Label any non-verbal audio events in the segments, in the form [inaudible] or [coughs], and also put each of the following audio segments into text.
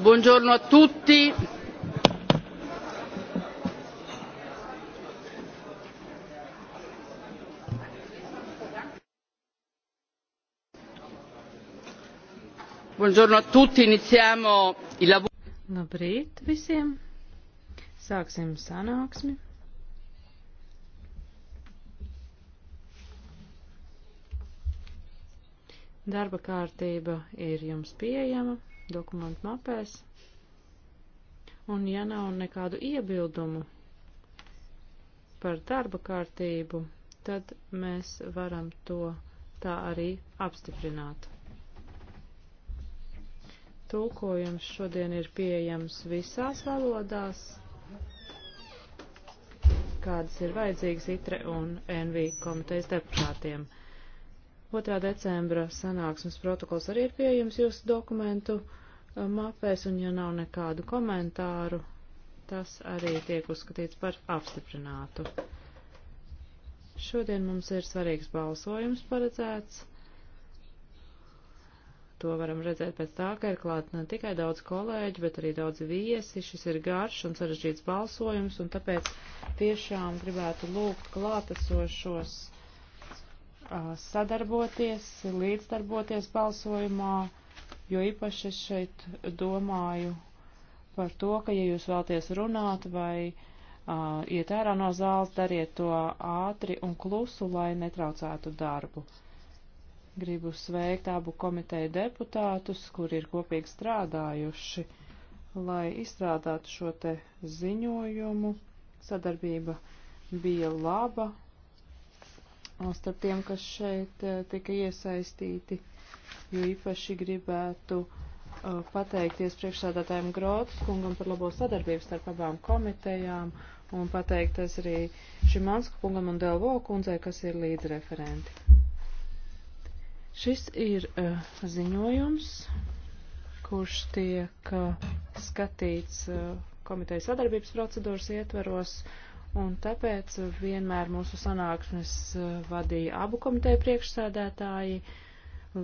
buongiorno a tutti buongiorno a tutti iniziamo i lavori Labrīt visiem. Sāksim sanāksmi. Darba kārtība ir jums pieejama dokumentu mapēs. Un ja nav nekādu iebildumu par darba kārtību, tad mēs varam to tā arī apstiprināt. Tūkojums šodien ir pieejams visās valodās, kādas ir vajadzīgas ITRE un NV komitejas deputātiem. 2. decembra sanāksmes protokols arī ir pieejams jūsu dokumentu uh, mapēs, un ja nav nekādu komentāru, tas arī tiek uzskatīts par apstiprinātu. Šodien mums ir svarīgs balsojums paredzēts. To varam redzēt pēc tā, ka ir klāt ne tikai daudz kolēģi, bet arī daudz viesi. Šis ir garš un sarežģīts balsojums, un tāpēc tiešām gribētu lūgt klātesošos Uh, sadarboties, līdzdarboties balsojumā, jo īpaši es šeit domāju par to, ka, ja jūs vēlties runāt vai uh, iet ārā no zāles, dariet to ātri un klusu, lai netraucētu darbu. Gribu sveikt abu komiteju deputātus, kuri ir kopīgi strādājuši, lai izstrādātu šo te ziņojumu. Sadarbība bija laba starp tiem, kas šeit tika iesaistīti, jo īpaši gribētu pateikties priekšsādātājiem Grotas kungam par labo sadarbību starp abām komitejām un pateikties arī Šimanska kungam un Delvo kundzei, kas ir līdzreferenti. Šis ir uh, ziņojums, kurš tiek uh, skatīts uh, komitejas sadarbības procedūras ietveros. Uh, un tāpēc vienmēr mūsu sanāksmes eh, vadīja abu komiteju priekšsēdētāji,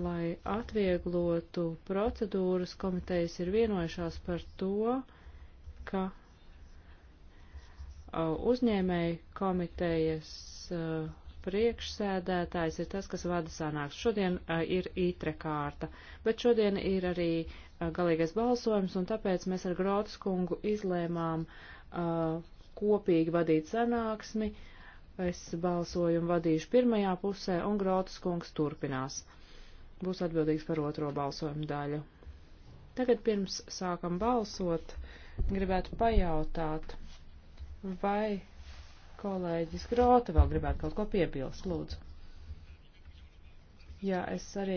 lai atvieglotu procedūras. Komitejas ir vienojušās par to, ka eh, uzņēmēju komitejas eh, priekšsēdētājs ir tas, kas vada sanāks. Šodien uh, ir ītre kārta, bet šodien ir arī uh, galīgais balsojums, un tāpēc mēs ar Grotas kungu izlēmām uh, kopīgi vadīt sanāksmi. Es balsojumu vadīšu pirmajā pusē, un Grotas kungs turpinās. Būs atbildīgs par otro balsojumu daļu. Tagad pirms sākam balsot, gribētu pajautāt, vai kolēģis Grota vēl gribētu kaut ko piebilst, lūdzu. Jā, es arī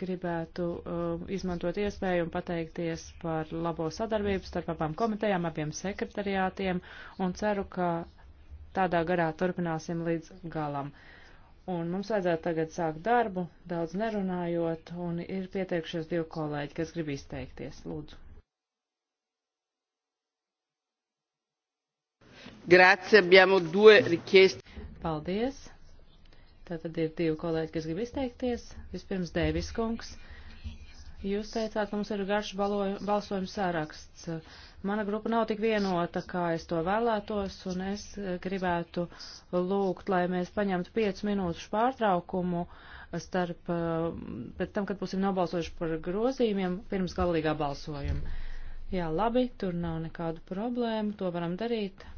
gribētu uh, izmantot iespēju un pateikties par labo sadarbību starp abām komitejām, abiem sekretariātiem un ceru, ka tādā garā turpināsim līdz galam. Un mums vajadzētu tagad sākt darbu, daudz nerunājot, un ir pieteikšies divi kolēģi, kas grib izteikties. Lūdzu. Grazie, abbiamo due richieste. Paldies. Tātad ir divi kolēģi, kas grib izteikties. Vispirms Dēvis kungs. Jūs teicāt, ka mums ir garš balsojums sāraksts. Mana grupa nav tik vienota, kā es to vēlētos, un es gribētu lūgt, lai mēs paņemtu 5 minūšu pārtraukumu starp, pēc tam, kad būsim nobalsojuši par grozījumiem, pirms galīgā balsojuma. Jā, labi, tur nav nekādu problēmu, to varam darīt.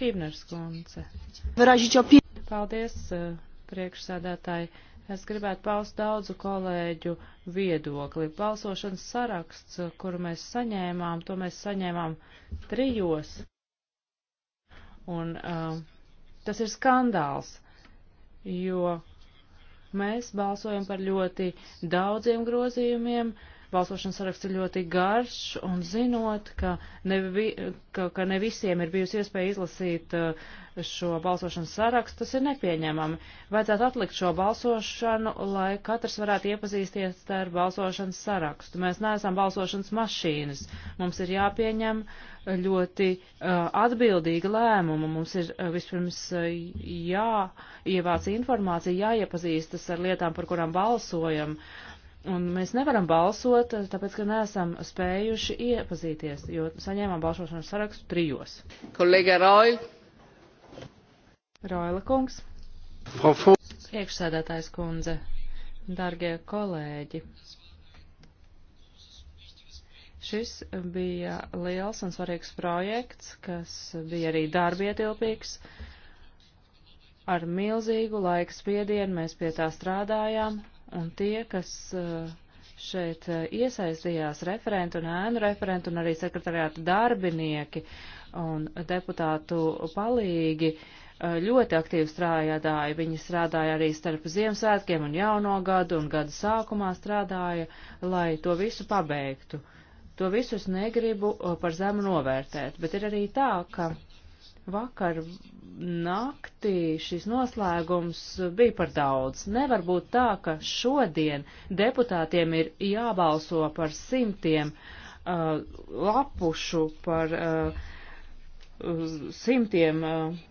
Čībners kundze. Paldies, priekšsēdētāji. Es gribētu paust daudzu kolēģu viedokli. Balsošanas saraksts, kuru mēs saņēmām, to mēs saņēmām trijos. Un uh, tas ir skandāls, jo mēs balsojam par ļoti daudziem grozījumiem, uh, balsošanas saraksts ir ļoti garš, un zinot, ka ne, vi, ka, ka ne visiem ir bijusi iespēja izlasīt uh, šo balsošanas sarakstu, tas ir nepieņemami. Vajadzētu atlikt šo balsošanu, lai katrs varētu iepazīsties ar balsošanas sarakstu. Mēs neesam balsošanas mašīnas. Mums ir jāpieņem ļoti uh, atbildīga lēmuma. Mums ir uh, vispirms uh, jāievāc informācija, jāiepazīstas ar lietām, par kurām balsojam. Uh, Un mēs nevaram balsot, tāpēc, ka neesam spējuši iepazīties, jo saņēmām balsošanas sarakstu trijos. Kolēģa Roil. Roila kungs. Priekšsēdētājs kundze. Dargie kolēģi. Šis bija liels un svarīgs projekts, kas bija arī darbietilpīgs. Ar milzīgu laiku spiedienu mēs pie tā strādājām, Un tie, kas eh, šeit eh, iesaistījās referentu un ēnu referentu un arī sekretariātu darbinieki un deputātu palīgi, eh, ļoti aktīvi strādāja. Viņi strādāja arī starp Ziemassvētkiem un jauno gadu un gada sākumā strādāja, lai to visu pabeigtu. To visu es negribu par zemu novērtēt, bet ir arī tā, ka vakar naktī šis noslēgums bija par daudz. Nevar būt tā, ka šodien deputātiem ir jābalso par simtiem uh, lapušu, par uh, simtiem. Uh,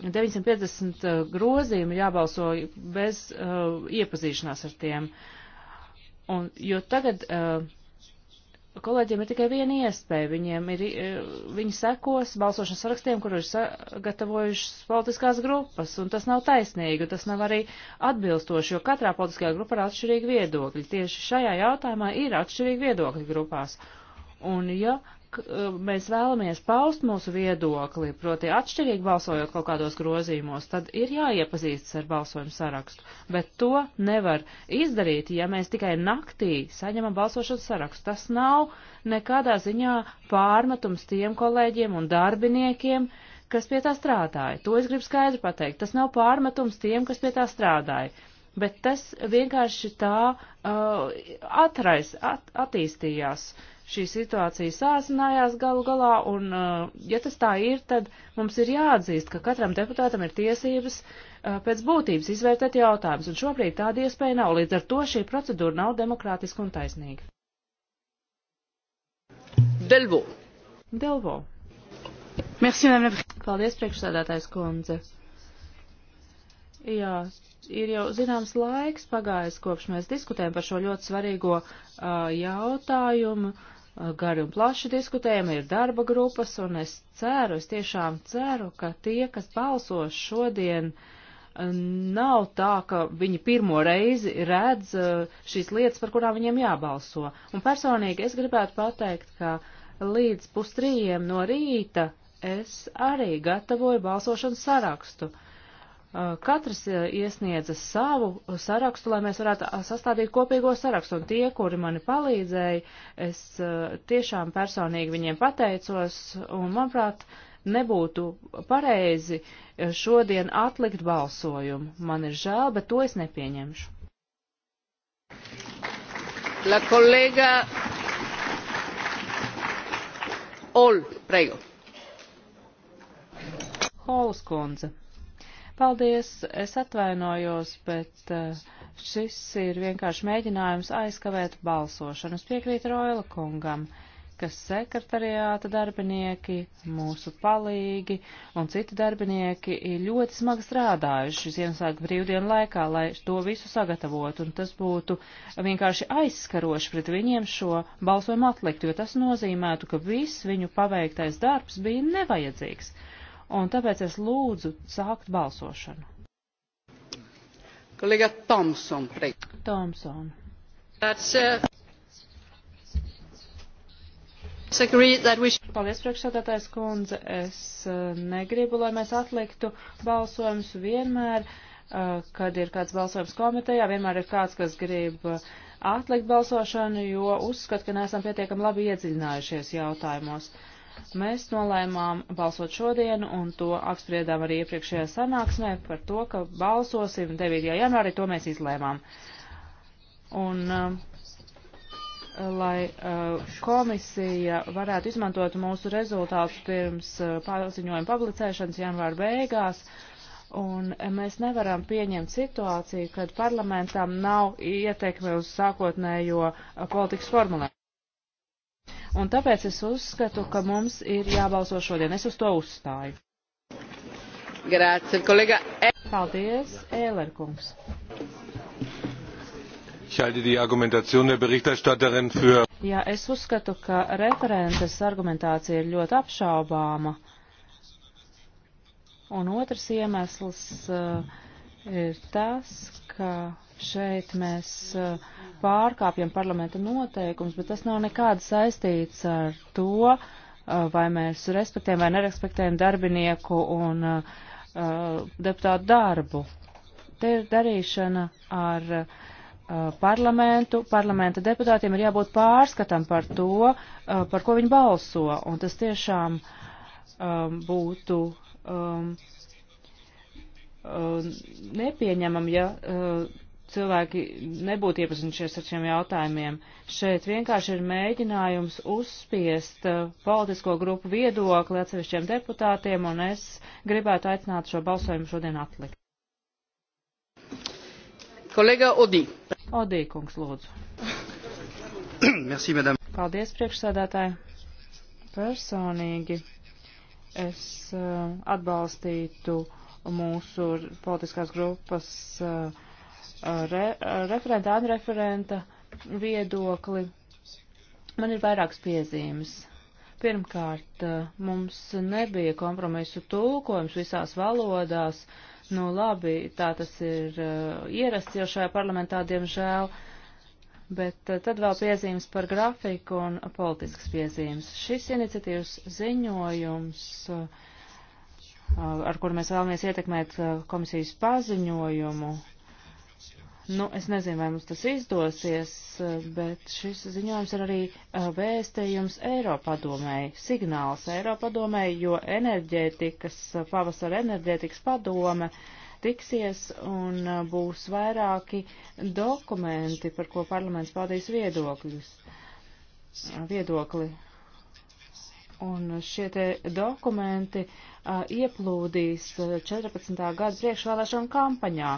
950 uh, grozījumi jābalso bez uh, iepazīšanās ar tiem. Un, jo tagad uh, kolēģiem ir tikai viena iespēja. Viņiem ir, e, viņi sekos balsošanas sarakstiem, kur ir sagatavojušas politiskās grupas, un tas nav taisnīgi, un tas nav arī atbilstoši, jo katrā politiskajā grupā ir atšķirīgi viedokļi. Tieši šajā jautājumā ir atšķirīgi viedokļi grupās. Un ja Eh, mēs vēlamies paust mūsu viedokli, proti atšķirīgi balsojot kaut kādos grozījumos, tad ir jāiepazīstas ar balsojumu sarakstu. Bet to nevar izdarīt, ja mēs tikai naktī saņemam balsošanas sarakstu. Tas nav nekādā ziņā pārmetums tiem kolēģiem un darbiniekiem, kas pie tā strādāja. To es gribu skaidri pateikt. Tas nav pārmetums tiem, kas pie tā strādāja. Bet tas vienkārši tā uh, atrais, at, attīstījās. Uh, šī situācija sāsinājās galu galā, un uh, ja tas tā ir, tad mums ir jāatzīst, ka katram deputātam ir tiesības uh, pēc būtības izvērtēt jautājumus, un šobrīd tāda iespēja nav, līdz ar to šī procedūra nav demokrātiska un taisnīga. Delvo. Delvo. Merci, Paldies, priekšsēdētājs kundze. Jā, ir jau zināms laiks pagājis, kopš mēs diskutējam par šo ļoti svarīgo uh, jautājumu. Uh, Eh, gari un plaši diskutējam, ir darba grupas, un es ceru, es tiešām ceru, ka tie, kas balsos šodien, eh, nav tā, ka viņi pirmo reizi redz eh, šīs lietas, par kurām viņiem jābalso. Un personīgi es gribētu pateikt, ka līdz pustrījiem no rīta es arī gatavoju balsošanas sarakstu. Uh, Eh, katrs eh, iesniedza savu sarakstu, lai mēs varētu eh, sastādīt kopīgo sarakstu, un tie, kuri mani palīdzēja, es tiešām personīgi viņiem pateicos, un, manuprāt, nebūtu pareizi šodien atlikt balsojumu. Man ir žēl, bet to es nepieņemšu. La kolēga Ol, prego. Hols kundze. Paldies, es atvainojos, bet eh, šis ir vienkārši mēģinājums aizkavēt balsošanu. Es piekrītu Roila kungam, ka sekretariāta darbinieki, mūsu palīgi un citi darbinieki ir ļoti smagi strādājuši Ziemassvētku brīvdienu laikā, lai to visu sagatavotu, un tas būtu vienkārši aizskaroši pret viņiem šo balsojumu atlikt, jo tas nozīmētu, ka viss viņu paveiktais darbs bija nevajadzīgs un tāpēc es lūdzu sākt balsošanu. Kolēģa Thompson, priekš. Thompson. That's, uh... Paldies, priekšsēdētājs kundze. Es uh, negribu, lai mēs atliktu balsojumus vienmēr, uh, kad ir kāds balsojums komitejā, vienmēr ir kāds, kas grib uh, atlikt balsošanu, jo uzskat, ka neesam pietiekami labi iedziļinājušies jautājumos. Mēs nolēmām balsot šodien, un to apspriedām arī iepriekšējā sanāksmē par to, ka balsosim 9. janvārī, to mēs izlēmām. Un, eh, lai eh, komisija varētu izmantot mūsu rezultātus pirms eh, paziņojuma publicēšanas janvāra beigās, un mēs nevaram pieņemt situāciju, kad parlamentam nav ietekme uz sākotnējo politikas formulēm. Un tāpēc es uzskatu, ka mums ir jābalso šodien. Es uz to uzstāju. Grāci, kolega. E- Paldies, Ēlerkungs. Für... Jā, es uzskatu, ka referentes argumentācija ir ļoti apšaubāma. Un otrs iemesls. Uh, ir tas, ka šeit mēs uh, pārkāpjam parlamenta noteikums, bet tas nav nekāds saistīts ar to, uh, vai mēs respektējam vai nerespektējam darbinieku un uh, uh, deputātu darbu. Te ir darīšana ar uh, parlamentu. Parlamenta deputātiem ir jābūt pārskatam par to, uh, par ko viņi balso, un tas tiešām um, būtu. Um, Uh, nepieņemam, ja uh, cilvēki nebūtu iepazinušies ar šiem jautājumiem. Šeit vienkārši ir mēģinājums uzspiest uh, politisko grupu viedokli atsevišķiem deputātiem, un es gribētu aicināt šo balsojumu šodien atlikt. Kolēga Odī. Odī, kungs, lūdzu. [clears throat] Merci, madame. Paldies, priekšsēdētāji. Personīgi es atbalstītu mūsu politiskās grupas uh, uh, re, uh, referenta, anreferenta viedokli. Man ir vairākas piezīmes. Pirmkārt, mums nebija kompromisu tulkojums visās valodās. Nu labi, tā tas ir ierasts jau šajā parlamentā, diemžēl. Bet tad vēl piezīmes par grafiku un politiskas piezīmes. Šis iniciatīvas ziņojums uh, ar kur mēs vēlamies ietekmēt komisijas paziņojumu. Nu, es nezinu, vai mums tas izdosies, bet šis ziņojums ir arī vēstējums Eiropadomēji, signāls Eiropadomēji, jo enerģētikas, pavasara enerģētikas padome tiksies un būs vairāki dokumenti, par ko parlaments paudīs viedokļus. Viedokli Un šie te dokumenti uh, ieplūdīs 14. gada priekšvēlēšanu kampaņā.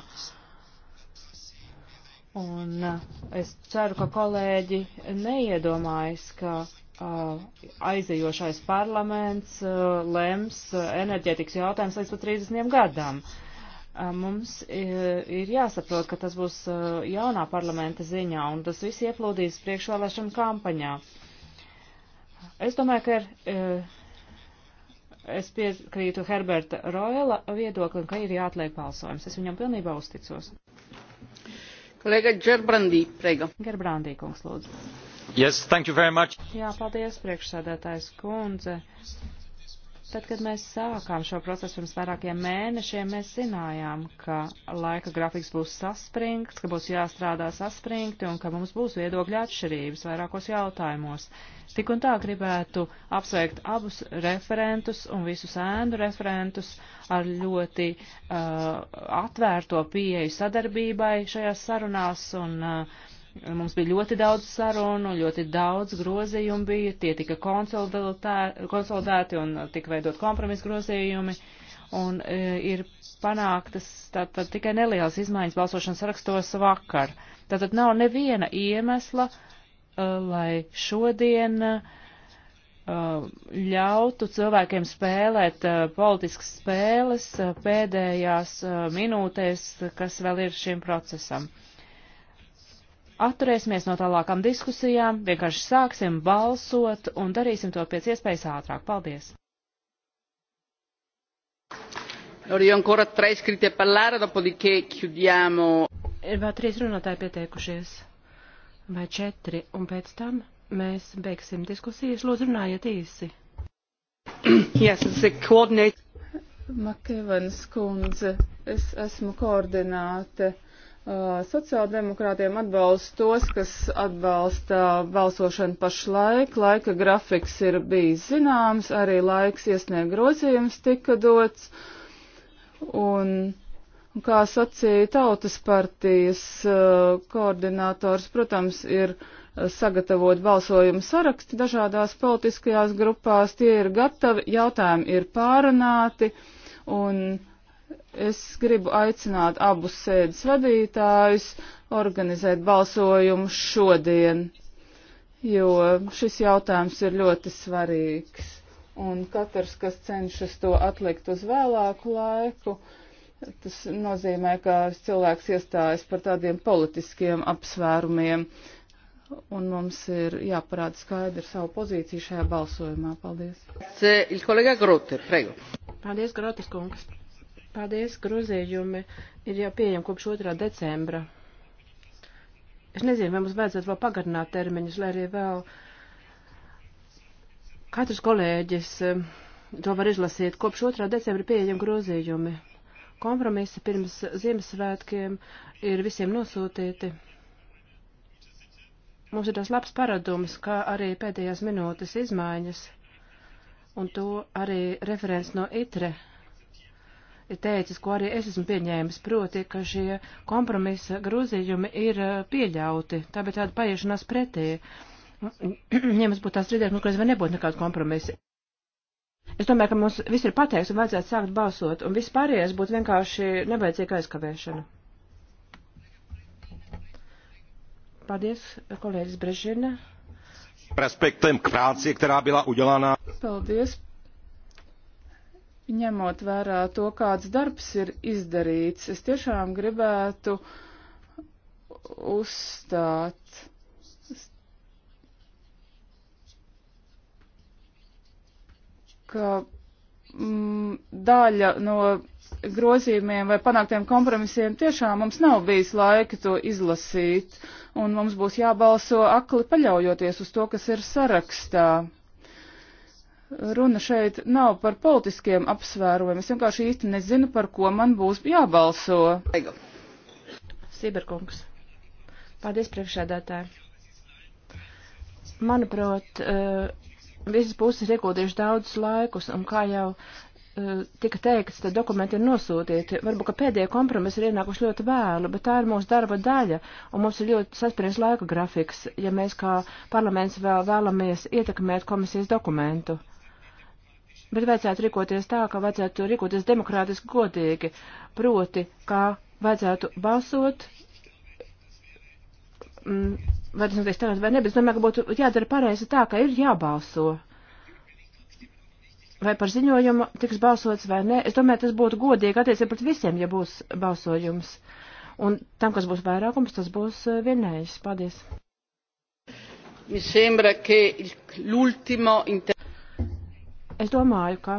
Un uh, es ceru, ka kolēģi neiedomājas, ka uh, aizejošais parlaments uh, lems enerģētikas jautājums līdz pat 30 gadam. Mums ir, ir jāsaprot, ka tas būs jaunā parlamenta ziņā, un tas viss ieplūdīs priekšvēlēšanu kampaņā. Uh, Es domāju, ka ir, e, es piekrītu Herberta Roela viedoklim, ka ir jāatliek balsojums. Es viņam pilnībā uzticos. Kolēģa Gerbrandī, prega. Gerbrandī, kungs, lūdzu. Yes, thank you very much. Jā, paldies, priekšsēdētājs kundze. Tad, kad mēs sākām šo procesu pirms vairākiem mēnešiem, mēs zinājām, ka laika grafiks būs saspringts, ka būs jāstrādā saspringti un ka mums būs viedokļa atšķirības vairākos jautājumos. Tik un tā gribētu apsveikt abus referentus un visus ēnu referentus ar ļoti uh, atvērto pieeju sadarbībai šajās sarunās un uh, Mums bija ļoti daudz sarunu, ļoti daudz grozījumu bija, tie tika konsolidēti un tika veidot kompromisu grozījumi. Un e, ir panāktas tātad tikai nelielas izmaiņas balsošanas rakstos vakar. Tātad nav neviena iemesla, e, lai šodien e, ļautu cilvēkiem spēlēt e, politiskas spēles pēdējās minūtēs, kas vēl ir šim procesam atturēsimies no tālākām diskusijām, vienkārši sāksim balsot un darīsim to pēc iespējas ātrāk. Paldies! Ir vēl trīs runātāji pieteikušies, vai četri, un pēc tam mēs beigsim diskusijas. Lūdzu, runājiet īsi. Yes, Makevans kundze, es esmu koordināte. Uh, Uh, sociāldemokrātiem atbalsta tos, kas atbalsta balsošanu pašlaik. Laika grafiks ir bijis zināms, arī laiks iesniegt grozījums tika dots. Un, kā sacīja Tautas partijas uh, koordinators, protams, ir uh, sagatavot balsojumu sarakstu dažādās politiskajās grupās. Tie ir gatavi, jautājumi ir pārunāti. Un, uh, Es gribu aicināt abus sēdes vadītājus organizēt balsojumu šodien, jo šis jautājums ir ļoti svarīgs. Un katrs, kas cenšas to atlikt uz vēlāku laiku, tas nozīmē, ka cilvēks iestājas par tādiem politiskiem apsvērumiem. Un mums ir jāparāda skaidri savu pozīciju šajā balsojumā. Paldies. Paldies, Grotis kungs. Paldies, grozījumi ir jau pieejami kopš 2. decembra. Es nezinu, vai mums vajadzētu vēl pagarināt termiņus, lai arī vēl katrs kolēģis eh, to var izlasīt. Kopš 2. decembra pieejami grozījumi. Kompromisi pirms Ziemassvētkiem ir visiem nosūtīti mums ir tas labs paradums, kā arī pēdējās minūtes izmaiņas, un to arī referents no ITRE ir teicis, ko arī es esmu pieņēmis, proti, ka šie kompromisa grozījumi ir eh, pieļauti, tā bija tāda paiešanās pretī. [clears throat] ja mums būtu tās strīdēt, nu, ka es vai nebūtu nekāds kompromiss. Es domāju, ka mums viss ir pateikts un vajadzētu sākt balsot, un viss pārējais būtu vienkārši nevajadzīga aizkavēšana. Paldies, kolēģis Brežina. Respektem k práci, která byla udělána. Paldies ņemot vērā to, kāds darbs ir izdarīts, es tiešām gribētu uzstāt. ka mm, daļa no grozījumiem vai panāktiem kompromisiem tiešām mums nav bijis laika to izlasīt, un mums būs jābalso akli paļaujoties uz to, kas ir sarakstā. Runa šeit nav par politiskiem apsvērumiem. Es vienkārši īsti nezinu, par ko man būs jābalso. Sīberkungs. Paldies, priekšsēdētāji. Manuprāt, eh, visas puses ir ieguldījuši daudz laikus, un kā jau eh, tika teikts, tad dokumenti ir nosūtīti. Varbūt, ka pēdējie kompromisi ir ienākuši ļoti vēlu, bet tā ir mūsu darba daļa, un mums ir ļoti saspringts laika grafiks, ja mēs kā parlaments vēl vēlamies ietekmēt komisijas dokumentu bet vajadzētu rīkoties tā, ka vajadzētu rīkoties demokrātiski godīgi, proti, kā vajadzētu balsot, mm, vajadzētu tagad vai ne, bet es domāju, ka būtu jādara pareizi tā, ka ir jābalso. Vai par ziņojumu tiks balsots vai ne, es domāju, tas būtu godīgi attiecībā pret visiem, ja būs balsojums. Un tam, kas būs vairākums, tas būs eh, vienējs. Paldies. Mi sembra che l'ultimo intervento Es domāju, ka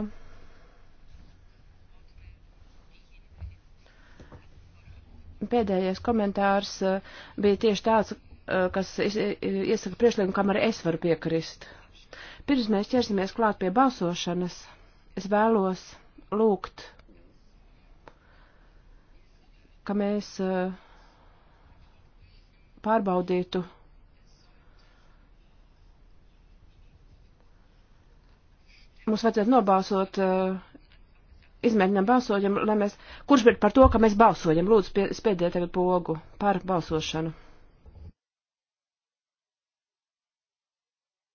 pēdējais komentārs eh, bija tieši tāds, eh, kas iesaka priekšlikumu, kam arī es varu piekrist. Pirms mēs ķersimies klāt pie balsošanas, es vēlos lūgt, ka mēs eh, pārbaudītu mums vajadzētu nobalsot, eh, izmēģinām balsojam, lai mēs, kurš ir par to, ka mēs balsojam, lūdzu, pie, spiediet tagad pogu par balsošanu.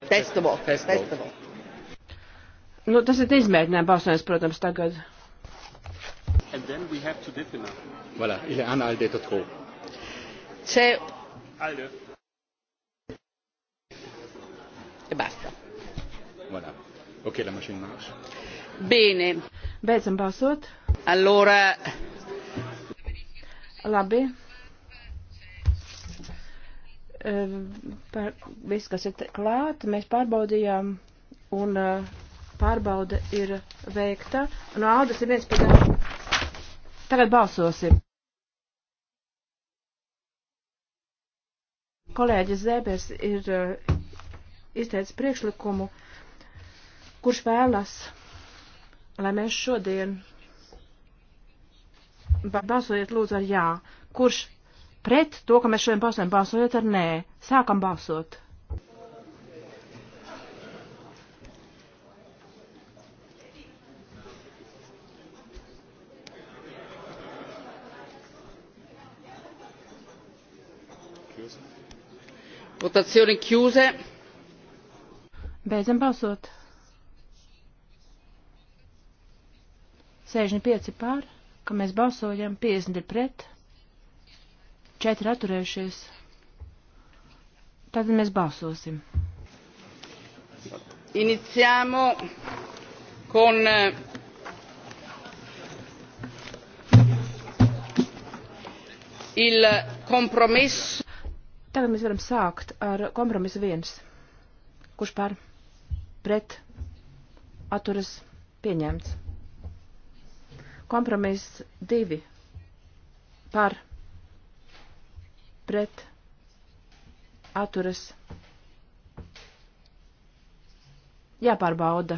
Festival, festival. Nu, tas ir izmēģinājums balsojums, protams, tagad. And then we have to definite. Voilà, il est un alde de trop. C'est... Alde. Et basta. Voilà. Ok, la mašīna nāks. Bīni. Beidzam balsot. Allora. Labi. E, par visu, kas ir klāt, mēs pārbaudījām un e, pārbauda ir veikta. No nu, Aldas ir viens par darbu. Tagad balsosim. Kolēģis Zēbers ir e, izteicis priekšlikumu. Uh, kurš vēlas, lai mēs šodien balsojiet lūdzu ar jā, kurš pret to, ka mēs šodien balsojam, balsojiet ar nē, sākam balsot. Votazioni chiuse. Beidzam balsot. 65 pār, ka mēs balsojam, 50 ir pret, 4 atturējušies. Tad mēs balsosim. Iniziamo con eh, il compromesso. Tagad mēs varam sākt ar kompromisu viens. Kurš par? Pret? Atturas? Pieņemts. Kompromiss 2 par pret atturas jāpārbauda.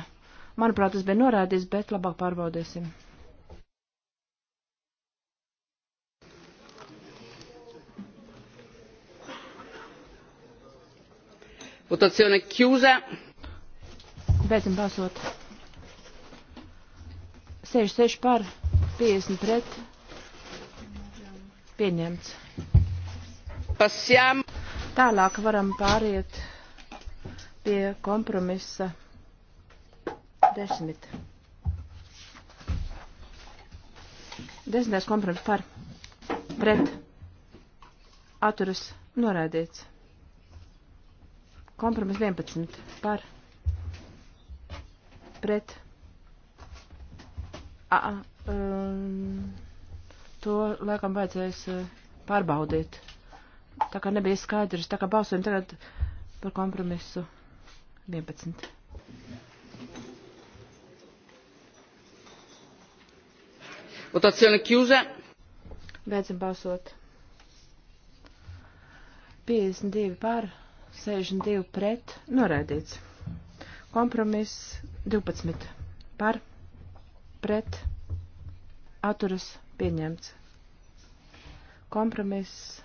Manuprāt, tas bija norādīts, bet labāk pārbaudīsim. Votazione chiusa. Beidzam balsot. 66 par, 50 pret. Pieņemts. Pasjām. Tālāk varam pāriet pie kompromisa desmit. Desmitais kompromiss par pret atturas norādīts. Kompromiss 11 par pret a, um, to laikam vajadzēs uh, pārbaudīt. Tā kā nebija skaidrs, tā kā balsojam tagad par kompromisu 11. Votazione chiusa. Beidzam balsot. 52 pār, 62 pret, noraidīts. Kompromiss 12 par, pret, atturas pieņemts. Kompromiss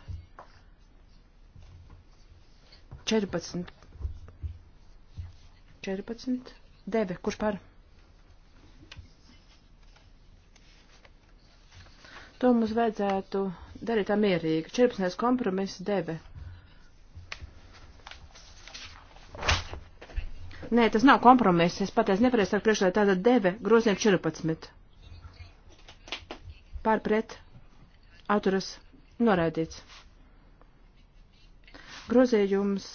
14. 14. Deve, kurš par? To mums vajadzētu darīt tā mierīgi. 14. kompromiss deve. Nē, tas nav kompromiss. Es pateicu nepareizi, ka priekšlētā tāda deve grozījuma 14 pār pret atturas noraidīts. Grozījums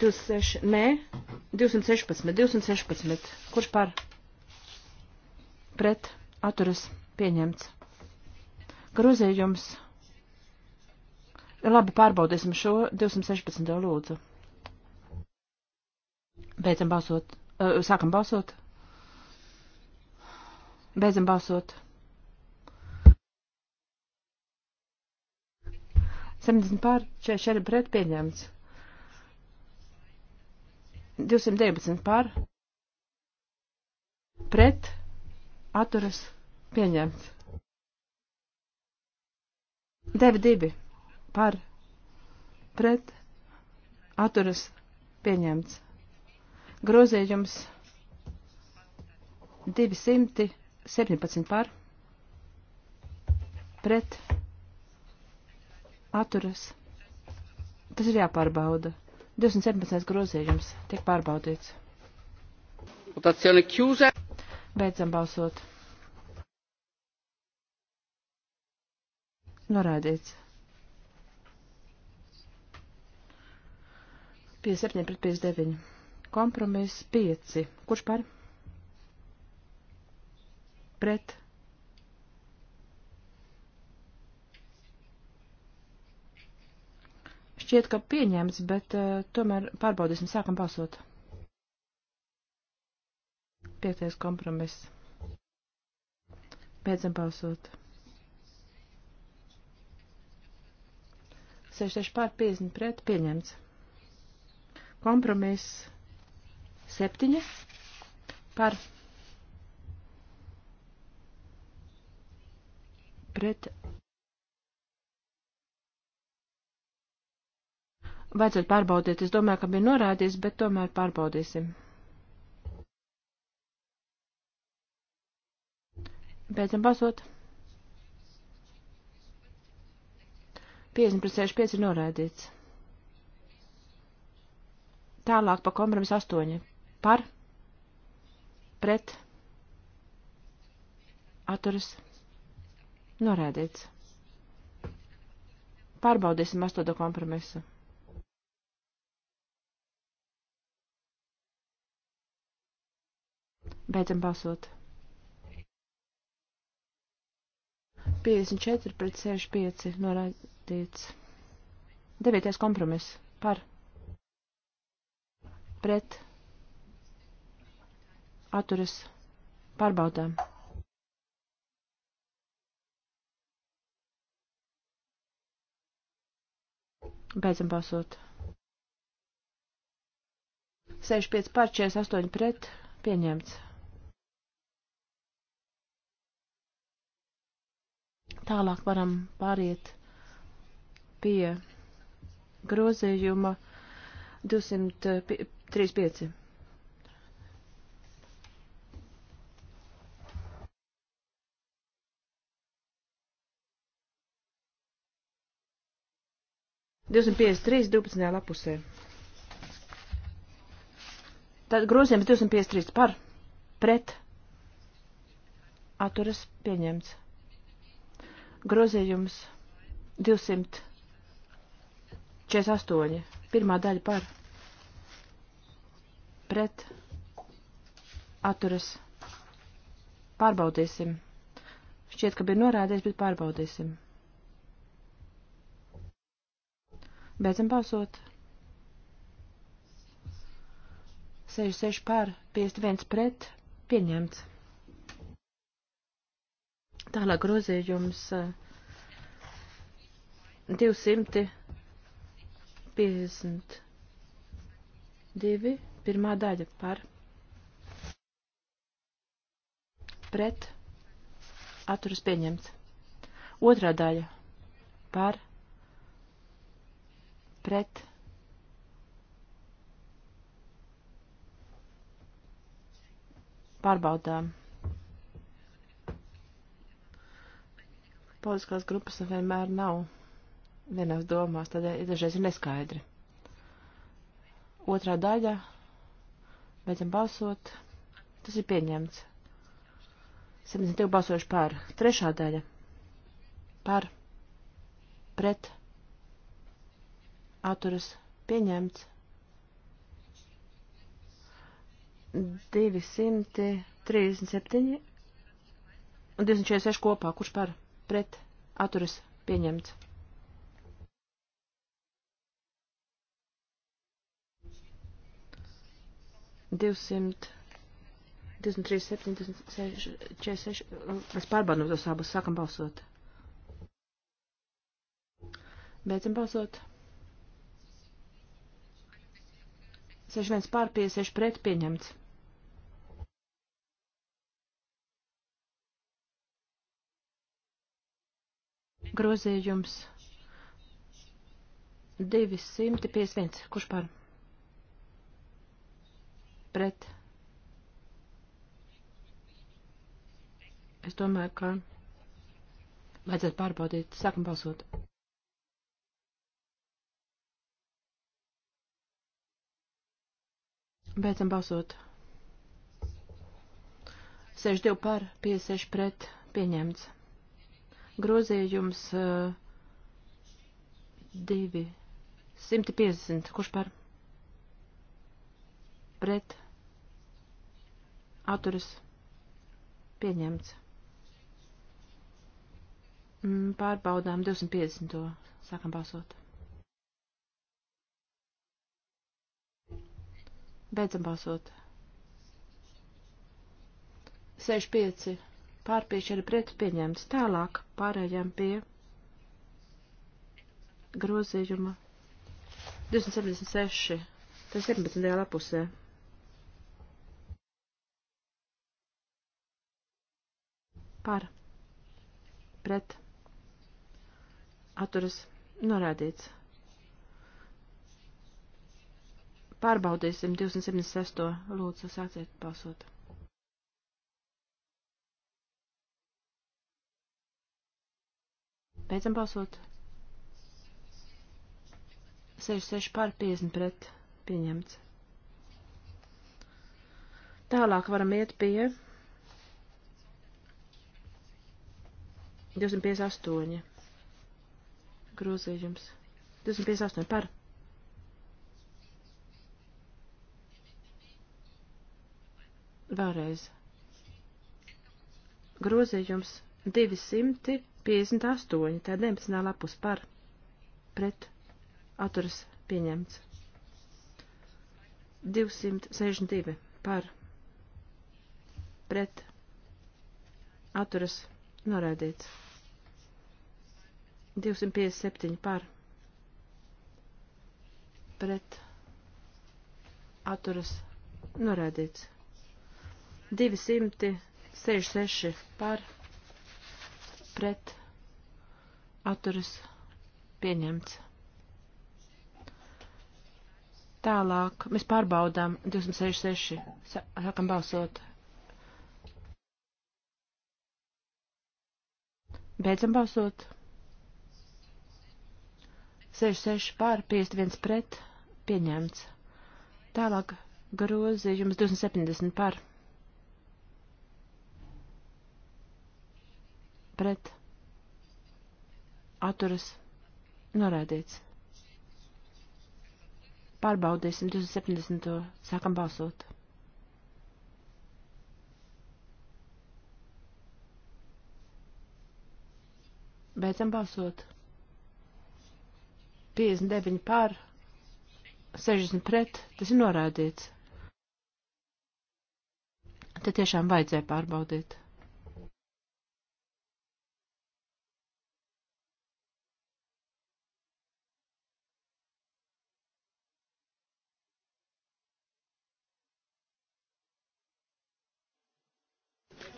26, nē, 216, 216, kurš pār pret atturas pieņemts. Grozījums. Labi, pārbaudīsim šo 216. lūdzu. Beidzam balsot. Sākam balsot. Beidzam balsot. 70 pār 44 pret pieņemts. 219 pār pret atturas pieņemts. 92 par pret atturas pieņemts. Grozījums 200. 17 par pret atturas. Tas ir jāpārbauda. 217. grozījums tiek pārbaudīts. Votazione chiusa. Beidzam balsot. Norādīts. Pie 7 pret 59. Kompromiss 5. Kurš par? pret šķiet, ka pieņemts, bet uh, tomēr pārbaudīsim, sākam balsot. Pietais kompromiss. Beidzam balsot. 66 pār 50 pret pieņemts. Kompromiss 7 par pret. Vajadzētu pārbaudīt, es domāju, ka bija norādījis, bet tomēr pārbaudīsim. Beidzam balsot. 50 pret 65 ir norādīts. Tālāk pa kompromis 8. Par. Pret. Atturas. Norēdīts. Pārbaudīsim astoto kompromisu. Beidzam balsot. 54 pret 65 norādīts. Devītais kompromiss par pret atturas pārbaudām. Beidzam balsot. 65 pār 48 pret pieņemts. Tālāk varam pāriet pie grozījuma 235. 253, 12. lapusē. Tad grozījums 253 par, pret, atturas pieņemts. Grozījums 248, pirmā daļa par, pret, atturas. Pārbaudīsim. Šķiet, ka bija norādīts, bet pārbaudīsim. Beidzam balsot. 66 pār, 51 pret, pieņemts. Tālāk grozījums 252, eh, pirmā daļa par, pret, atturas pieņemts. Otrā daļa par, pret pret pārbaudām. Politiskās grupas vienmēr nav vienās domās, tādēļ dažreiz ir neskaidri. Otrā daļa. Beidzam balsot. Tas ir pieņemts. 72 balsojuši par. Trešā daļa. Par. Pret atturas pieņemts. 237 un 246 kopā, kurš par pret atturas pieņemts. Divsimt, divsimt trīs, septiņdesmit seši, četrdesmit seši. Mēs pārbaudām tos abus, sākam balsot. Beidzam balsot. 61 pār 56 pret pieņemts. Grozījums 251. Kurš pār? Pret. Es domāju, ka vajadzētu pārbaudīt. Sākam balsot. Beidzam balsot. 62 par, 56 pret, pieņemts. Grozījums 2. Eh, 150. Kurš par? Pret. Atturas. Pieņemts. Mm, pārbaudām 250. Sākam balsot. Beidzam balsot. 65 pār 5 ir pret pieņemts. Tālāk pārējām pie grozījuma 276. Tas ir 11. lapusē. Par. Pret. Atturas. Norādīts. Pārbaudīsim 276. Lūdzu, sāciet balsot. Beidzam balsot. 66 pār 50 pret pieņemts. Tālāk varam iet pie 258 grozījums. 258 par Vēlreiz. Grozījums 258, tā 19. lapus par pret atturas pieņemts. 262 par pret atturas norādīts. 257 par pret atturas norādīts. 266 par pret atturas pieņemts. Tālāk mēs pārbaudām 266. Sākam balsot. Beidzam balsot. 66 pār, 51 pret, pieņemts. Tālāk grozījums 270 pār. pret atturas norādīts. Pārbaudīsim 270. Sākam balsot. Beidzam balsot. 59 pār, 60 pret, tas ir norādīts. Te tiešām vajadzēja pārbaudīt.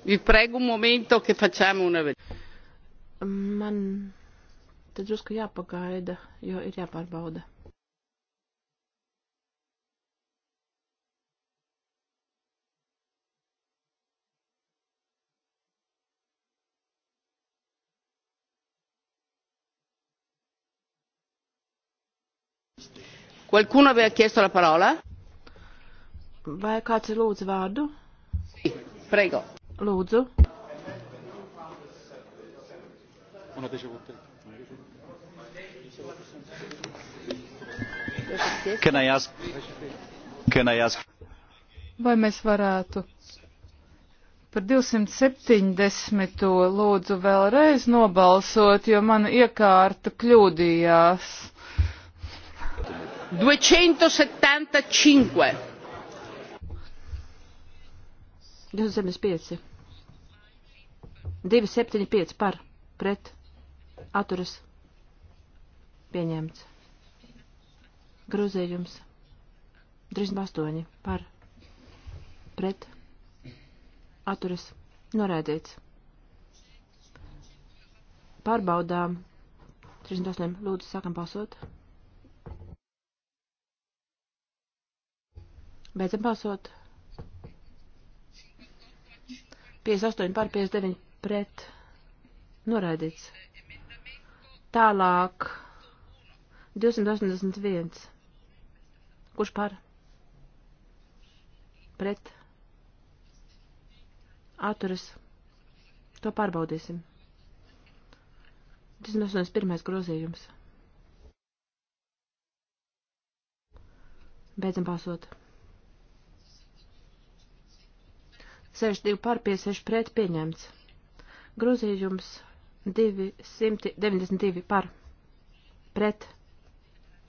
Vi prego un momento, ka facciamo una Man te drusku jāpagaida, jo ir jāpārbauda. Qualcuno aveva chiesto la parola? Vai kāds ir lūdzu vārdu? Prego. Lūdzu. Vai mēs varētu par 270. lūdzu vēlreiz nobalsot, jo mana iekārta kļūdījās. 275. 275. 275 par pret atturas pieņemts. Grūzījums 38 par pret atturas norēdīts. Pārbaudām 38. Lūdzu, sākam balsot. Beidzam balsot. 58 pār 59 pret. Noraidīts. Tālāk. 281. Kurš par? Pret. Atturas. To pārbaudīsim. 281. grozījums. Beidzam pasot. 62 par 56 pret pieņemts. Grozījums 292 par pret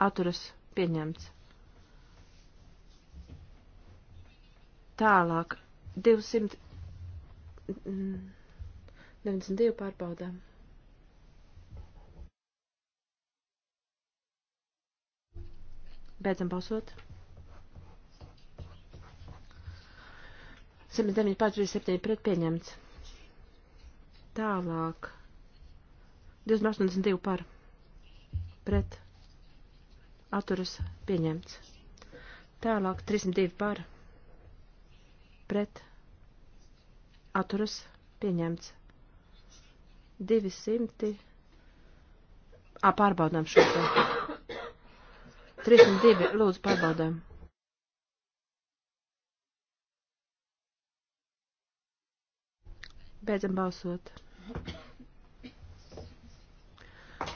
atturas pieņemts. Tālāk 292 pārbaudām. Beidzam balsot. 79 pār 37 pret pieņemts. Tālāk. 282 par. Pret. Atturas pieņemts. Tālāk 302 par. Pret. Atturas pieņemts. 200. Ā, pārbaudām šo. 302. [coughs] Lūdzu, pārbaudām. Beidzam balsot.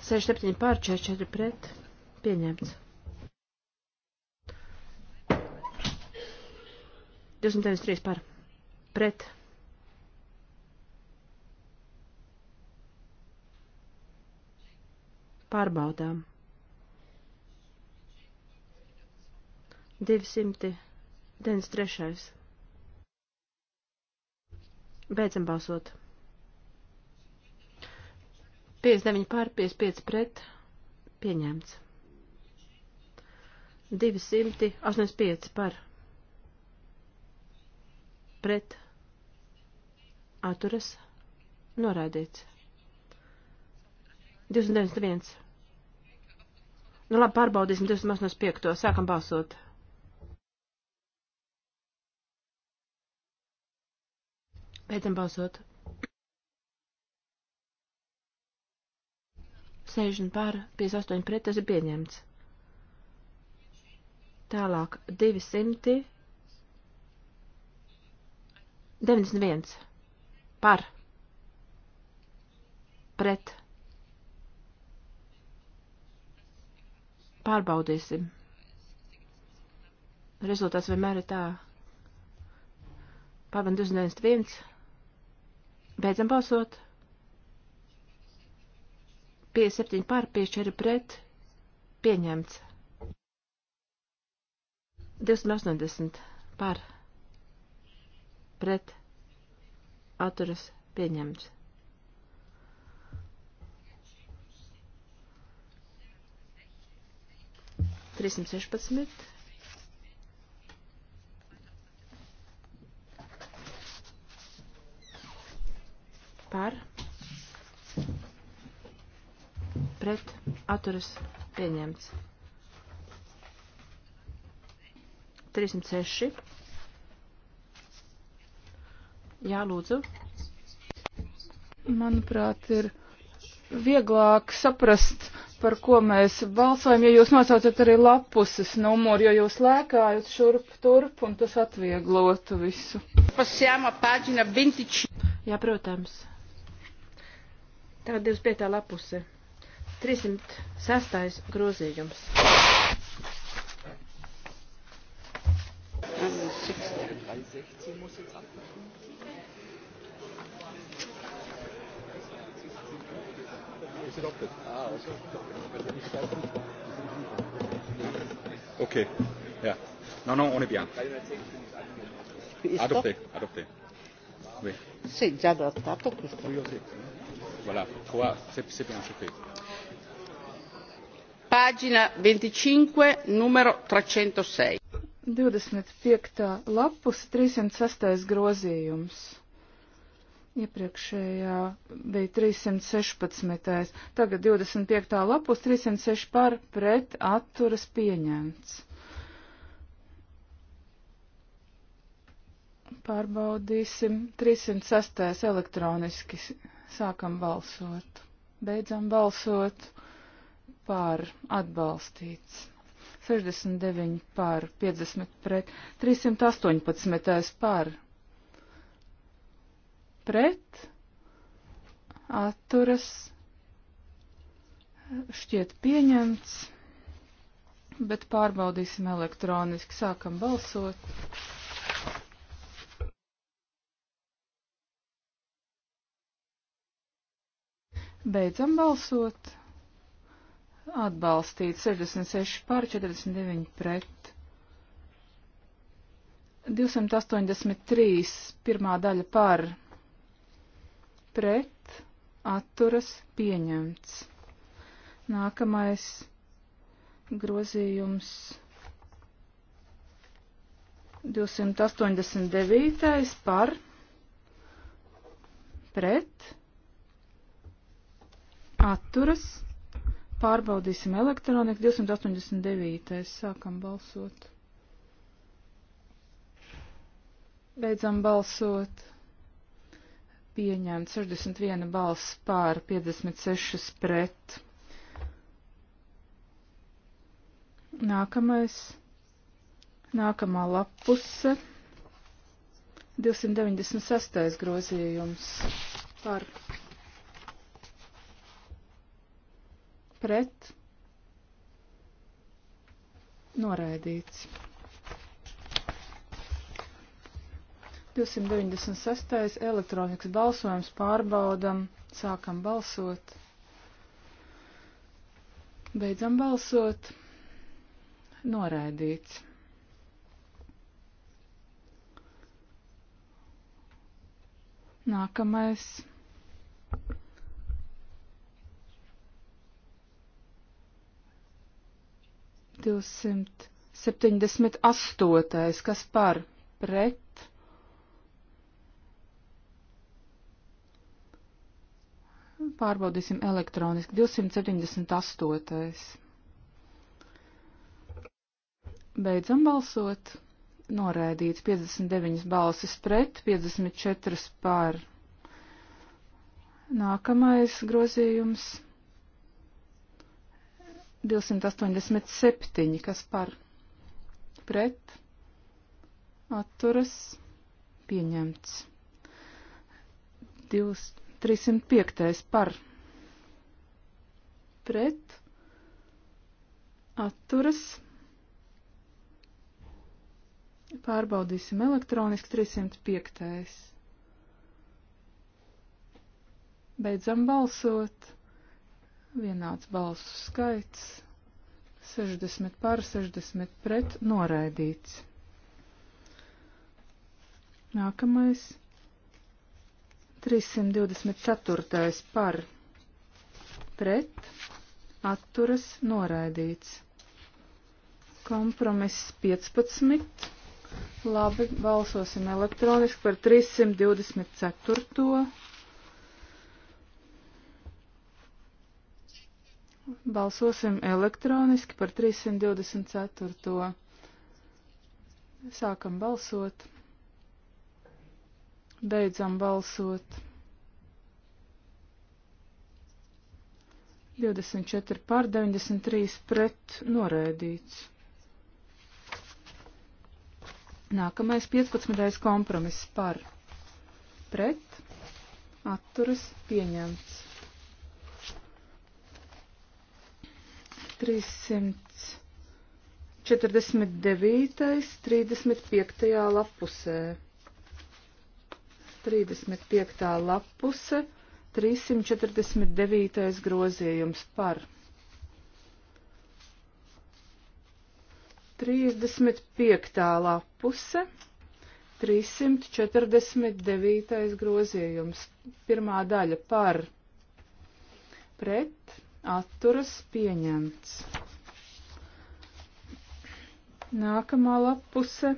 67 pār 44 pret. Pieņemts. 293 par. Pret. Pārbaudām. 293. Beidzam balsot. 59 pār 55 pret. Pieņemts. 285 par. Pret. Atturas. Norādīts. 291. Nu labi, pārbaudīsim 285. Sākam balsot. Beidzam balsot. 60 pār, 58 pret, tas ir pieņemts. Tālāk 200. 91. Par. Pret. Pārbaudīsim. Rezultāts vienmēr ir tā. Pavand 291. Beidzam balsot. 57 pār, 54 pret. Pieņemts. 280 pār. Pret. Atturas. Pieņemts. Trīsim sešpadsmit par pret atturas pieņemts. 306. Jā, lūdzu. Manuprāt, ir vieglāk saprast, par ko mēs balsojam, ja jūs nosaucat arī lapuses numuru, jo jūs lēkājat šurp turp un tas atvieglotu visu. Jā, protams. Tagad 25. lapuse. 306. grozījums. Okay. Yeah. Non, non, on est bien. Adopté, adopté. Oui. Sì, già adottato questo voilà, trois, c'est bien, c'est fait. Pagina 25, numero 306. 25. lapus 306. grozījums. Iepriekšējā bija 316. Tagad 25. lapus 306 par pret atturas pieņemts. Pārbaudīsim 306. elektroniski Sākam balsot. Beidzam balsot par atbalstīts. 69 par 50 pret 318 par pret atturas šķiet pieņemts, bet pārbaudīsim elektroniski. Sākam balsot. Beidzam balsot. Atbalstīt 66 pār 49 pret. 283 pirmā daļa par pret atturas pieņemts. Nākamais grozījums 289 par pret atturas. Pārbaudīsim elektroniku. 289. Sākam balsot. Beidzam balsot. Pieņemt 61 balss pār 56 pret. Nākamais. Nākamā lapuse. 296. grozījums par pret noraidīts. 296. elektronikas balsojums pārbaudam, sākam balsot, beidzam balsot, noraidīts. Nākamais 278. kas par pret. Pārbaudīsim elektroniski. 278. Beidzam balsot. Noraidīts 59 balsis pret, 54 par. Nākamais grozījums 287, kas par pret atturas pieņemts. 2, 305 par pret atturas. Pārbaudīsim elektroniski 305. Beidzam balsot. Vienāds balsu skaits. 60 pār 60 pret noraidīts. Nākamais. 324. par pret atturas noraidīts. Kompromiss 15. Labi, balsosim elektroniski par 324. Balsosim elektroniski par 324. Sākam balsot. Beidzam balsot. 24 pār 93 pret noraidīts. Nākamais 15. kompromiss par pret atturas pieņemts. 349. 35. lapusē. 35. lapuse, 349. grozījums par 35. lapuse, 349. grozījums, pirmā daļa par pret atturas pieņemts. Nākamā lapuse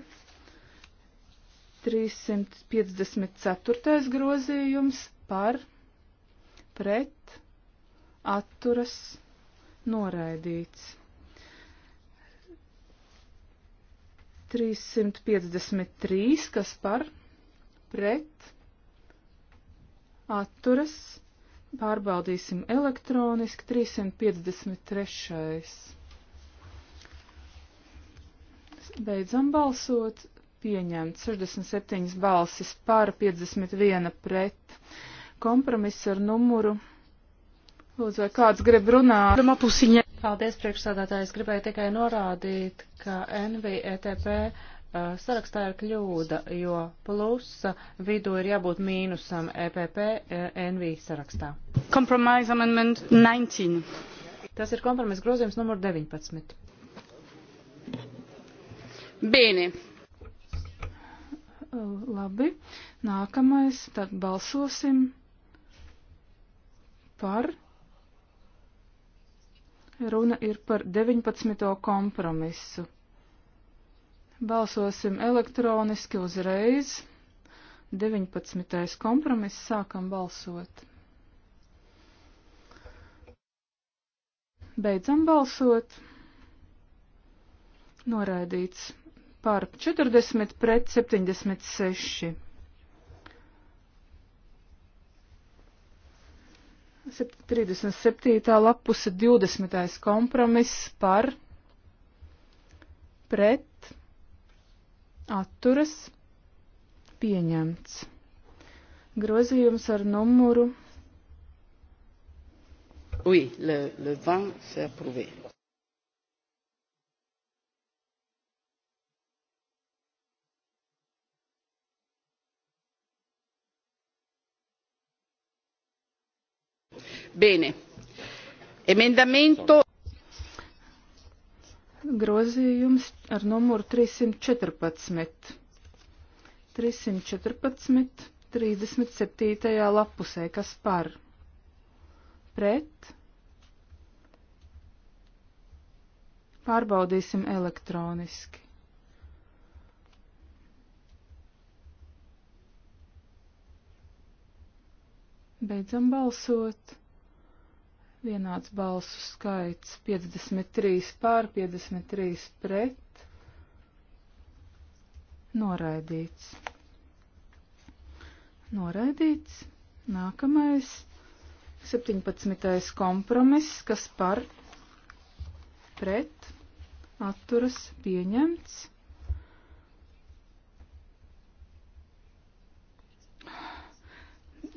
354. grozījums par pret atturas noraidīts. 353, kas par pret atturas noraidīts Pārbaudīsim elektroniski 353. Beidzam balsot. Pieņemts 67 balsis par 51 pret. Kompromiss ar numuru. Lūdzu, vai kāds grib runāt? Paldies, priekšsādātājs. Gribēju tikai norādīt, ka NVETP Eh, sarakstā ir kļūda, jo plusa vidū ir jābūt mīnusam EPP eh, NV sarakstā. Compromise amendment 19. Tas ir kompromiss grozījums numur 19. Bīni. Eh, labi. Nākamais. Tad balsosim par. Runa ir par 19. kompromisu. Balsosim elektroniski uzreiz. 19. kompromiss sākam balsot. Beidzam balsot. Noraidīts par 40 pret 76. 37. lapuse 20. kompromiss par pret atturas pieņemts. Grozījums ar numuru. Oui, le, le 20 c'est approuvé. Bene. Emendamento grozījums ar numuru 314. 314. 37. lapusē, kas par pret. Pārbaudīsim elektroniski. Beidzam balsot. Vienāds balsu skaits 53 pār 53 pret. Noraidīts. Noraidīts. Nākamais 17. kompromiss, kas par pret atturas pieņemts.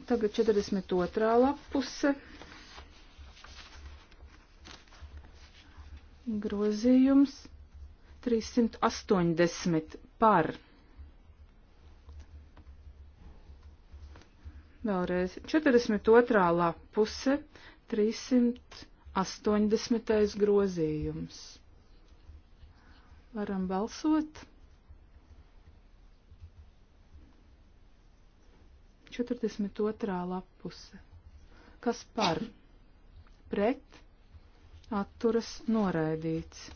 Tagad 42. lapuse. Grozījums 380 par. Vēlreiz 42. lapuse 380. grozījums. Varam balsot. 42. lapuse. Kas par? Pret? atturas noraidīts.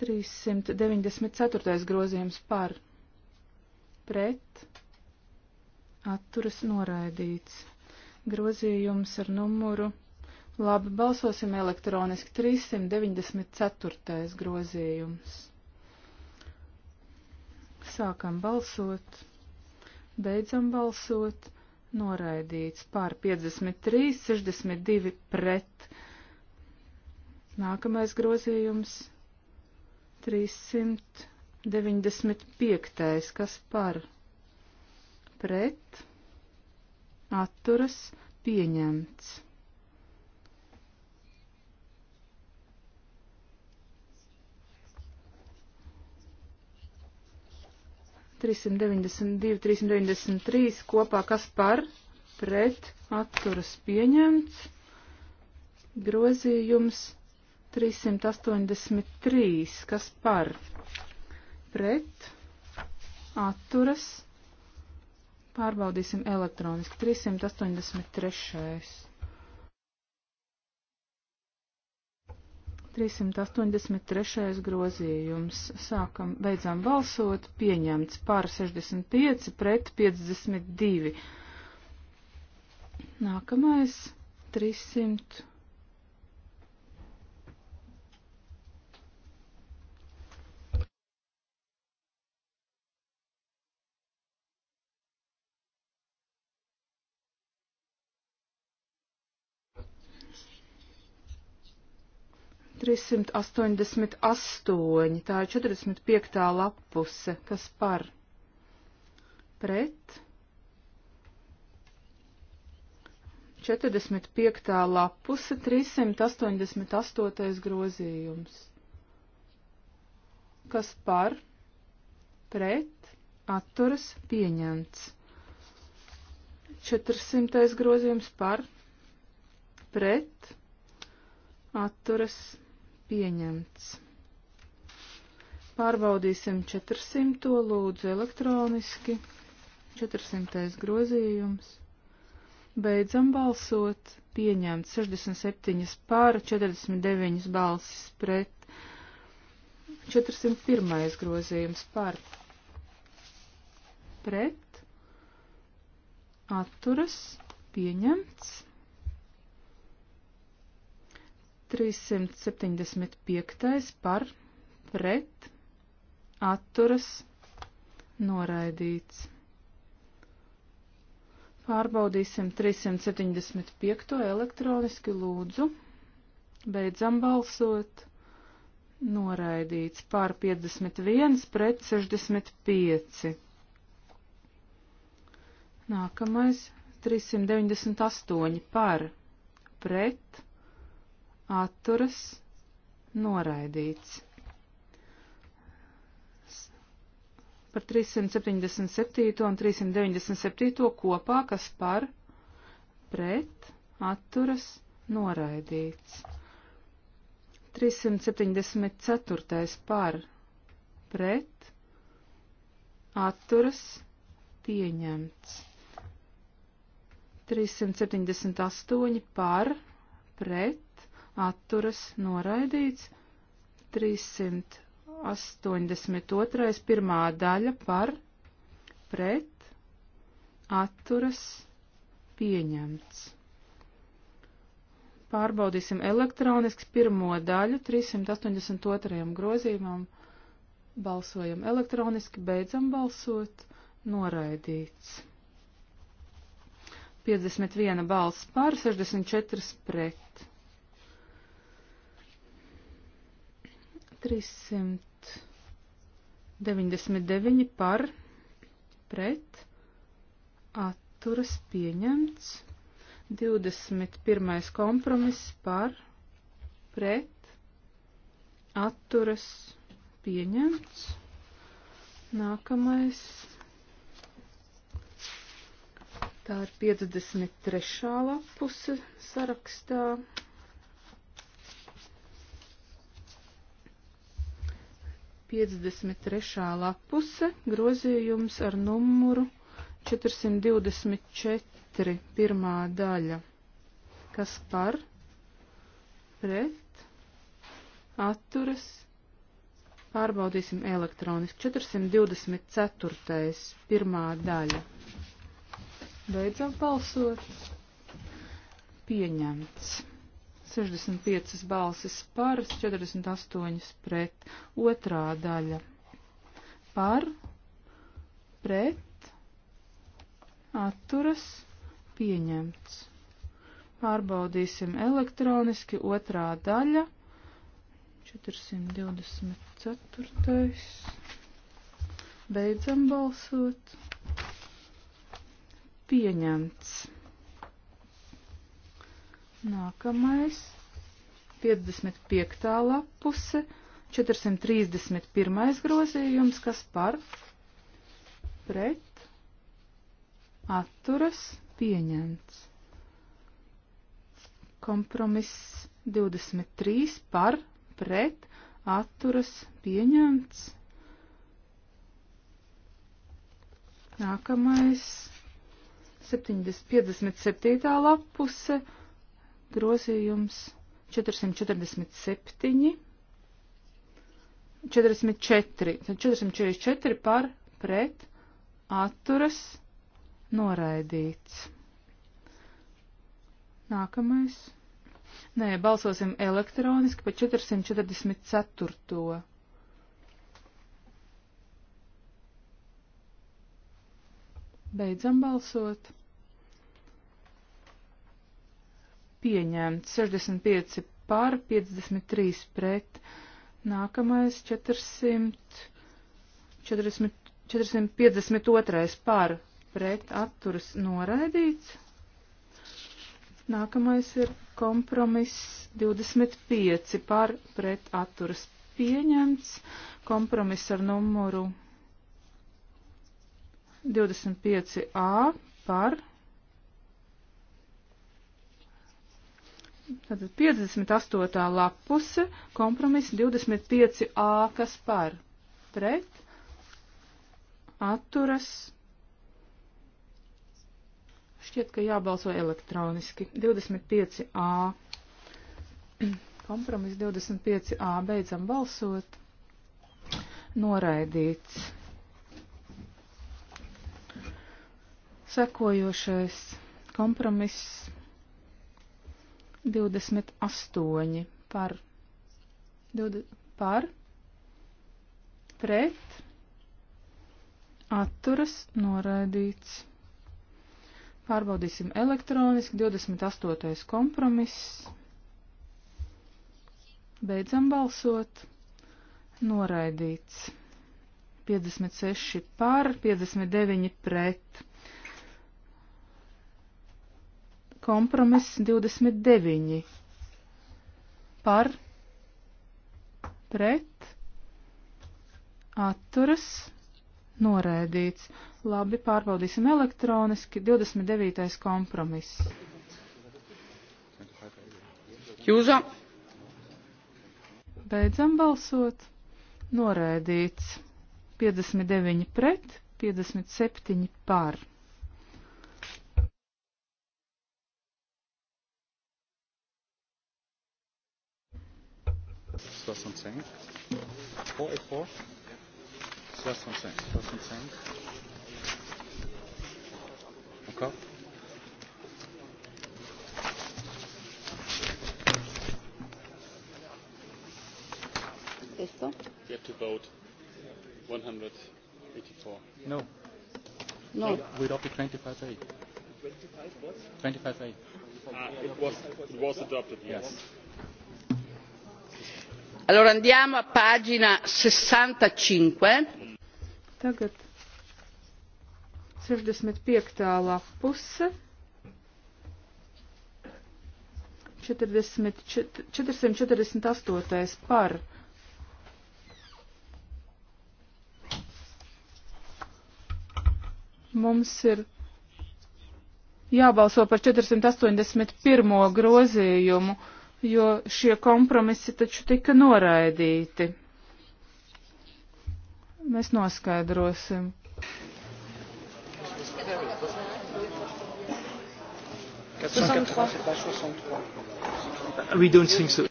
394. grozījums par pret atturas noraidīts. Grozījums ar numuru. Labi, balsosim elektroniski. 394. grozījums. Sākam balsot. Beidzam balsot. Noraidīts pār 53, 62 pret Nākamais grozījums 395. kas par pret atturas pieņemts. Trīsimt deviņdesmit divi, trīsimt deviņdesmit trīs kopā, kas par pret atturas pieņemts grozījums 383, kas par pret atturas. Pārbaudīsim elektroniski. 383. 383. grozījums. Sākam, beidzām balsot, pieņemts pār 65 pret 52. Nākamais 300. 388, tā ir 45. lapuse, kas par pret. 45. lapuse 388. grozījums. Kas par, pret, atturas pieņemts. 400. grozījums par, pret, atturas pieņemts pieņemts. Pārbaudīsim 400. lūdzu elektroniski. 400. grozījums. Beidzam balsot. Pieņemts 67 pār, 49 balsis pret. 401. grozījums pār. Pret. Atturas. Pieņemts. 375. par pret atturas noraidīts. Pārbaudīsim 375. elektroniski lūdzu. Beidzam balsot. Noraidīts pār 51 pret 65. Nākamais 398 par pret atturas noraidīts. Par 377 un 397 kopā, kas par pret atturas noraidīts. 374 par pret atturas pieņemts. 378 par pret atturas noraidīts, 382. pirmā daļa par pret atturas pieņemts. Pārbaudīsim elektroniski pirmo daļu 382. grozījumam. Balsojam elektroniski, beidzam balsot, noraidīts. 51 balss pār, 64 pret. 399 par pret atturas pieņemts. 21. kompromiss par pret atturas pieņemts. Nākamais. Tā ir 53. lapuse sarakstā. 53. lapuse grozījums ar numuru 424. pirmā daļa. Kas par? Pret? Atturas? Pārbaudīsim elektroniski. 424. pirmā daļa. Beidzam balsot. Pieņemts. 65 balsis par, 48 pret. Otrā daļa par, pret, atturas, pieņemts. Pārbaudīsim elektroniski otrā daļa. 424. Beidzam balsot. Pieņemts. Nākamais. 55. lapuse. 431. grozījums, kas par pret atturas pieņemts. Kompromiss 23 par pret atturas pieņemts. Nākamais 70, 57. lapuse grozījums 447, 44, tad 444 par pret atturas noraidīts. Nākamais. Nē, balsosim elektroniski par 444. Beidzam balsot. pieņemts 65 pār 53 pret. Nākamais 400, 40, 452 pār pret atturas noraidīts. Nākamais ir kompromiss 25 par pret atturas pieņemts. Kompromiss ar numuru 25a par pret Tātad 58. lapuse, kompromiss 25a, kas par pret, atturas. Šķiet, ka jābalso elektroniski. 25a. [clears throat] Kompromiss 25a. Beidzam balsot. Noraidīts. Sekojošais kompromiss 28 par, 20, par, pret, atturas, noraidīts. Pārbaudīsim elektroniski 28. kompromiss. Beidzam balsot. Noraidīts. 56 par, 59 pret. Kompromiss 29. Par, pret, atturas, noraidīts. Labi, pārbaudīsim elektroniski. 29. kompromiss. Jūza. Beidzam balsot. Noraidīts. 59 pret, 57 par. 65. 484. 65. 65. Encore. Esto. We have to vote 184. No. No. We adopted 25A. 25A. Ah, it was, it was adopted, yes. yes. Allora andiamo a pagina 65. Tagad 65. lapuse. 40, 448. par. Mums ir jābalso par 481. grozījumu jo šie kompromisi taču tika noraidīti. Mēs noskaidrosim. We don't think so.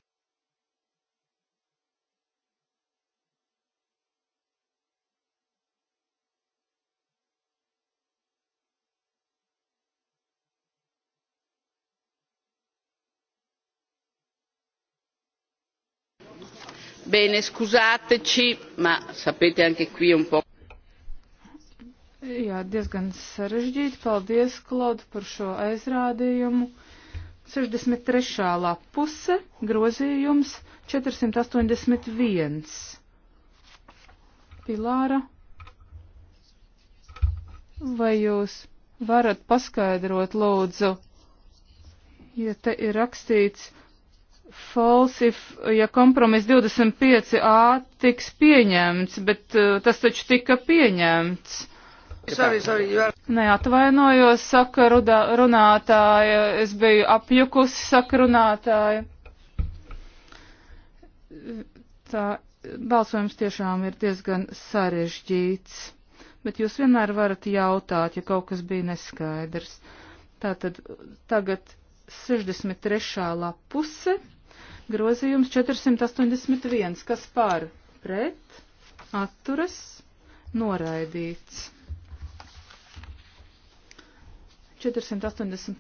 Bene, scusateci, ma sapete anche qui un po'. Jā, diezgan sarežģīti. Paldies, Klaud, par šo aizrādījumu. 63. lapuse, grozījums 481. Pilāra, vai jūs varat paskaidrot, lūdzu, ja te ir rakstīts Fals, if, ja kompromis 25a tiks pieņemts, bet uh, tas taču tika pieņemts. Sorry, sorry, are... Nē, atvainojos, saka rudā, runātāja, es biju apjukusi, saka runātāja. Tā, balsojums tiešām ir diezgan sarežģīts, bet jūs vienmēr varat jautāt, ja kaut kas bija neskaidrs. Tātad tagad 63. lapuse. Grozījums 481, kas par pret, atturas, noraidīts. 481.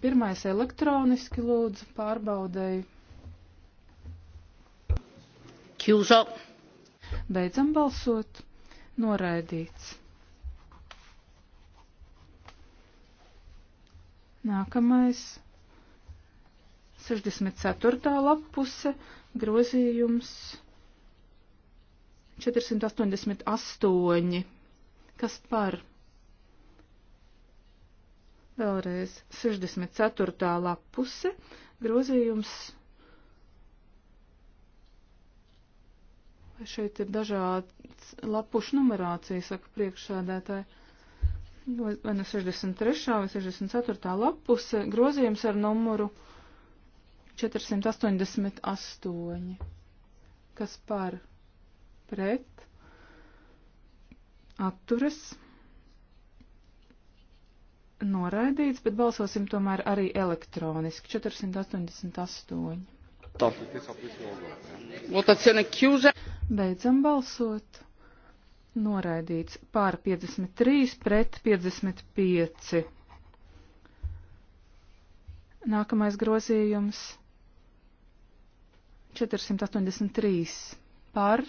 elektroniski lūdzu pārbaudēju. Kjūzo. Beidzam balsot. Noraidīts. Nākamais. 64. lapuse grozījums 488. Kas par? Vēlreiz 64. lapuse grozījums. Vai šeit ir dažāds lapušu numerācija, saka priekšsēdētāji. Vai nu 63. vai 64. lapuse grozījums ar numuru 4. 488. Kas par pret atturas noraidīts, bet balsosim tomēr arī elektroniski. 488. Top. Votazione chiusa. Beidzam balsot. Noraidīts pār 53 pret 55. Nākamais grozījums 483 par,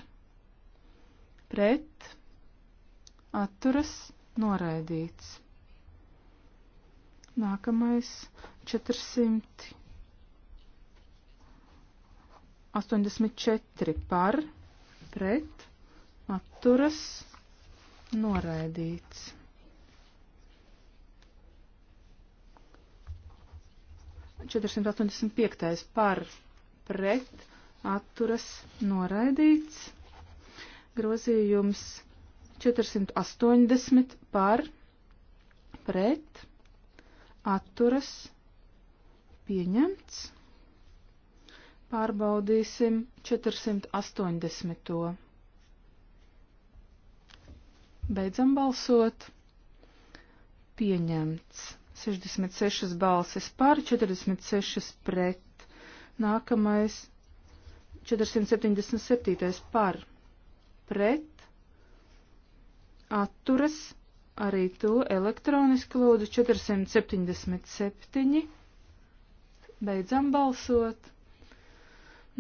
pret, atturas, noraidīts. Nākamais 484 par, pret, atturas, noraidīts. Četrsimt astoņdesmit piektais par pret atturas noraidīts. Grozījums 480 par pret atturas pieņemts. Pārbaudīsim 480. Beidzam balsot. Pieņemts. 66 balsis par, 46 pret. Nākamais 477. par pret atturas arī to elektroniski lūdzu 477. Beidzam balsot.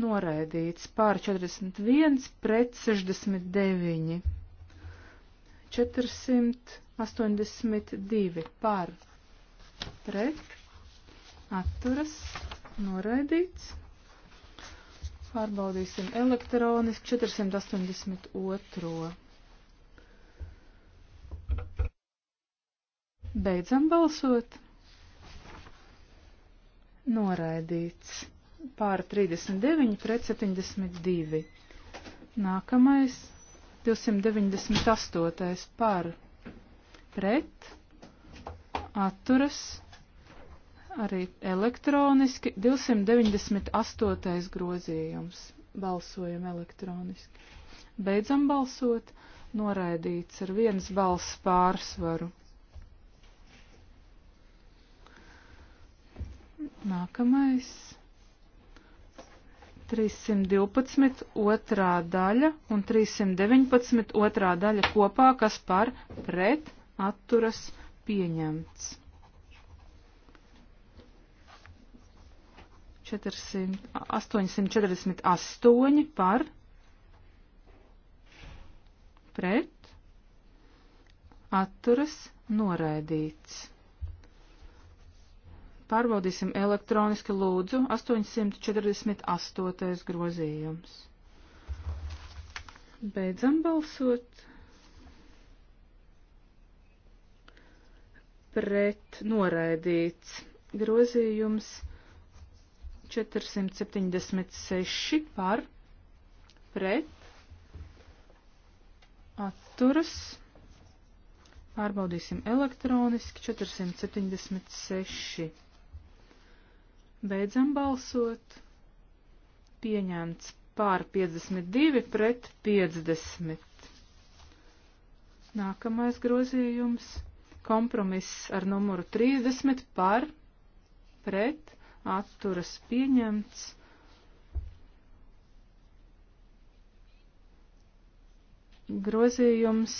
Noraidīts pār 41 pret 69. 482 pār pret atturas noraidīts. Pārbaudīsim elektroniski 482. Beidzam balsot. Noraidīts. Pār 39 pret 72. Nākamais 298. par pret atturas arī elektroniski. 298. grozījums. Balsojam elektroniski. Beidzam balsot. Noraidīts ar viens balss pārsvaru. Nākamais. 312 otrā daļa un 319 otrā daļa kopā, kas par pret atturas pieņemts. 400, 848 par pret atturas noraidīts. Pārbaudīsim elektroniski lūdzu 848. grozījums. Beidzam balsot. Pret noraidīts grozījums 476 par pret atturas. Pārbaudīsim elektroniski 476. Beidzam balsot. Pieņemts pār 52 pret 50. Nākamais grozījums. Kompromiss ar numuru 30 par pret atturas pieņemts. Grozījums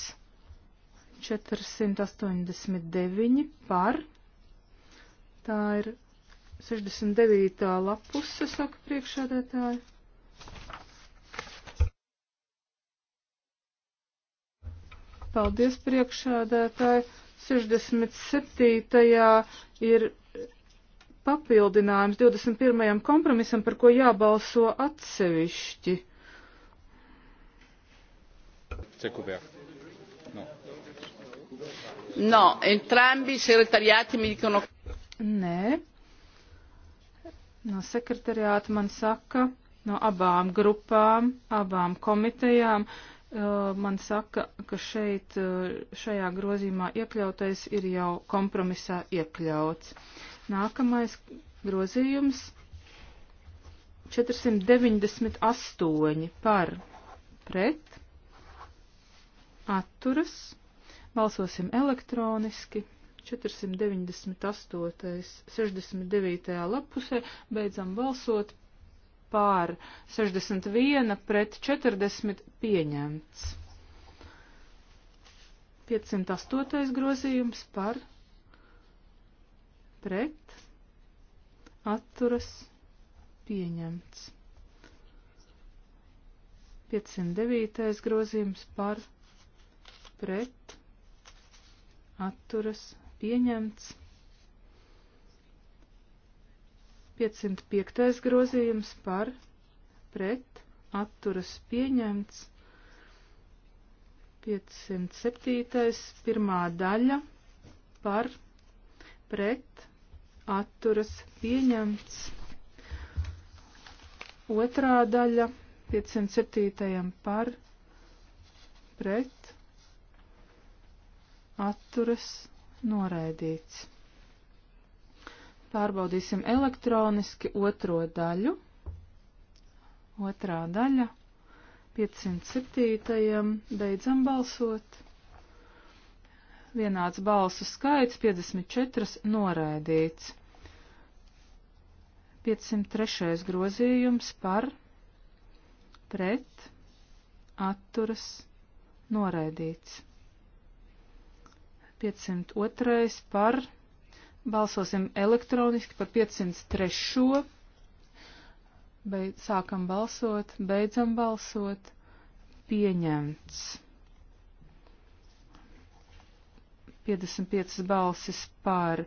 489 par. Tā ir 69. lapuse, saka priekšādētāji. Paldies priekšādētāji. 67. ir papildinājums 21. kompromisam, par ko jābalso atsevišķi. No. no, entrambi segretariāti mi dicono. Nē. No sekretariāta man saka, no abām grupām, abām komitejām, uh, man saka, ka šeit, uh, šajā grozījumā iekļautais ir jau kompromisā iekļauts. Nākamais grozījums 498 par pret atturas. Balsosim elektroniski. 498. 69. lapusē beidzam balsot pār 61 pret 40 pieņemts. 508. grozījums par pret, atturas, pieņemts. 509. grozījums par, pret, atturas, pieņemts. 505. grozījums par, pret, atturas, pieņemts. 507. pirmā daļa par, pret, atturas pieņemts. Otrā daļa 507. par pret atturas noraidīts. Pārbaudīsim elektroniski otro daļu. Otrā daļa 507. beidzam balsot vienāds balsu skaits, 54 noraidīts. 503. grozījums par, pret, atturas, noraidīts. 502. par, balsosim elektroniski par 503. Beid, sākam balsot, beidzam balsot, pieņemts. 55 balsis par.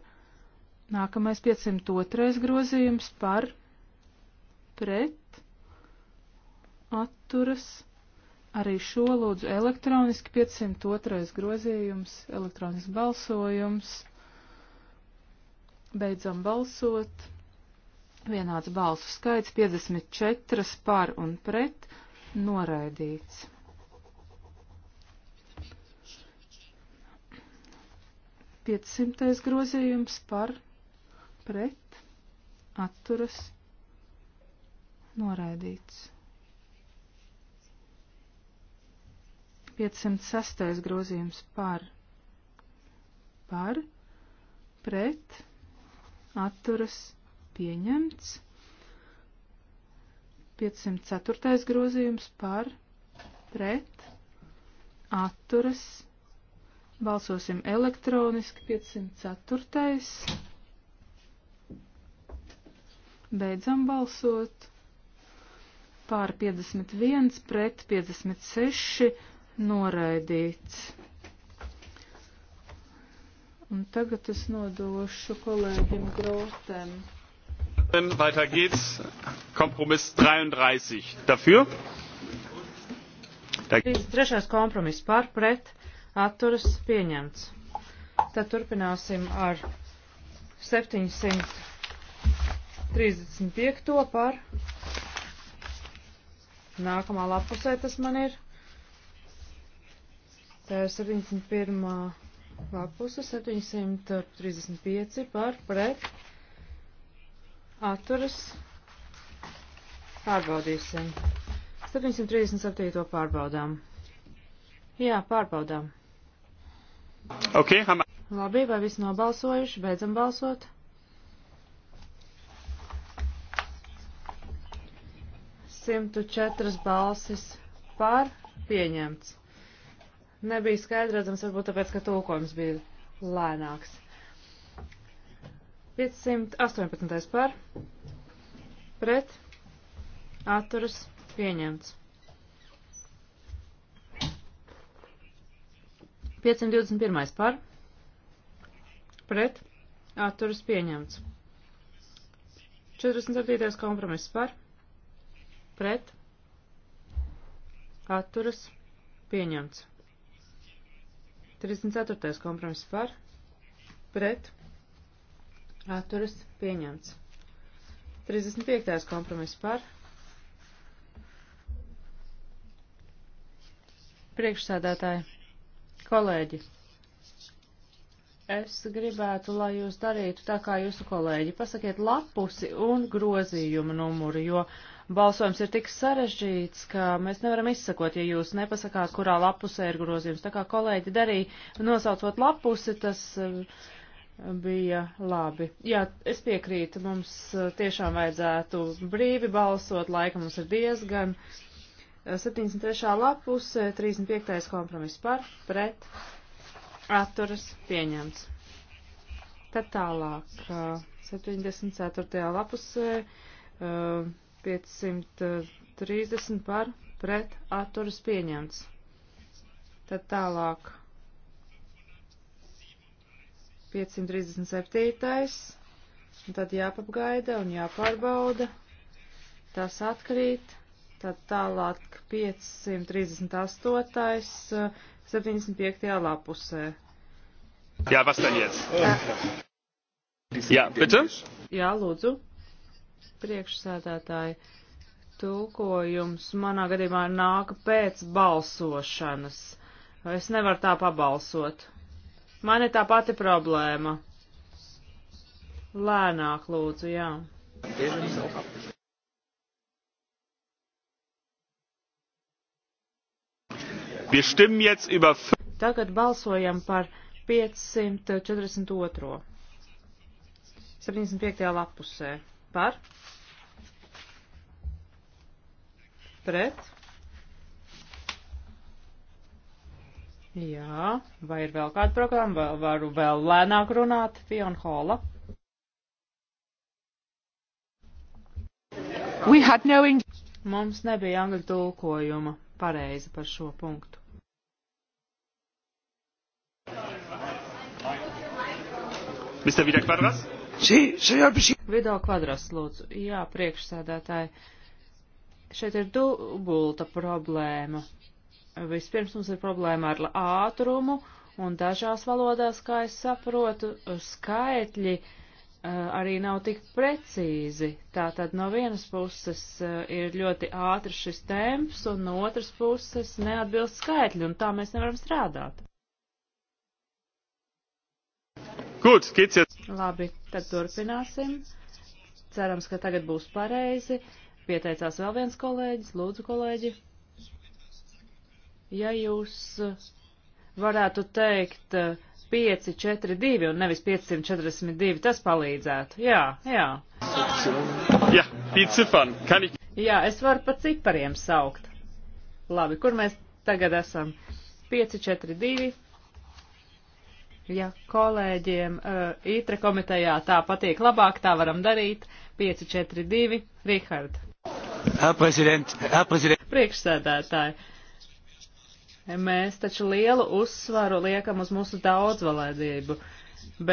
Nākamais 502 grozījums par, pret, atturas. Arī šo lūdzu elektroniski 502 grozījums, elektronisks balsojums. Beidzam balsot. Vienāds balsu skaits 54 par un pret noraidīts. 500. grozījums par pret atturas noraidīts. 506. grozījums par par pret atturas pieņemts. 504. grozījums par pret atturas pieņemts Balsosim elektroniski 504. Beidzam balsot. Pār 51 pret 56 noraidīts. Un tagad es nodošu kolēģim Grotem. Weiter geht's. Kompromiss 33. Dafür? Trešais kompromiss par pret atturas pieņemts. Tad turpināsim ar 735. To par nākamā lapusē tas man ir. Tā ir 71. lapuse, 735 par pret atturas pārbaudīsim. 737. pārbaudām. Jā, pārbaudām. Okay, ham... Labi, vai viss nobalsojuši? Beidzam balsot. Simtu četras balsis par pieņemts. Nebija skaidrādzams, varbūt tāpēc, ka tulkojums bija lēnāks. 518 par pret atturas pieņemts. 521. par, pret, atturas pieņemts. 47. kompromiss par, pret, atturas pieņemts. 34. kompromiss par, pret, atturas pieņemts. 35. kompromiss par, priekšsēdētāji. Kolēģi, es gribētu, lai jūs darītu tā kā jūsu kolēģi. Pasakiet lapusi un grozījumu numuru, jo balsojums ir tik sarežģīts, ka mēs nevaram izsakot, ja jūs nepasakāt, kurā lapusē ir grozījums. Tā kā kolēģi darīja, nosaucot lapusi, tas eh, bija labi. Jā, es piekrītu, mums eh, tiešām vajadzētu brīvi balsot, laika mums ir diezgan. Uh, 73. lapusē 35. kompromiss par, pret, atturas pieņemts. Tad tālāk, 74. lapusē 530 par, pret, atturas pieņemts. Tad tālāk, 537. Un tad jāpapgaida un jāpārbauda. Tas atkrīt. Tad tālāk 538. 75. lapusē. Jā, pastaņies. Jā, bitte? Jā, lūdzu. Priekšsēdētāji, tulkojums manā gadījumā nāk pēc balsošanas. Es nevaru tā pabalsot. Man ir tā pati problēma. Lēnāk, lūdzu, jā. Tagad balsojam par 542. 75. lapusē. Par? Pret? Jā, vai ir vēl kāda programma, vēl varu vēl lēnāk runāt, Fiona Hola. No... Mums nebija angļu tulkojuma pareizi par šo punktu. Mr. Vida Kvadras? Sí, senor presidente. Vido Kvadras, lūdzu. Jā, priekšsēdētāji. Šeit ir dubulta problēma. Vispirms mums ir problēma ar ātrumu, un dažās valodās, kā es saprotu, skaitļi uh, arī nav tik precīzi. Tātad no vienas puses uh, ir ļoti ātrs šis temps, un no otras puses neatbilst skaitļi, un tā mēs nevaram strādāt. Gut, geht's jetzt. Labi, tad turpināsim. Cerams, ka tagad būs pareizi. Pieteicās vēl viens kolēģis. Lūdzu, kolēģi, ja jūs varētu teikt 542 eh, un nevis 542, tas palīdzētu. Jā, jā. Jā, cifran, kan ik... Jā, es varu pa cipariem saukt. Labi, kur mēs tagad esam? 542. Ja kolēģiem uh, ITRE komitejā tā patīk labāk, tā varam darīt. 542, Rihard. Priekšsēdētāji, mēs taču lielu uzsvaru liekam uz mūsu daudzvalēdzību,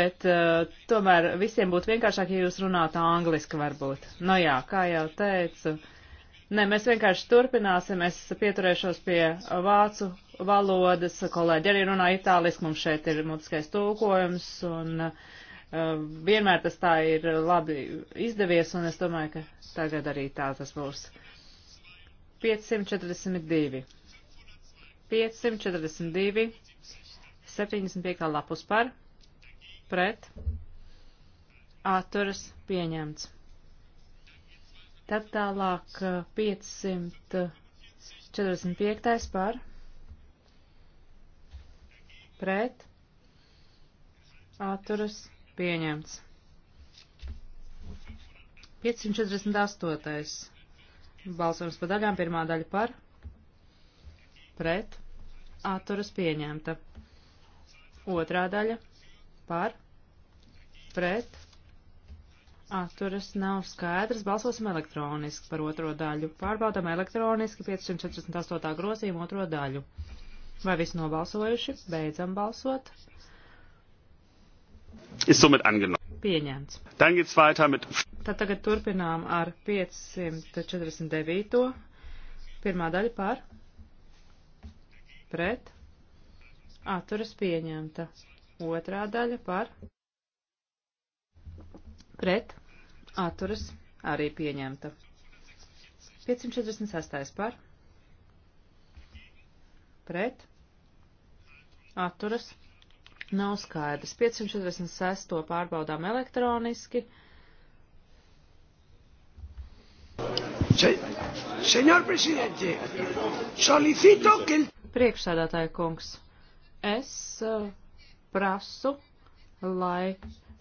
bet uh, tomēr visiem būtu vienkāršāk, ja jūs runātu angliski varbūt. No nu jā, kā jau teicu. Uh, Nē, mēs vienkārši turpināsim. Es pieturēšos pie vācu valodas. Kolēģi arī runā itāliski, mums šeit ir mutiskais tulkojums, un uh, vienmēr tas tā ir labi izdevies, un es domāju, ka tagad arī tā tas būs. 542. 542. 75. lapus par. Pret. Atturas pieņemts. Tad tālāk 545. Eh, par pret atturas pieņemts. 548. Balsojums pa daļām pirmā daļa par pret atturas pieņemta. Otrā daļa par pret Atturas nav skaidrs. Balsosim elektroniski par otro daļu. Pārbaudam elektroniski 548. grozījumu otro daļu. Vai visi nobalsojuši? Beidzam balsot. Ist somit angenommen. Pieņemts. Dann geht's weiter mit... Tad tagad turpinām ar 549. Pirmā daļa par. Pret. Atturas pieņemta. Otrā daļa par pret, atturas, arī pieņemta. 546. par, pret, atturas, nav skaidrs. 546. to pārbaudām elektroniski. Se, senor presidente, solicito, ka... Priekšsēdētāja kungs, es uh, prasu, lai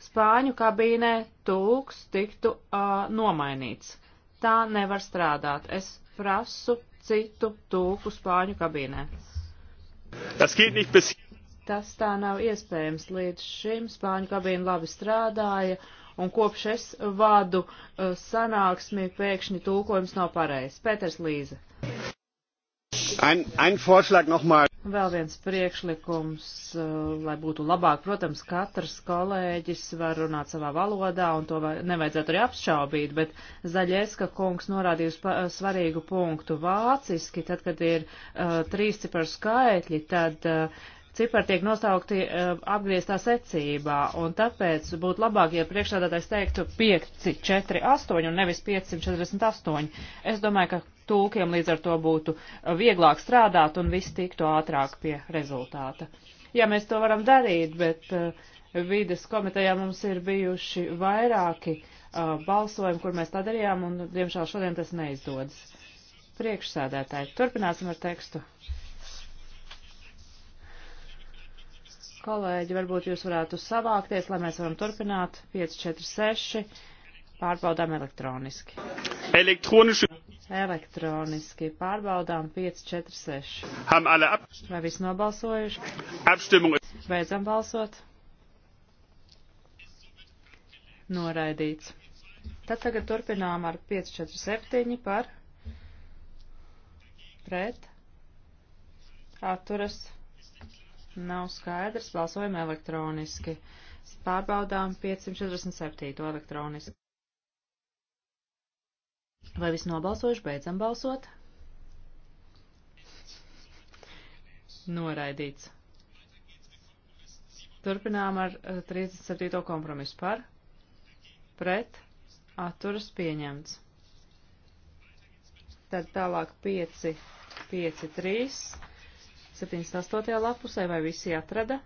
spāņu kabīnē tulks tiktu uh, nomainīts. Tā nevar strādāt. Es prasu citu tulku spāņu kabīnē. Tas geht nicht bis. Tas tā nav iespējams. Līdz šim spāņu kabīna labi strādāja, un kopš es vadu uh, sanāksmi, pēkšņi tulkojums nav pareizs. Pēters Līze. Ein, ein Vorschlag nochmal. Un vēl viens priekšlikums, uh, lai būtu labāk, protams, katrs kolēģis var runāt savā valodā, un to nevajadzētu arī apšaubīt, bet Zaļieska kungs norādīja uz uh, svarīgu punktu vāciski, tad, kad ir uh, trīs ciparu skaitļi, tad uh, cipari tiek nosaukti uh, apgrieztā secībā, un tāpēc būtu labāk, ja priekšstādātais teiktu 5, 4, 8 un nevis 548. Es domāju, ka tūkiem, līdz ar to būtu vieglāk strādāt un viss tiktu ātrāk pie rezultāta. Jā, mēs to varam darīt, bet uh, vides komitejā mums ir bijuši vairāki uh, balsojumi, kur mēs tā darījām, un diemžēl šodien tas neizdodas. Priekšsēdētāji, turpināsim ar tekstu. Kolēģi, varbūt jūs varētu savākties, lai mēs varam turpināt. 5, 4, 6. Pārbaudām elektroniski. Elektroniski. Elektroniski pārbaudām 546. Vai viss nobalsojuši? Apstimmung. Beidzam balsot. Noraidīts. Tad tagad turpinām ar 547 par pret atturas. Nav skaidrs, balsojam elektroniski. Pārbaudām 547 elektroniski. Vai viss nobalsojuši? Beidzam balsot. Noraidīts. Turpinām ar 37. Eh, kompromisu par, pret, atturas pieņemts. Tad tālāk 5, 5, 3, 78. lapusē vai visi atrada.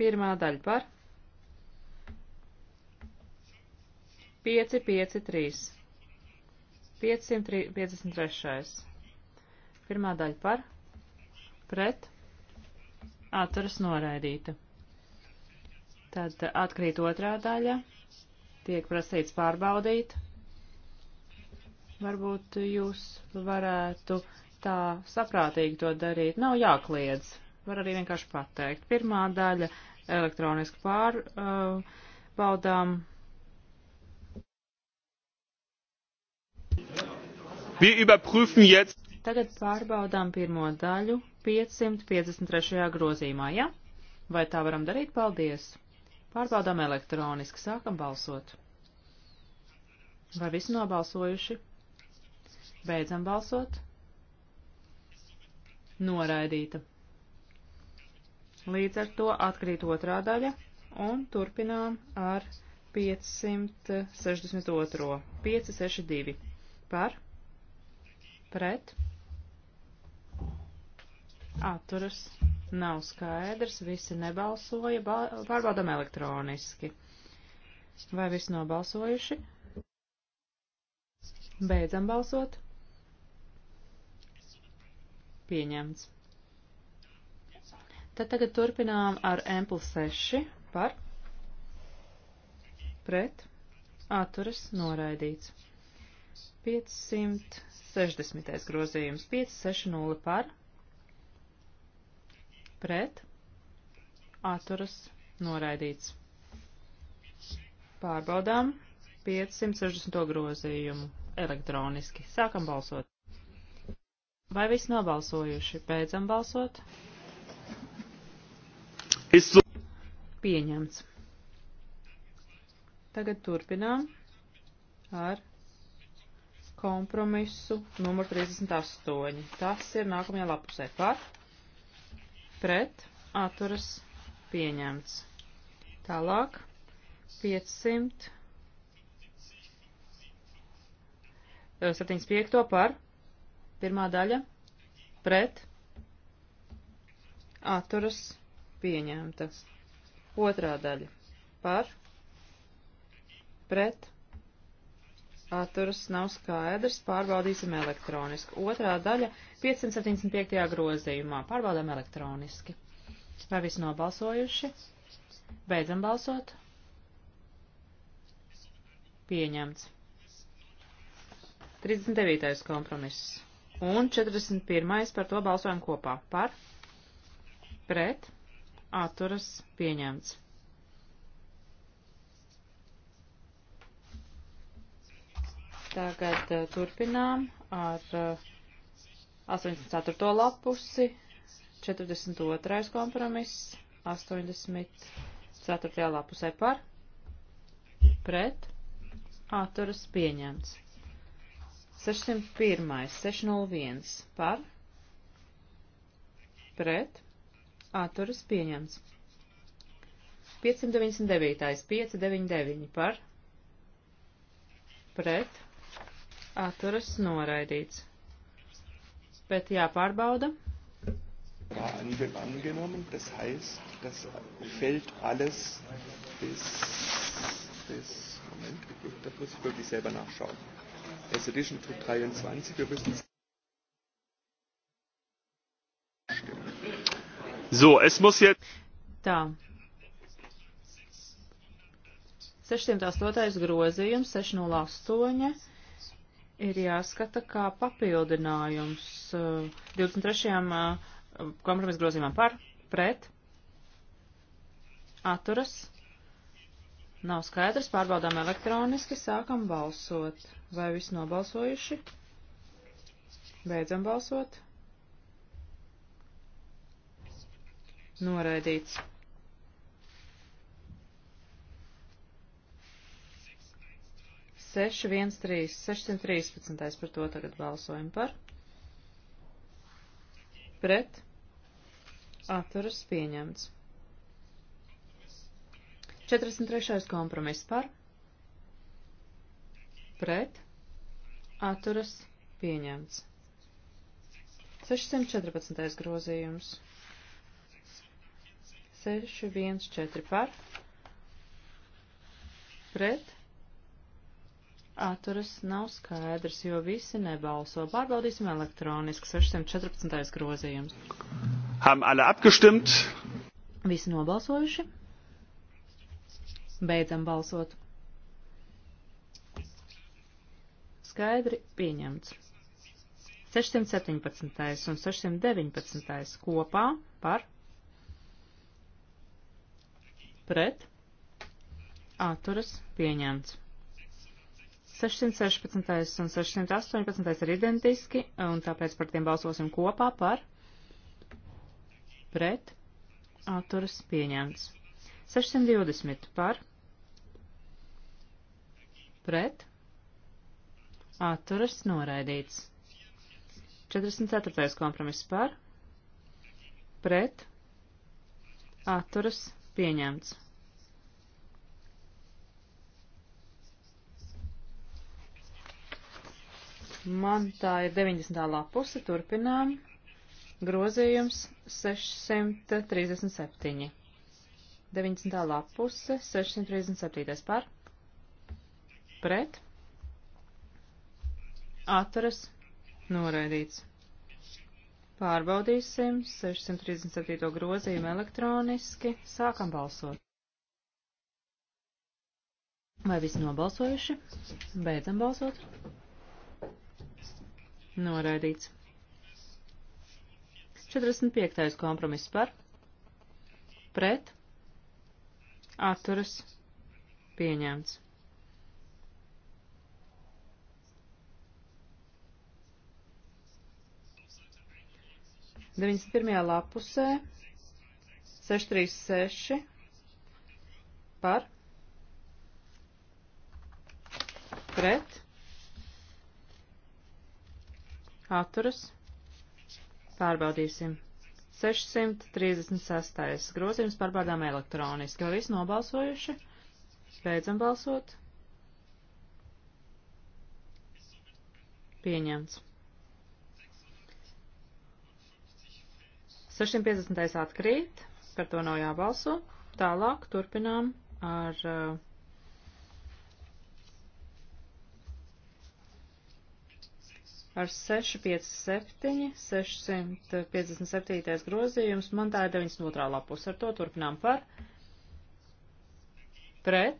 Pirmā daļa par, 553. 553. Pirmā daļa par, pret, atturas noraidīta. Tad atkrīt otrā daļa, tiek prasīts pārbaudīt. Varbūt jūs varētu tā saprātīgi to darīt. Nav jākliedz, var arī vienkārši pateikt. Pirmā daļa elektroniski pārbaudām. Uh, baudām Tagad pārbaudām pirmo daļu 553. grozījumā, ja? Vai tā varam darīt? Paldies! Pārbaudām elektroniski, sākam balsot. Vai visi nobalsojuši? Beidzam balsot. Noraidīta. Līdz ar to atkrīt otrā daļa un turpinām ar 562. 562 par pret, atturas, nav skaidrs, visi nebalsoja, pārbaudam elektroniski. Vai visi nobalsojuši? Beidzam balsot. Pieņemts. Tad tagad turpinām ar M plus 6 par pret atturas noraidīts. 560. grozījums 560 par pret atturas noraidīts. Pārbaudām 560. grozījumu elektroniski. Sākam balsot. Vai viss nobalsojuši? Beidzam balsot. Pieņemts. Tagad turpinām ar kompromisu numur 38. Tas ir nākamajā lapusē par, pret, atturas, pieņemts. Tālāk 500. 75. Eh, par, pirmā daļa, pret, atturas, pieņemta. Otrā daļa, par, pret, atturas nav skaidrs, pārbaudīsim elektroniski. Otrā daļa 575. grozījumā. Pārbaudām elektroniski. Vai visi nobalsojuši? Beidzam balsot. Pieņemts. 39. kompromiss. Un 41. par to balsojam kopā. Par? Pret? Atturas pieņemts. Tagad uh, turpinām ar uh, eh, 84. lapusi, 42. kompromiss, 84. lapusē par, pret, atturas pieņemts. 601. 601 par, pret, atturas pieņemts. 599. 599 par, pret, atturas noraidīts. Bet jāpārbauda. Ja, ange, angenommen, das heißt, das fällt alles bis, bis Moment, da muss ich wirklich selber nachschauen. Es Edition 23, wir müssen So, es muss jetzt. Tā. 608. grozījums, 608 ir jāskata kā papildinājums 23. Eh, eh, kompromisa grozījumam par, pret, atturas. Nav skaidrs, pārbaudām elektroniski, sākam balsot. Vai viss nobalsojuši? Beidzam balsot. Noraidīts. 613, 613. par to tagad balsojam par. Pret. Atturas pieņemts. 43. kompromiss par. Pret. Atturas pieņemts. 614. grozījums. 614 par. Pret Atturas nav skaidrs, jo visi nebalso. Pārbaudīsim elektroniski 614. grozījums. Haben alle abgestimmt? Visi nobalsojuši? Beidzam balsot. Skaidri pieņemts. 617. un 619. kopā par pret atturas pieņemts. 616 un 618 ir identiski, un tāpēc par tiem balsosim kopā par pret atturas pieņemts. 620 par pret atturas noraidīts. 44. kompromiss par pret atturas pieņemts. Man tā ir 90. lapuse, turpinām. Grozījums 637. 90. lapuse, 637. par. Pret. Atturas. Noraidīts. Pārbaudīsim 637. grozījumu elektroniski. Sākam balsot. Vai visi nobalsojuši? Beidzam balsot. Noraidīts. 45. kompromiss par. Pret. Atturas. Pieņemts. Deviņas pirmajā lapusē. 636. Par. Pret atturas, pārbaudīsim. 636. grozījums pārbaudām elektroniski. Vai visi nobalsojuši? Beidzam balsot. Pieņemts. 650. atkrīt, par to nav jābalso. Tālāk turpinām ar uh, ar 657, 657 grozījums, man tā ir 92. lapus, ar to turpinām par, pret,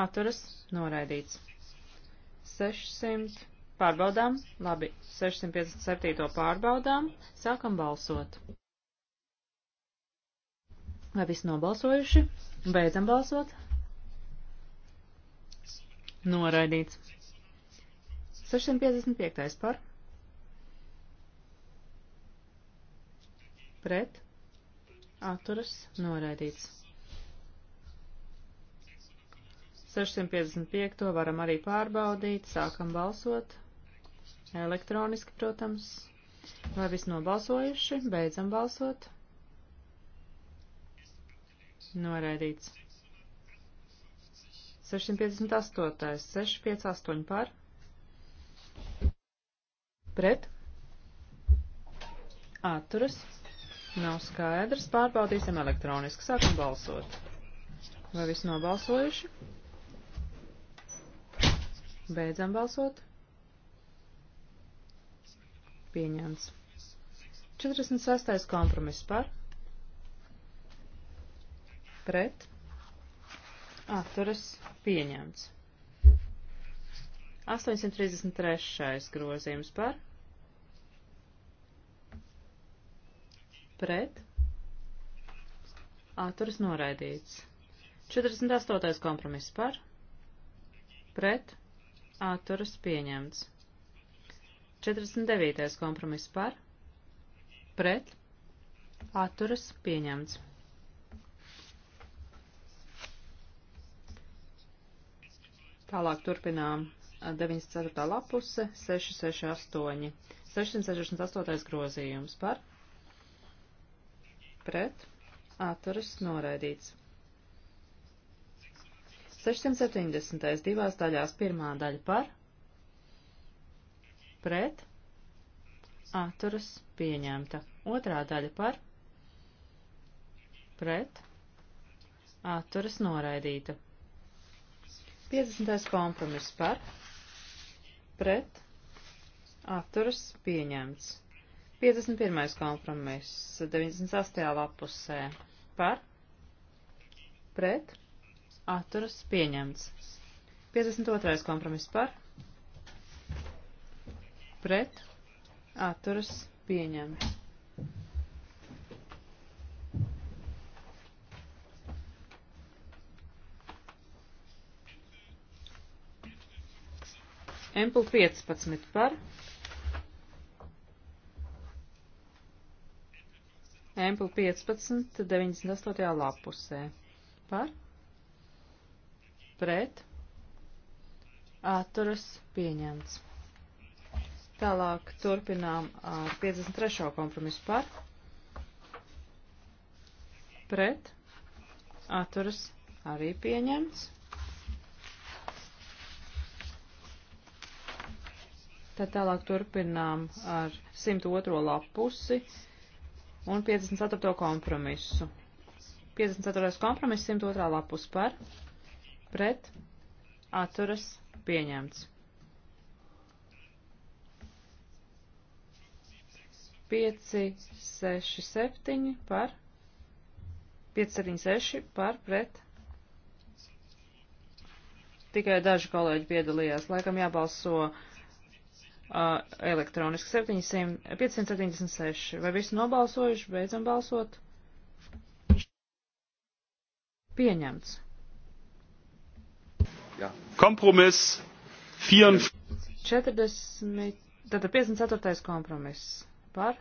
atturas, noraidīts. 600, pārbaudām, labi, 657 pārbaudām, sākam balsot. Vai visi nobalsojuši? Beidzam balsot. Noraidīts. 655. par pret atturas noraidīts. 655. to varam arī pārbaudīt, sākam balsot, elektroniski, protams. Vai viss nobalsojuši? Beidzam balsot. Noraidīts. 658. 658 par. Pret? Atturas? Nav skaidrs. Pārbaudīsim elektroniski. Sākam balsot. Vai viss nobalsojuši? Beidzam balsot. Pieņemts. 46. kompromiss par. Pret. Atturas. Pieņemts. 833. grozījums par pret, atturas noraidīts. 48. kompromiss par, pret, atturas pieņemts. 49. kompromiss par, pret, atturas pieņemts. 6, 6, 8, 6, 6, 8, Tālāk turpinām 94. lapuse 668. 668. grozījums par pret, atturas noraidīts. 670. divās daļās pirmā daļa par, pret, atturas pieņemta. Otrā daļa par, pret, atturas noraidīta. 50. kompromiss par, pret, atturas pieņemts. 51. kompromiss 98. lapusē par pret atturas pieņemts. 52. kompromiss par pret atturas pieņemts. Empul 15 par Ample 15, 98. lapusē. Par? Pret? Atturas pieņemts. Tālāk turpinām ar 53. kompromisu par. Pret. Atturas arī pieņemts. Tad tālāk turpinām ar 102. lapusi un 54. kompromisu. 54. kompromiss 102. lapus par, pret, atturas, pieņemts. 5, 6, 7 par, 5, 7, 6 par, pret. Tikai daži kolēģi piedalījās. Laikam jābalso uh, uh, elektroniski 700, 576. Vai visi nobalsojuši? Beidzam balsot. Pieņemts. Jā. Kompromiss 40. 40. Tātad 54. kompromiss. Par?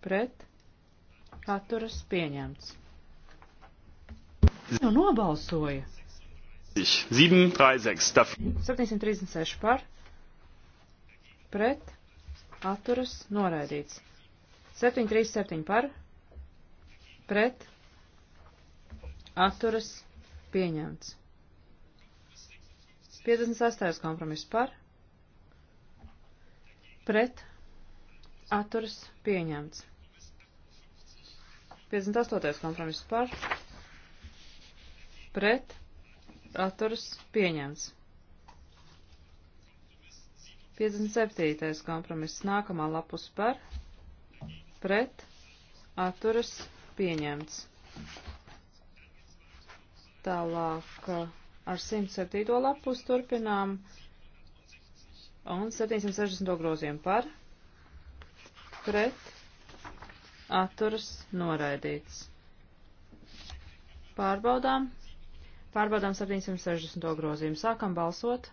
Pret? Atturas pieņemts. Jau nu, nobalsoja. 736 par, pret, atturas, noraidīts. 737 par, pret, atturas, pieņemts. 58. kompromiss par, pret, atturas, pieņemts. 58. kompromiss par, pret, atturas pieņemts. 57. kompromiss nākamā lapus par, pret, atturas pieņemts. Tālāk uh, ar 107. lapus turpinām un 760. groziem par, pret, atturas noraidīts. Pārbaudām Pārbaudām 760. grozījumu. Sākam balsot.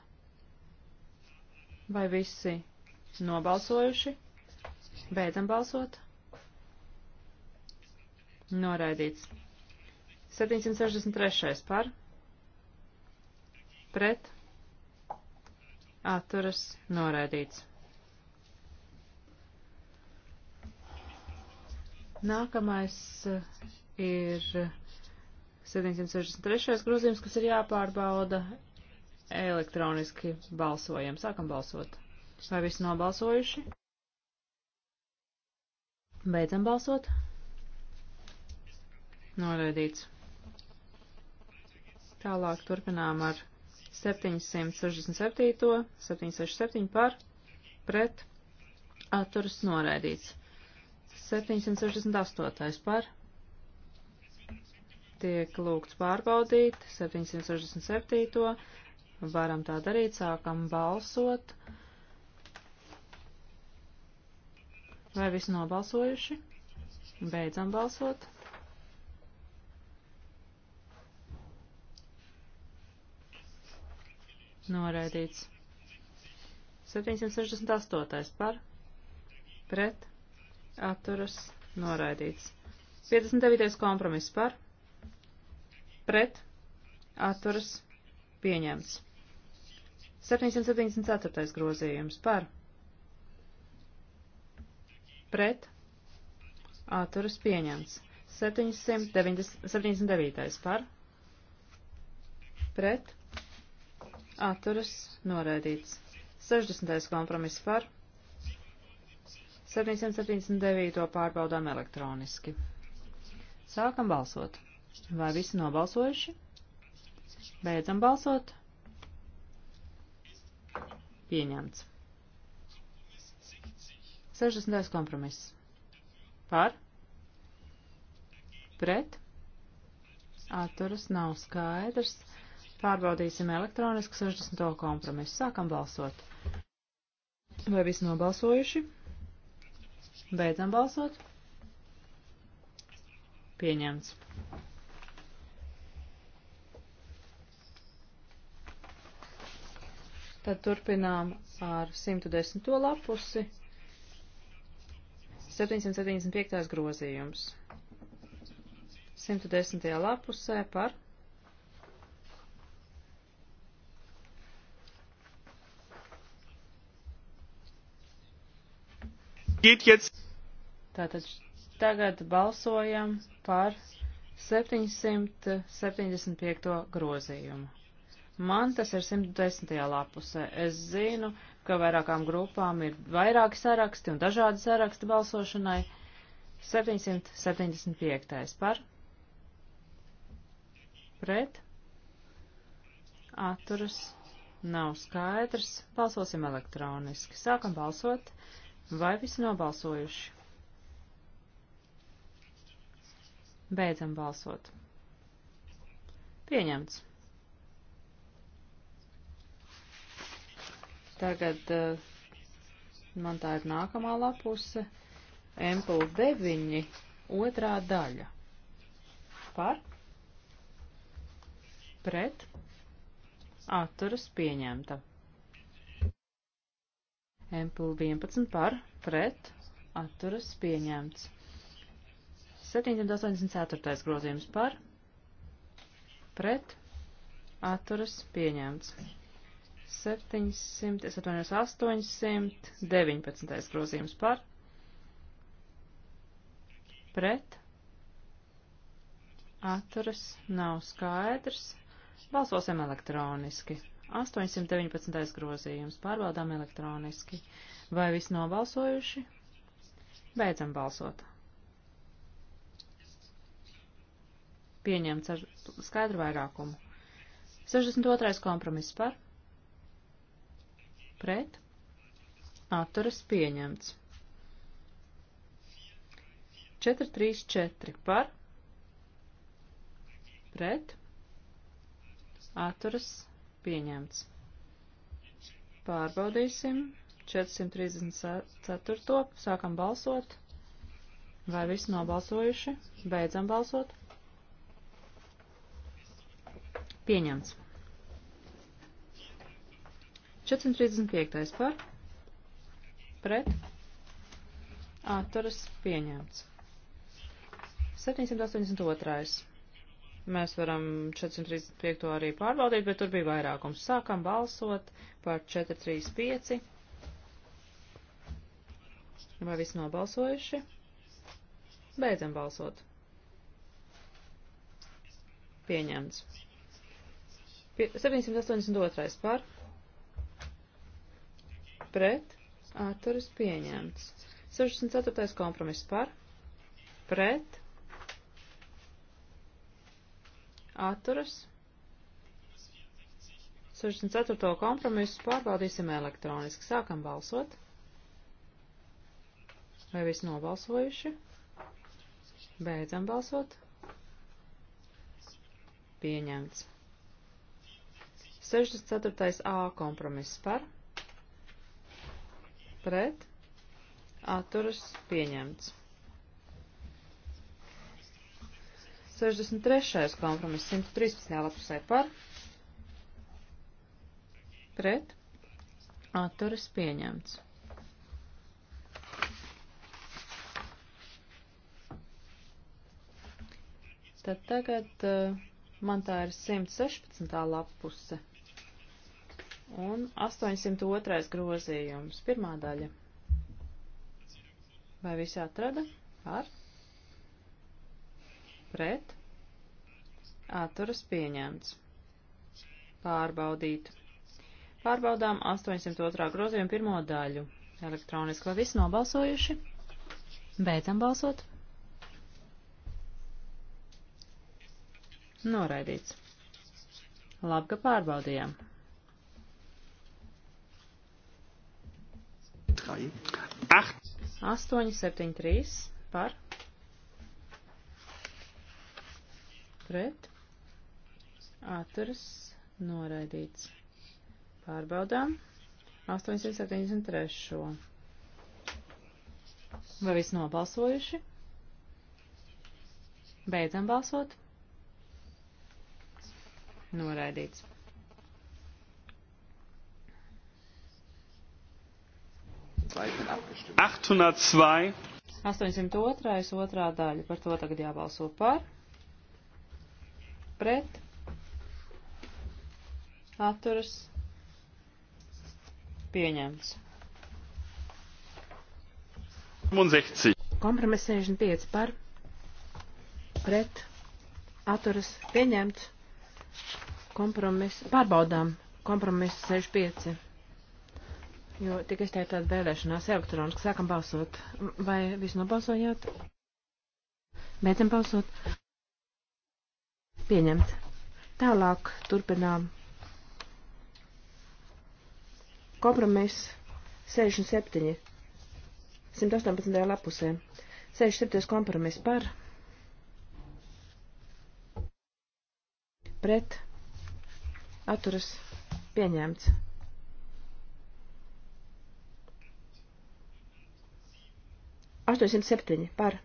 Vai visi nobalsojuši? Beidzam balsot. Noraidīts. 763. par. Pret. Atturas. Noraidīts. Nākamais eh, ir 763. grozījums, kas ir jāpārbauda elektroniski balsojam. Sākam balsot. Vai visi nobalsojuši? Beidzam balsot. Noraidīts. Tālāk turpinām ar 767, 767 par, pret, atturas noraidīts. 768 par, tiek lūgts pārbaudīt 767. Varam tā darīt, sākam balsot. Vai visi nobalsojuši? Beidzam balsot. Noraidīts. 768. par, pret, atturas, noraidīts. 59. kompromiss par, pret atturas pieņemts. 774. grozījums par pret atturas pieņemts. 799. par pret atturas noraidīts. 60. kompromiss par 779. pārbaudām elektroniski. Sākam balsot. Vai visi nobalsojuši? Beidzam balsot. Pieņemts. 60. kompromiss. Par? Pret? Atturas nav skaidrs. Pārbaudīsim elektronisku 60. kompromisu. Sākam balsot. Vai visi nobalsojuši? Beidzam balsot. Pieņemts. Tad turpinām ar 110. lapusi. 775. grozījums. 110. lapusē par Tātad tagad balsojam par 775. grozījumu. Man tas ir 110. lapusē. Es zinu, ka vairākām grupām ir vairāki saraksti un dažādi saraksti balsošanai. 775. par. Pret. Atturas. Nav skaidrs. Balsosim elektroniski. Sākam balsot. Vai visi nobalsojuši? Beidzam balsot. Pieņemts. Tagad eh, man tā ir nākamā lapuse. Empul 9, otrā daļa. Par? Pret? Atturas pieņemta. Empul 11 par, pret, atturas pieņemts. 784. grozījums par, pret, atturas pieņemts. 700, es atvainojos 819. grozījums par pret atturas nav skaidrs. Balsosim elektroniski. 819. grozījums. Pārbaudām elektroniski. Vai viss nobalsojuši? Beidzam balsot. Pieņemts ar skaidru vairākumu. 62. kompromiss par pret, atturas pieņemts. 4, 3, 4 par, pret, atturas pieņemts. Pārbaudīsim 434. Sākam balsot. Vai visi nobalsojuši? Beidzam balsot. Pieņemts. 435. par pret atturas pieņemts. 782. Mēs varam 435 arī pārbaudīt, bet tur bija vairākums. Sākam balsot par 435. Vai visi nobalsojuši? Beidzam balsot. Pieņemts. 782. par pret, atturas pieņemts. 64. kompromiss par, pret, atturas. 64. kompromisu pārbaudīsim elektroniski. Sākam balsot. Vai visi nobalsojuši? Beidzam balsot. Pieņemts. 64. A kompromiss par pret, atturas pieņemts. 63. kompromiss 113. lapusē par, pret, atturas pieņemts. Tad tagad uh, man tā ir 116. lapuse. Un 802. grozījums. Pirmā daļa. Vai visi atrada? Par? Pret? Atturas pieņemts. Pārbaudīt. Pārbaudām 802. grozījumu pirmo daļu. Elektroniski vai visi nobalsojuši? Beidzam balsot. Noraidīts. Labi, ka pārbaudījām. 873 par pret atturas noraidīts. Pārbaudām 873. Vai viss nobalsojuši? Beidzam balsot. Noraidīts. 802. 802. otrā daļa. Par to tagad jābalso par. Pret. Atturas. Pieņemts. 65. Kompromiss 65 par. Pret. Atturas. Pieņemts. Kompromiss. Pārbaudām. Kompromiss 65 jo tika izteiktāta vēlēšanās elektroniski. Sākam balsot. Vai visu nobalsojāt? Beidzam balsot. Pieņemt. Tālāk turpinām. Kompromiss 67. 118. lapusē. 67. kompromiss par. Pret. Atturas. Pieņemts. 807 par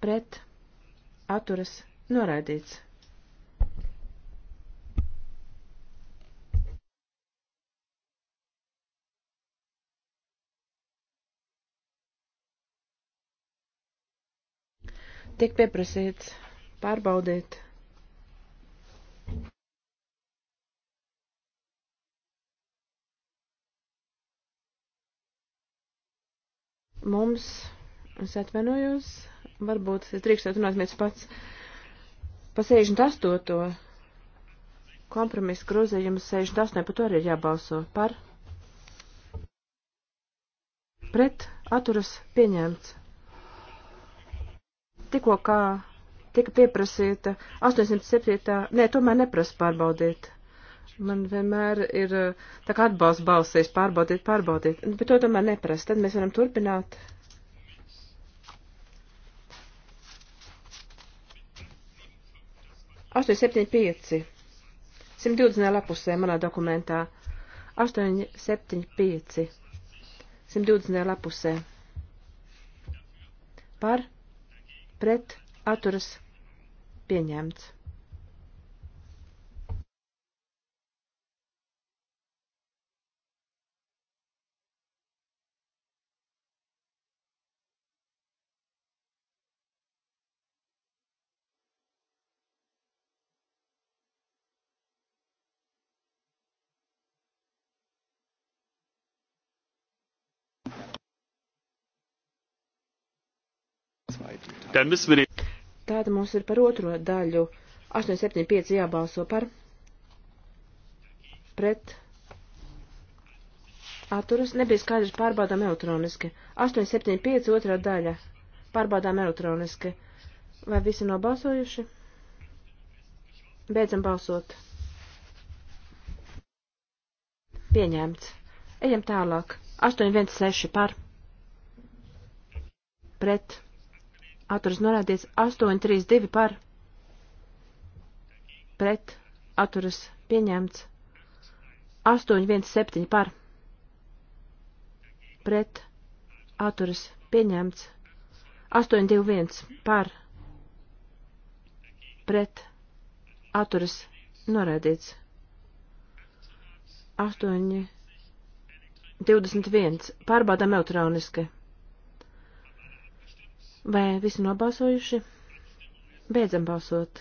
pret atturas noraidīts. Tiek pieprasīts pārbaudīt mums, es atvainojos, varbūt es drīkstētu runāt viens pats, pa 68. kompromisu grozījumu 68, par to arī ir jābalso. Par? Pret atturas pieņemts. Tikko kā tika pieprasīta 807. Nē, tomēr neprasa pārbaudīt. Man vienmēr ir eh, tā kā atbalsts balsīs, pārbaudiet, pārbaudiet, nu, bet to tomēr neprasa, tad mēs varam turpināt. Astoņi, septiņi, pieci. 120. lapusē manā dokumentā. 8, 7, 5. 120. lapusē. Par, pret, atturas, pieņemts. Tāda mums ir par otro daļu. 875 jābalso par pret atturas. Nebija skaidrs, pārbaudām elektroniski. 875 otrā daļa. Pārbaudām elektroniski. Vai visi nobalsojuši? Beidzam balsot. Pieņemts. Ejam tālāk. 816 par pret atturas atturas norādīts 832 par pret atturas pieņemts 817 par pret atturas pieņemts 821 par pret atturas norādīts 8 21 pārbaudām elektroniski. Vai visi nobalsojuši? Beidzam balsot.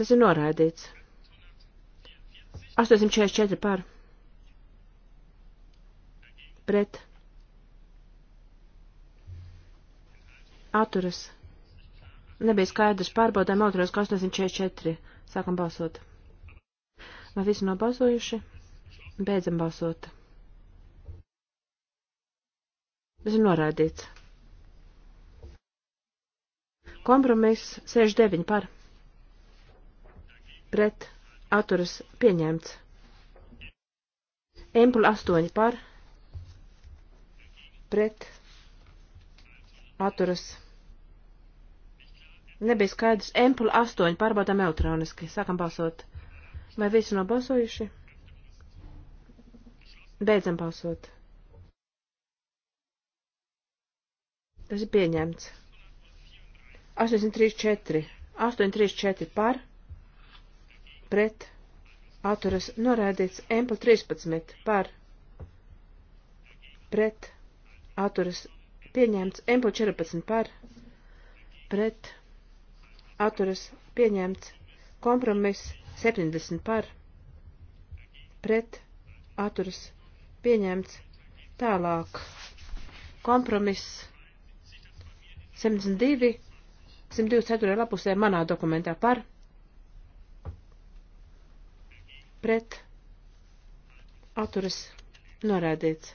Tas ir noraidīts. 844 par. Pret. Atturas. Nebija skaidrs. Pārbaudām otros, ka 844. Sākam balsot. Vai visi nobalsojuši? Beidzam balsot. Tas ir noraidīts. Kompromiss 69 par. Pret atturas pieņemts. Empul 8 par. Pret atturas pieņemts. Nebija skaidrs. Empula 8 pārbaudām elektroniski. Sākam balsot. Vai visi nobalsojuši? Beidzam balsot. Tas ir pieņemts. 834. 834 par. Pret. Atturas norādīts. Empel 13 par. Pret. Atturas pieņemts. Empel 14 par. Pret. Atturas pieņemts. Kompromiss 70 par. Pret. Atturas pieņemts. Tālāk. Kompromiss 72, 124. lapusē manā dokumentā par pret atturas norādīts.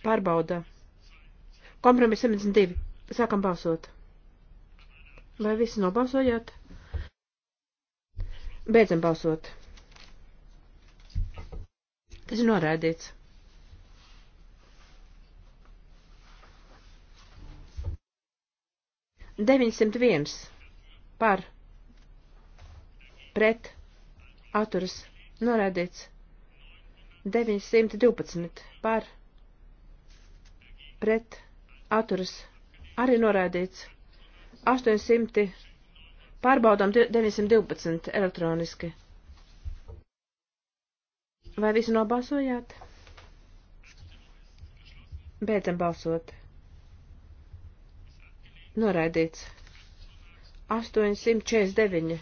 Pārbauda. Kompromis 72. Sākam balsot. Vai visi nobalsojāt? Beidzam balsot. Tas ir norādīts. 901 par pret atturas norādīts 912 par pret atturas arī norādīts 800 pārbaudām 912 elektroniski. Vai visi nobalsojāt? Beidzam balsot. Noraidīts. 849.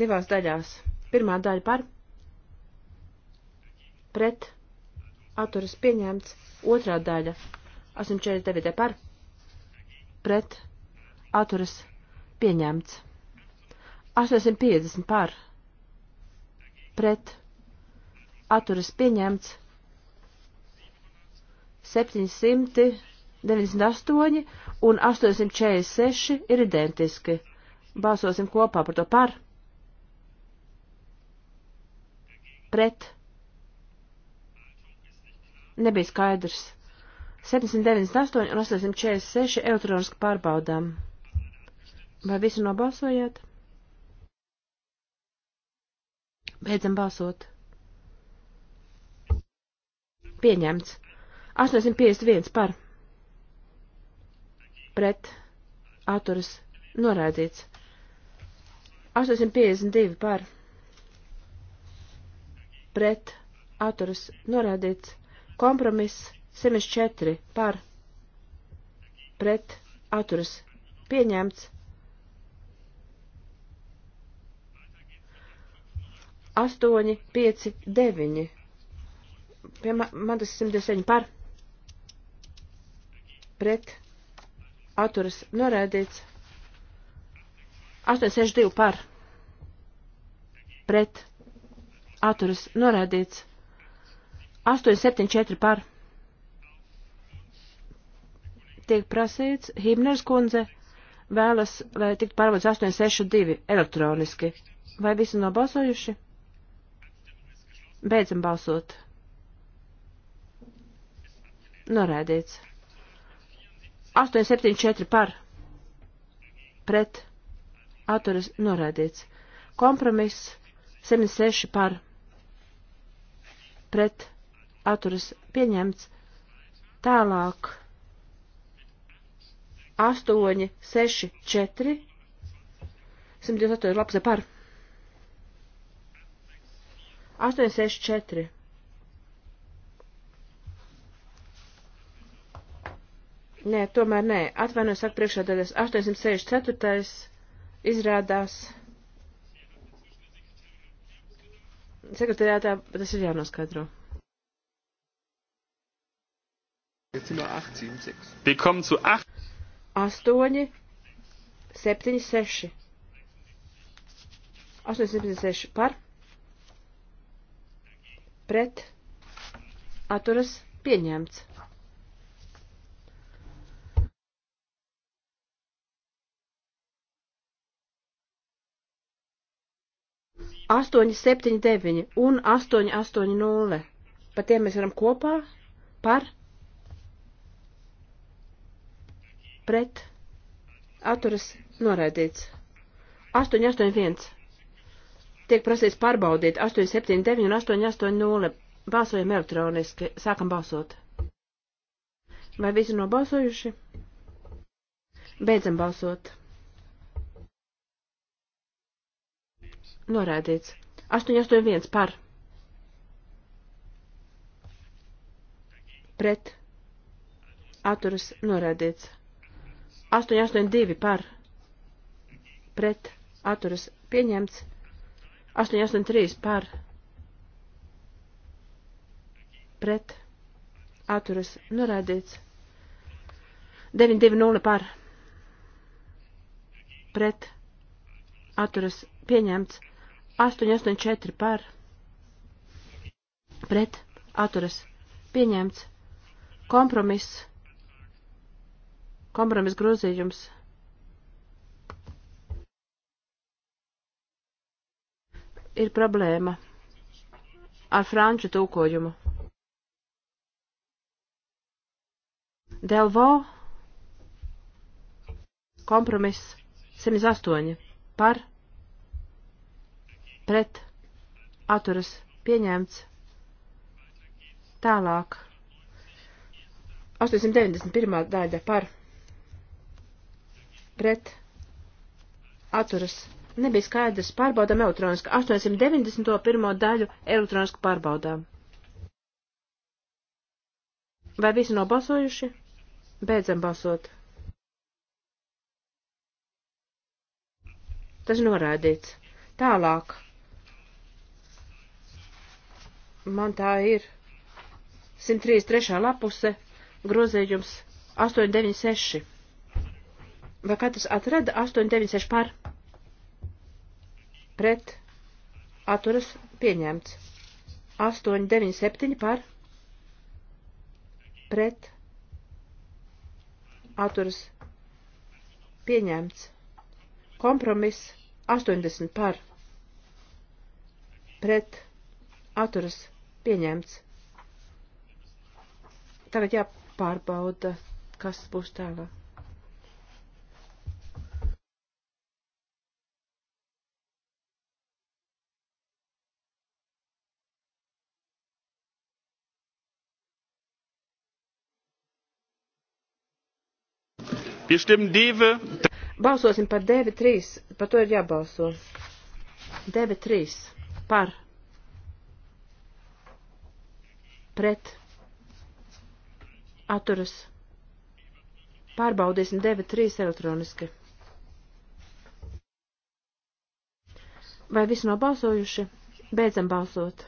Divās daļās. Pirmā daļa par. Pret. Atturas pieņemts. Otrā daļa. 849. par. Pret. Atturas pieņemts. 850 par. Pret. Atturas pieņemts. 700. 98 un 846 ir identiski. Balsosim kopā par to par. Pret. Nebija skaidrs. 798 un 846 elektroniski pārbaudām. Vai visi nobalsojāt? Beidzam balsot. Pieņemts. 851 par pret atturas noraidīts. 852 par pret atturas noraidīts. Kompromiss 74 par pret atturas pieņemts. 8, 5, 9. Pie madas 109 par pret atturas norēdīts. 862 par pret atturas norēdīts. 874 par. Tiek prasīts, Himners kundze vēlas, lai tiktu pārbaudas 862 elektroniski. Vai visi nobalsojuši? Beidzam balsot. Norēdīts. 874 par pret atturas norādīts. Kompromiss 76 par pret atturas pieņemts. Tālāk 8, 6, 4, 128 lapse par 8, 6, 4 Nē, tomēr nē. Atvainojos, saka priekšādājas 864. izrādās. Sekretariātā tas ir jānoskaidro. Wir kommen zu 8. 8, 7, 6. 8, 7, 6 par. Pret. Atturas pieņemts. 879 un 880. Par tiem mēs varam kopā par pret atturas noraidīts. 881. Tiek prasīts pārbaudīt 879 un 880. Balsojam elektroniski. Sākam balsot. Vai visi nobalsojuši? Beidzam balsot. Norādīts. 881 par. Pret. Atturas norādīts. 882 par. Pret. Atturas pieņemts. 883 par. Pret. Atturas norādīts. 920 par. Pret. Atturas pieņemts. 884 par pret atturas pieņemts kompromiss kompromiss grozījums ir problēma ar franču tūkojumu. Delvo kompromiss 108 par pret pret atturas pieņemts. Tālāk. 891. daļa par pret atturas. Nebija skaidrs, pārbaudām elektroniski. 891. daļu elektroniski pārbaudām. Vai visi nobalsojuši? Beidzam balsot. Tas norādīts. Tālāk man tā ir 133. lapuse, grozījums 896. Vai katrs atrada 896 par? Pret atturas pieņemts. 897 par? Pret atturas pieņemts. Kompromiss 80 par? Pret atturas pieņemts Pieņemts. Tagad jāpārbauda, kas būs tālāk. Wir stimmen Deve. Balsosim par Deve 3. Par to ir jābalso. Deve 3. Par. pret atturas. Pārbaudīsim 9.3 elektroniski. Vai visi nobalsojuši? Beidzam balsot.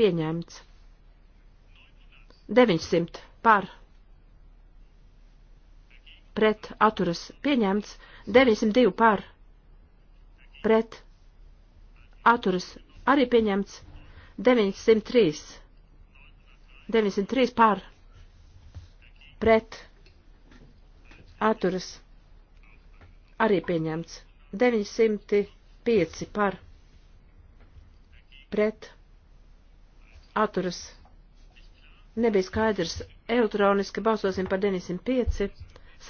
Pieņemts. 900 par pret atturas pieņemts, 902 par pret atturas arī pieņemts 903. 903 pār pret atturas arī pieņemts 905 par pret atturas nebija skaidrs elektroniski balsosim par 905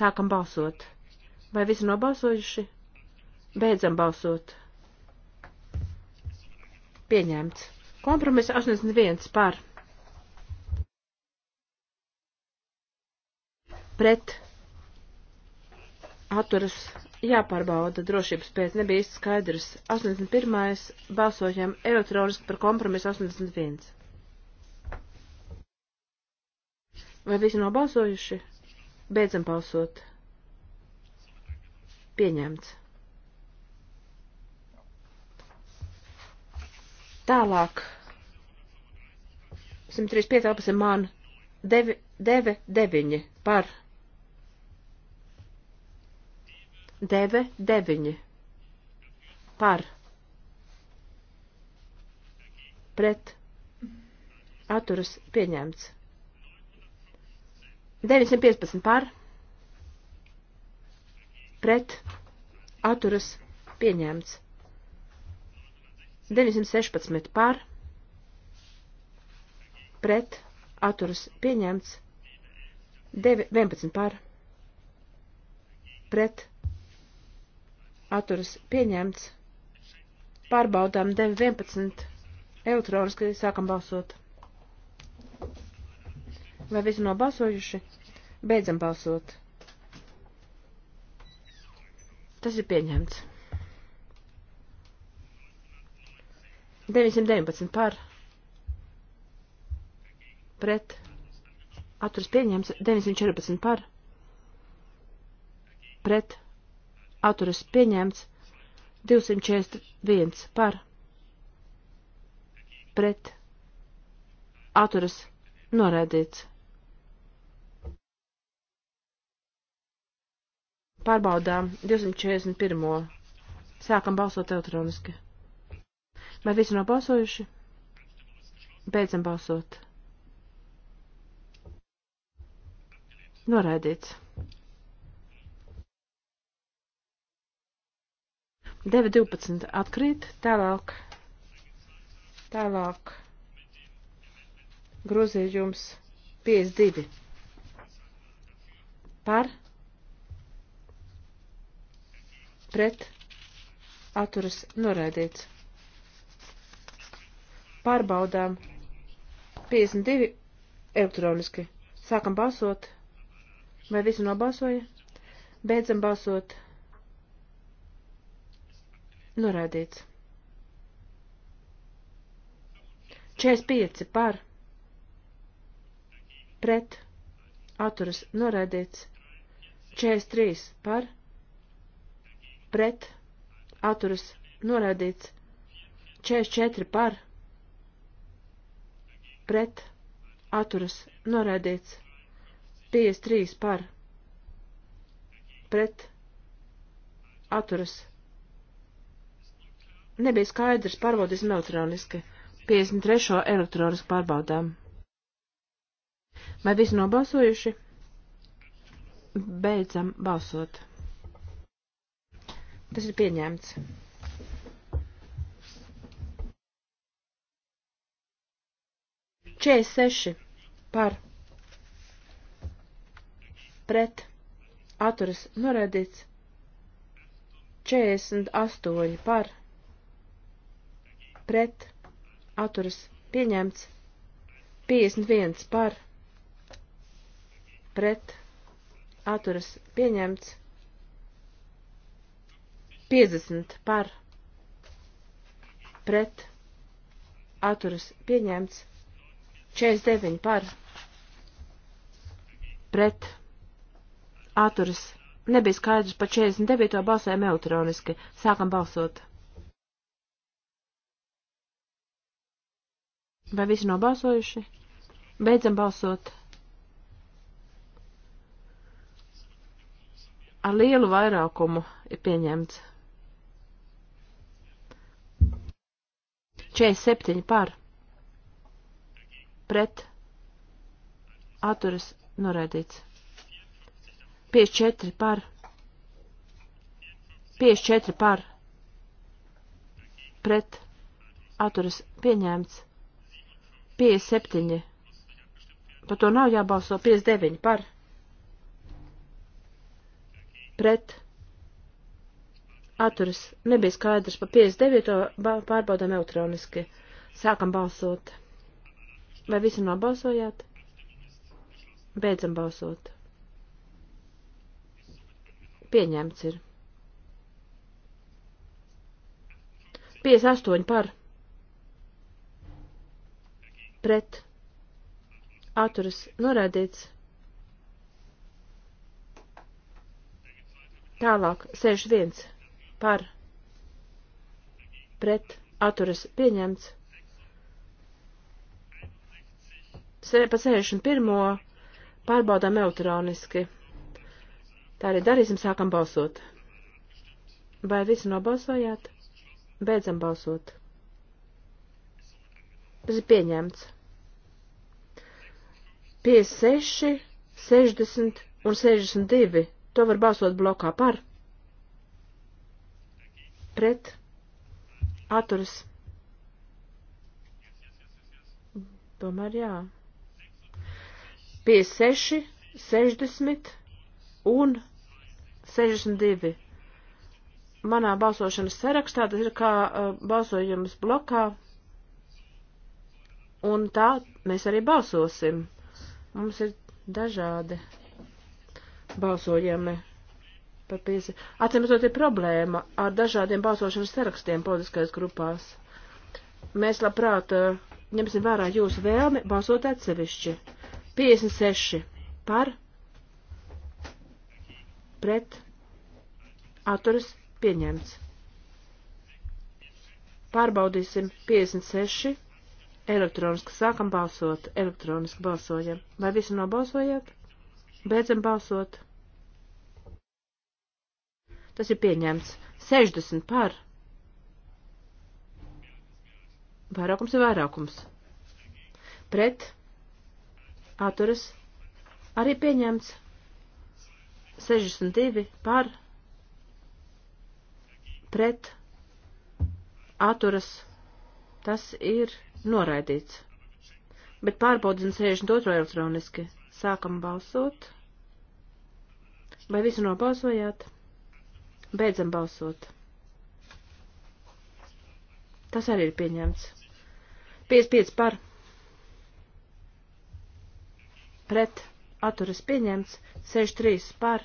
sākam balsot vai visi nobalsojuši beidzam balsot Pieņemts. Kompromiss 81 par. Pret. Atturas jāpārbauda drošības pēc nebija īsti skaidrs. 81. balsojam elektroniski par kompromisu 81. Vai visi nobalsojuši? Beidzam balsot. Pieņemts. Tālāk. 135 apusē man 9, 9, 9 par. 9, 9 par. Pret. Atturas pieņemts. 915 par. Pret. Atturas pieņemts. 916 par, pret, atturas pieņemts, 11 par, pret, atturas pieņemts, pārbaudām 911 elektroniski sākam balsot. Vai visi nobalsojuši? Beidzam balsot. Tas ir pieņemts. 919 par pret atturas pieņems 914 par pret atturas pieņemts 241 par pret atturas norēdīts. Pārbaudām 241. Sākam balsot elektroniski. Vai visi nobalsojuši? Beidzam balsot. Noraidīts. 9.12. atkrīt, tālāk, tālāk, grozījums 52. Par, pret, atturas, noraidīts. Pārbaudām 52 elektroniski. Sākam balsot. Vai visi nobalsoja? Beidzam balsot. Norādīts. 45 par. Pret. Atturas. Norādīts. 43 par. Pret. Atturas. Norādīts. 44 par pret, atturas, noraidīts, 53 par, pret, atturas. Nebija skaidrs, pārbaudīsim elektroniski, 53 elektroniski pārbaudām. Vai visi nobalsojuši? Beidzam balsot. Tas ir pieņemts. 46 par pret atturas norādīts 48 par pret atturas pieņemts 51 par pret atturas pieņemts 50 par pret atturas pieņemts 49 par pret atturas. Nebija skaidrs par 49. balsēm elektroniski. Sākam balsot. Vai visi nobalsojuši? Beidzam balsot. Ar lielu vairākumu ir pieņemts. 47 par pret atturas noraidīts. 54 par 54 par pret atturas pieņēmts. 57 Par to nav jābalso 59 par. Pret. Atturis. Nebija skaidrs par 59. Pārbaudām elektroniski. Sākam balsot. Vai visi nobalsojāt? Beidzam balsot. Pieņemts ir. 58 par. Pret. Atturas norādīts. Tālāk 61 par. Pret. Atturas pieņemts. pa 61. pārbaudām elektroniski. Tā arī darīsim, sākam balsot. Vai visi nobalsojāt? Beidzam balsot. Tas ir pieņemts. 56, 60 un 62. To var balsot blokā par. Pret. Atturas. Tomēr jā pie 6, 60 un 62. Manā balsošanas sarakstā tas ir kā uh, balsojums blokā, un tā mēs arī balsosim. Mums ir dažādi balsojumi par piesi. Atcīmredzot, ir problēma ar dažādiem balsošanas sarakstiem politiskajās grupās. Mēs labprāt uh, ņemsim vērā jūsu vēlmi balsot atsevišķi. 56 par pret atturas pieņemts. Pārbaudīsim 56 elektroniski. Sākam balsot, elektroniski balsojam. Vai visi nobalsojat? Beidzam balsot. Tas ir pieņemts. 60 par. Vairākums ir vairākums. Pret atturas arī pieņemts. 62 par pret atturas tas ir noraidīts. Bet pārbaudam 62 elektroniski. Sākam balsot. Vai visu nobalsojāt? Beidzam balsot. Tas arī ir pieņemts. 55 par pret atturas pieņemts, 63 par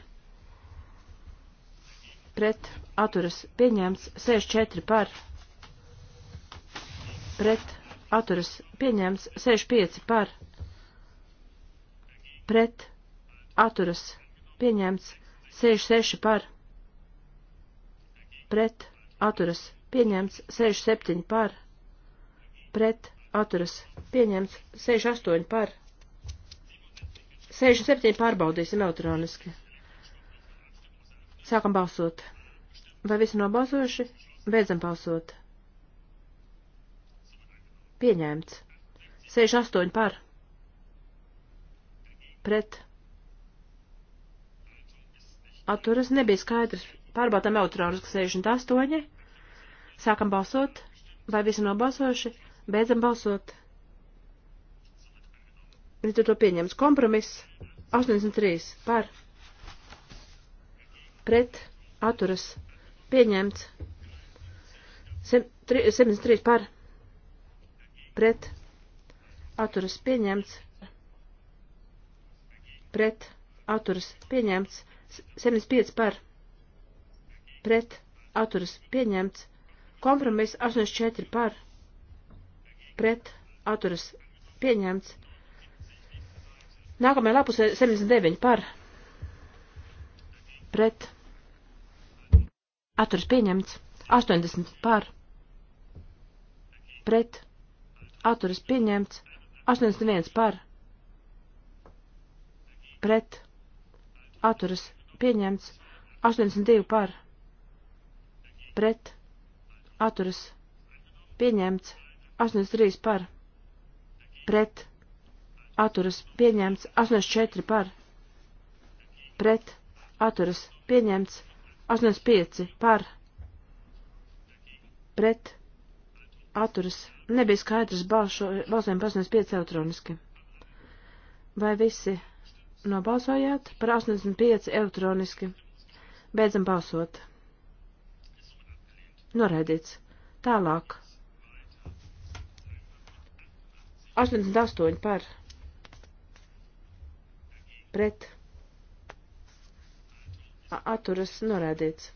pret atturas pieņemts, 64 par pret atturas pieņemts, 65 par pret atturas pieņemts, 66 par pret atturas pieņemts, 67 par pret atturas pieņemts, 68 par pret 67 pārbaudīsim elektroniski. Sākam balsot. Vai visi nobalsojuši? Beidzam balsot. Pieņēmts. 68 par. Pret. Atturas nebija skaidrs. Pārbaudām elektroniski 68. Sākam balsot. Vai visi nobalsojuši? Beidzam balsot. Līdz ar to pieņems kompromiss 83 par pret atturas pieņemts 73 par pret atturas pieņemts pret atturas pieņemts 75 par pret atturas pieņemts kompromiss 84 par pret atturas pieņemts Nākamajā lapusē 79 par pret. Atturs pieņemts. 80 par pret. Atturs pieņemts. 81 par pret. Atturs pieņemts. 82 par pret. Atturs pieņemts. 83 par pret atturas pieņemts 84 par, pret atturas pieņemts 85 par, pret atturas nebija skaidrs balsojumi par 85 elektroniski. Vai visi nobalsojāt par 85 elektroniski? Beidzam balsot. Noraidīts. Tālāk. 88 par pret atturas norādīts.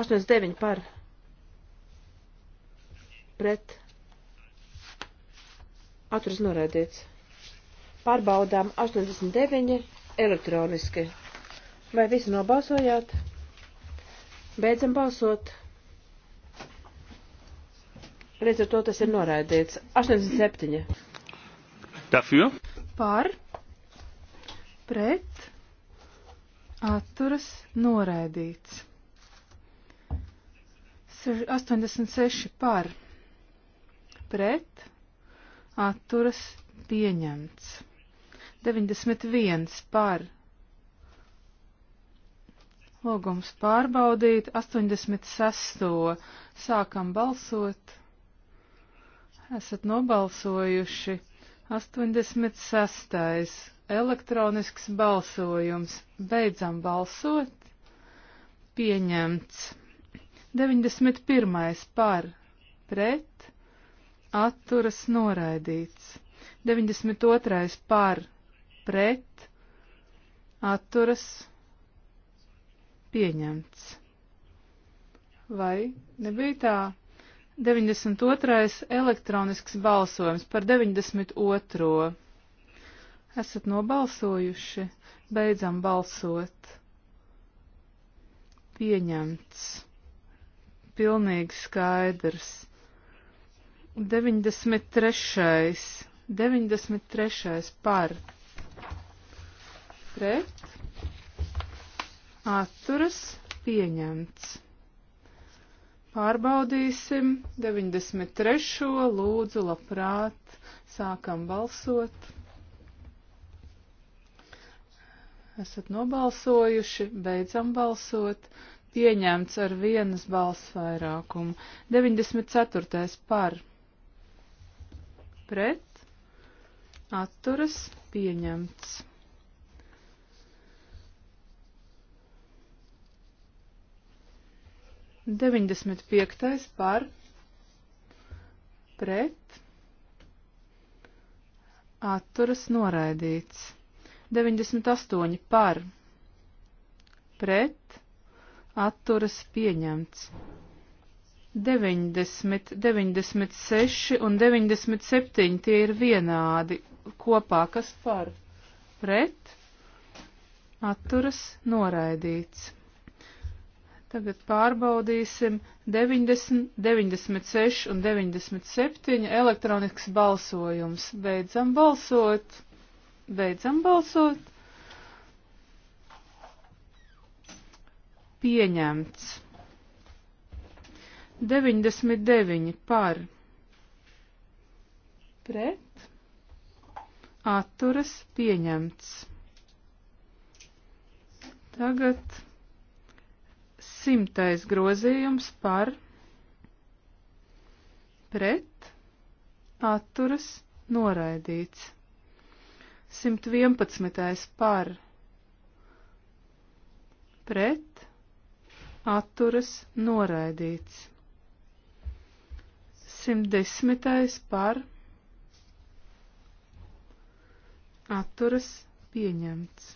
89 par pret atturas norādīts. Pārbaudām 89 elektroniski. Vai visi nobalsojāt? Beidzam balsot. Līdz ar to tas ir noraidīts. 87. Dafür? Par pret, atturas noraidīts. 86 par, pret, atturas pieņemts. 91 par, logums pārbaudīt, 86. Sākam balsot. Esat nobalsojuši 86 elektronisks balsojums. Beidzam balsot. Pieņemts. 91. par, pret, atturas noraidīts. 92. par, pret, atturas pieņemts. Vai nebija tā? 92. elektronisks balsojums par 92. Esat nobalsojuši? Beidzam balsot. Pieņemts. Pilnīgi skaidrs. 93. 93. par. Pret. Atturas. Pieņemts. Pārbaudīsim 93. lūdzu labprāt. Sākam balsot. Esat nobalsojuši, beidzam balsot. Pieņemts ar vienas balss vairākumu. 94. par. Pret. Atturas. Pieņemts. Deviņdesmit piektais par pret atturas noraidīts. 98 par, pret, atturas pieņemts. 90, 96 un 97 tie ir vienādi kopā, kas par, pret, atturas noraidīts. Tagad pārbaudīsim 90, 96 un 97 elektronisks balsojums. Beidzam balsot! Beidzam balsot. Pieņemts. 99 par. Pret. Atturas pieņemts. Tagad simtais grozījums par pret atturas noraidīts. 111. par pret atturas noraidīts. 110. par atturas pieņemts.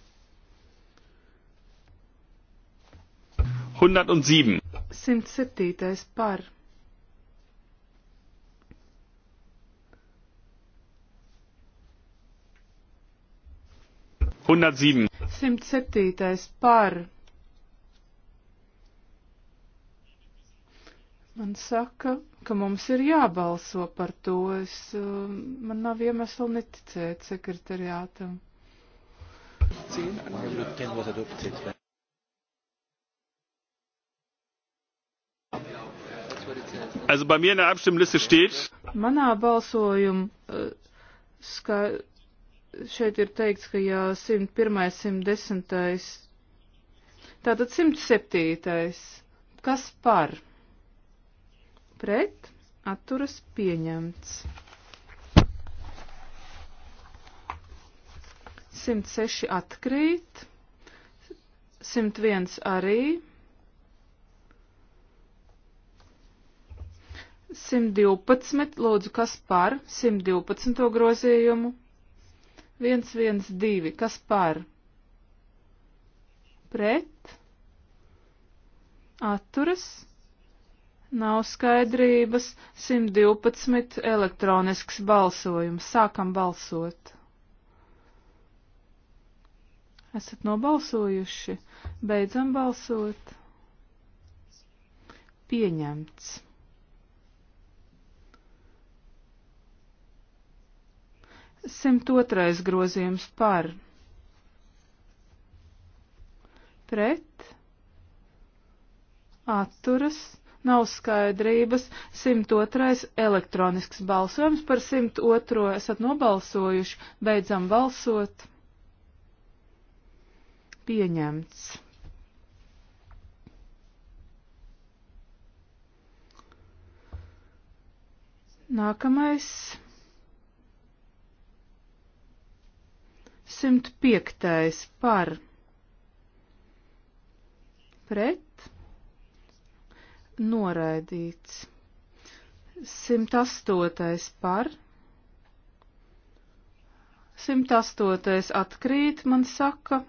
107. 107. par 107. 107. par. Man saka, ka mums ir jābalso par to. Es, um, man nav iemesla neticēt sekretariātam. Also bei mir in der Abstimmliste steht. Manā balsojuma uh, äh, skaitā šeit ir teikts, ka jā, 101. 110. Tātad 107. Kas par? Pret atturas pieņemts. 106 atkrīt, 101 arī, 112 lūdzu kas par 112 grozījumu 112, kas par? Pret? Atturas? Nav skaidrības. 112 elektronisks balsojums. Sākam balsot. Esat nobalsojuši. Beidzam balsot. Pieņemts. 102. grozījums par pret atturas nav skaidrības 102. elektronisks balsojums par 102. esat nobalsojuši, beidzam balsot. Pieņemts. Nākamais 105. par pret noraidīts. 108. par 108. atkrīt, man saka.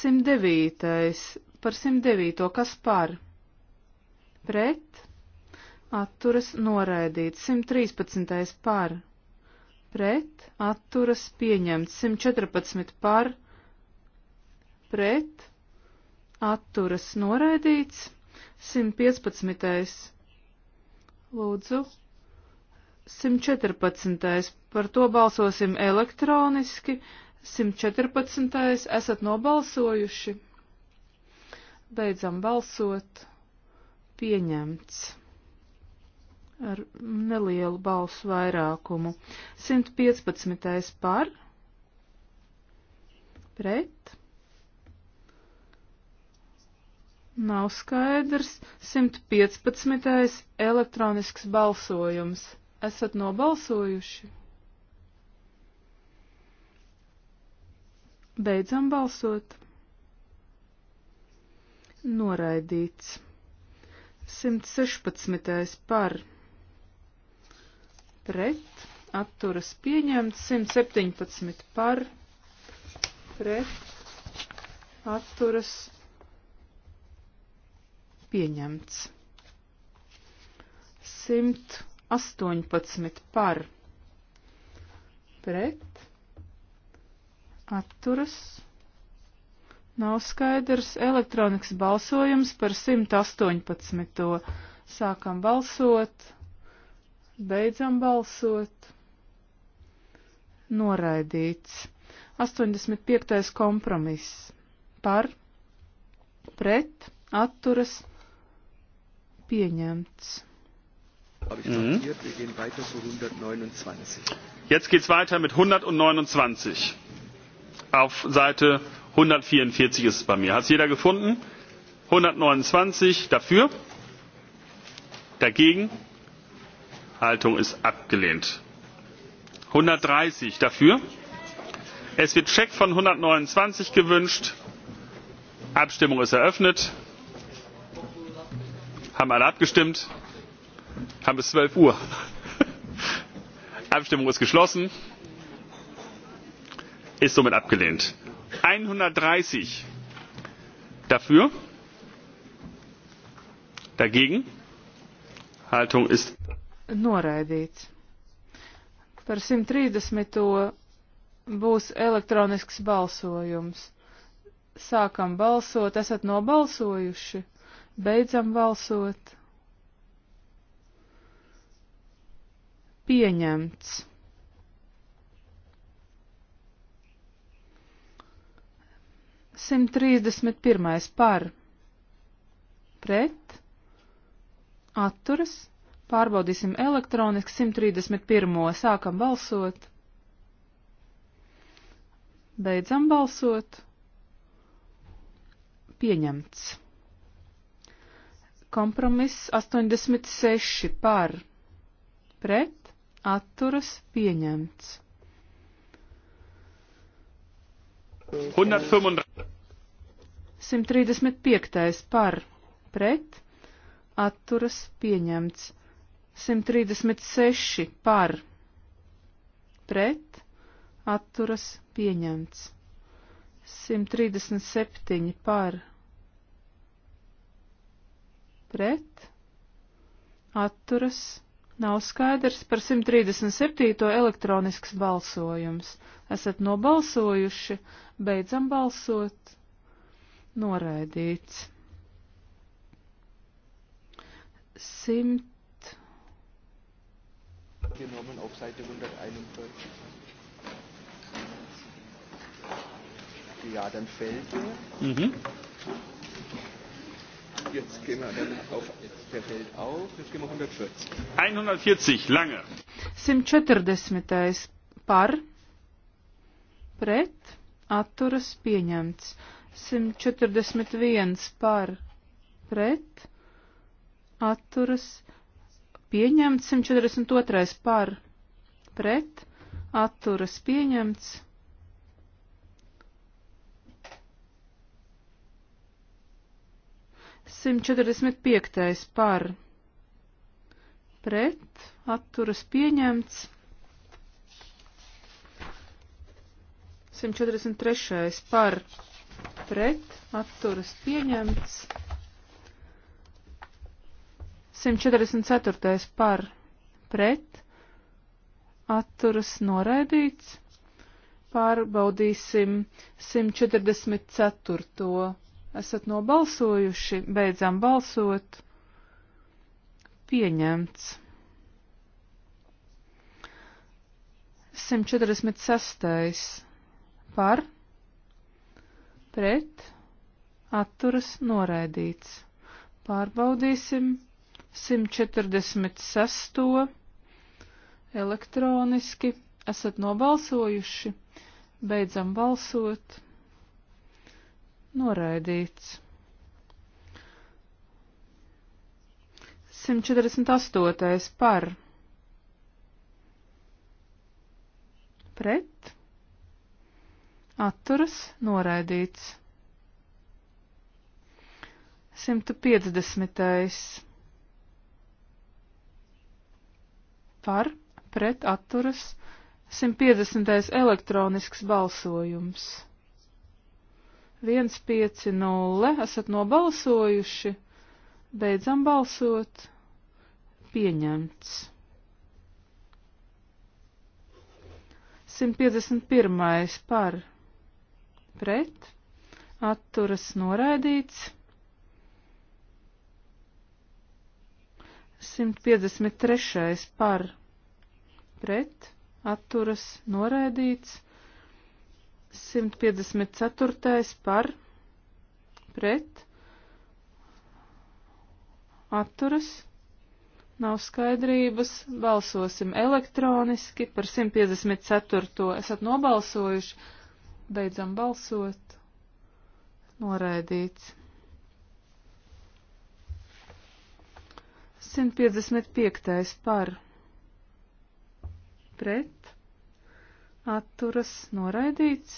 109. par 109. kas par pret atturas noraidīts. 113. par pret pret, atturas pieņemts. 114 par, pret, atturas noraidīts. 115. Lūdzu. 114. Par to balsosim elektroniski. 114. esat nobalsojuši. Beidzam balsot. Pieņemts ar nelielu balsu vairākumu. 115. par, pret, nav skaidrs, 115. elektronisks balsojums. Esat nobalsojuši? Beidzam balsot. Noraidīts. 116. par pret, atturas pieņemts, 117 par, pret, atturas pieņemts, 118 par, pret, atturas Nav skaidrs elektronikas balsojums par 118. Sākam balsot. Beidzam balsot. Noraidīts. 85. kompromiss. Par, pret, atturas, pieņemts. Mhm. Jetzt geht's weiter mit 129. Auf Seite 144 ist es bei mir. Hat es jeder gefunden? 129 dafür, dagegen, Enthaltung ist abgelehnt. 130 dafür. Es wird Check von 129 gewünscht. Abstimmung ist eröffnet. Haben alle abgestimmt? Haben bis 12 Uhr. [laughs] Abstimmung ist geschlossen. Ist somit abgelehnt. 130 dafür. Dagegen. Haltung ist noraidīts. Par 130. būs elektronisks balsojums. Sākam balsot, esat nobalsojuši, beidzam balsot. Pieņemts. Simt trīsdesmit pirmais par pret atturas Pārbaudīsim elektroniski 131. Sākam balsot. Beidzam balsot. Pieņemts. Kompromiss 86 par. Pret. Atturas pieņemts. 135. par. Pret. Atturas pieņemts. 136 par pret atturas pieņemts. 137 par pret atturas nav skaidrs par 137 elektronisks balsojums. Esat nobalsojuši, beidzam balsot, noraidīts. 100 genommen auf Seite 141. Ja, dann fällt er. Mhm. Jetzt gehen wir dann auf, der fällt auf, jetzt gehen wir 140. 140, lange. 140. par, pret, atturas pieņemts. 141 par, pret, atturas pieņemts atturas pieņemts, 142 par pret, atturas pieņemts. Simt četrdesmit piektais par pret, atturas pieņemts. 143. par pret, atturas pieņemts. 144. par pret atturas noraidīts. Pārbaudīsim 144. Esat nobalsojuši, beidzam balsot. Pieņemts. 146. par pret atturas noraidīts. Pārbaudīsim 146. elektroniski. Esat nobalsojuši, beidzam balsot. Noraidīts. 148. par. Pret. Atturas noraidīts. 150. par pret atturas 150. elektronisks balsojums. 150. Esat nobalsojuši. Beidzam balsot. Pieņemts. 151. par pret atturas noraidīts. 153. par pret atturas noraidīts. 154. par pret atturas nav skaidrības. Balsosim elektroniski par 154. esat nobalsojuši. Beidzam balsot. Noraidīts. 155. par pret atturas noraidīts.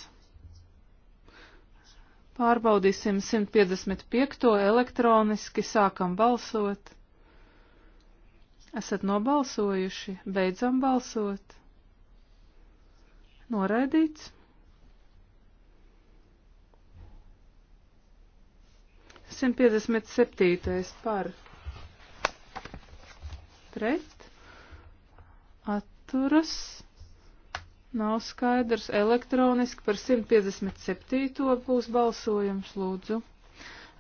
Pārbaudīsim 155. elektroniski, sākam balsot. Esat nobalsojuši, beidzam balsot. Noraidīts. 157. par pret pret atturas nav skaidrs. Elektroniski par 157. būs balsojums, lūdzu.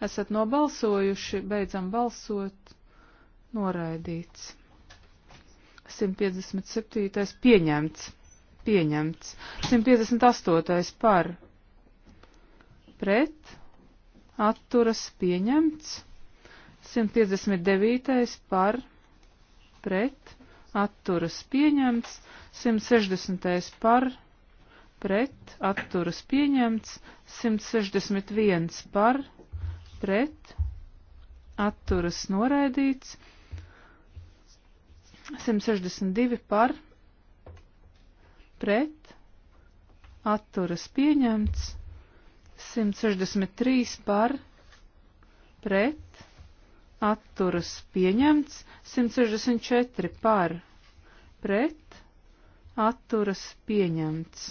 Esat nobalsojuši, beidzam balsot, noraidīts. 157. pieņemts. Pieņemts. 158. par. Pret. Atturas pieņemts. 159. par pret, atturas pieņemts, 160. par, pret, atturas pieņemts, 161 par, pret, atturas noraidīts, 162 par, pret, atturas pieņemts, 163 par, pret, atturas pieņemts, 164 par, pret, atturas pieņemts,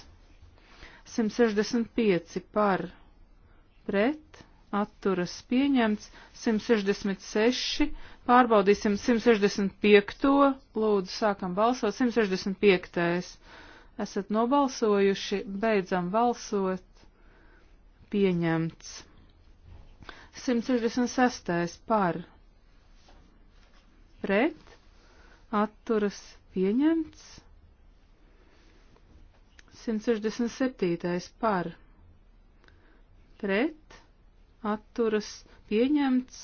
165 par, pret, atturas pieņemts, 166, pārbaudīsim 165, to, lūdzu sākam balsot, 165. Esat nobalsojuši, beidzam balsot, pieņemts. 166 par pret, atturas pieņemts. 167. par, pret, atturas pieņemts.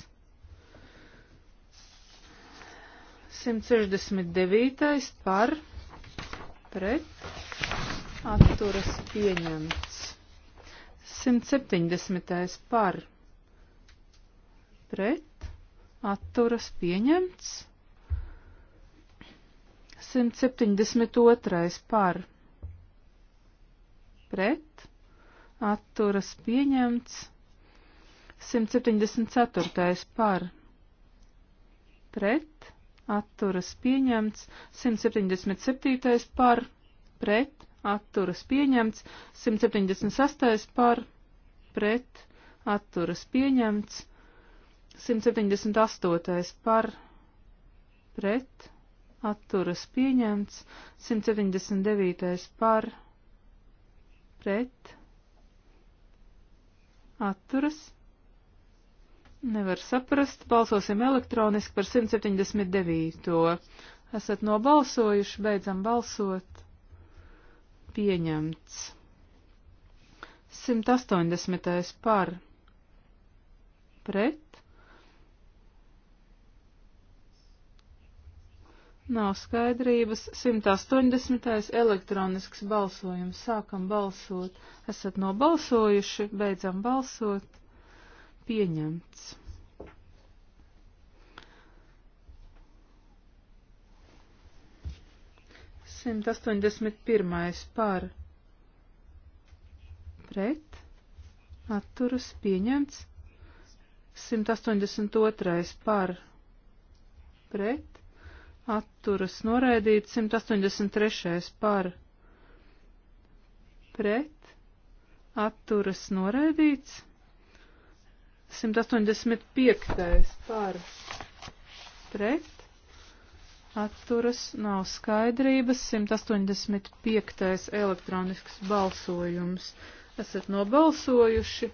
169. par, pret, atturas pieņemts. 170. par, pret, atturas pieņemts. 172. par pret atturas pieņemts. 174. par pret atturas pieņemts. 177. par pret atturas pieņemts. 178. par pret atturas pieņemts. 178. par pret atturas pieņemts, 179. par pret atturas. Nevar saprast, balsosim elektroniski par 179. Esat nobalsojuši, beidzam balsot. Pieņemts. 180. par pret Nav skaidrības. 180. elektronisks balsojums. Sākam balsot. Esat nobalsojuši, beidzam balsot. Pieņemts. Simt astoņdesmit pirmais par pret atturas pieņemts. Simt astoņdesmit otrais par pret atturas noraidīt 183. par pret atturas noraidīts 185. par pret atturas nav skaidrības 185. elektronisks balsojums. Esat nobalsojuši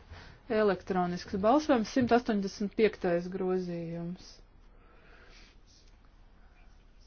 elektronisks balsojums 185. grozījums.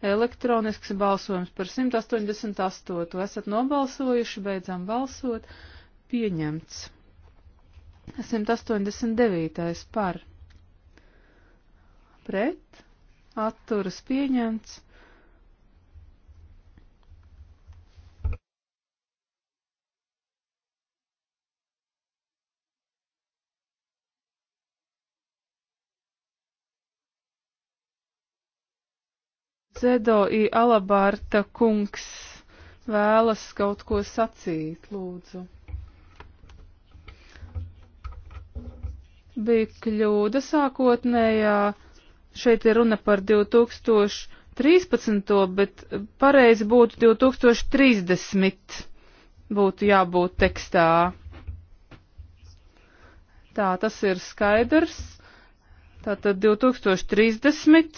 Elektronisks balsojums par 188. Esat nobalsojuši, beidzam balsot. Pieņemts. 189. par. Pret. Atturas pieņemts. Cedo i Alabarta kungs vēlas kaut ko sacīt, lūdzu. Bija kļūda sākotnējā, šeit ir runa par 2013, bet pareizi būtu 2030 būtu jābūt tekstā. Tā, tas ir skaidrs. Tātad 2030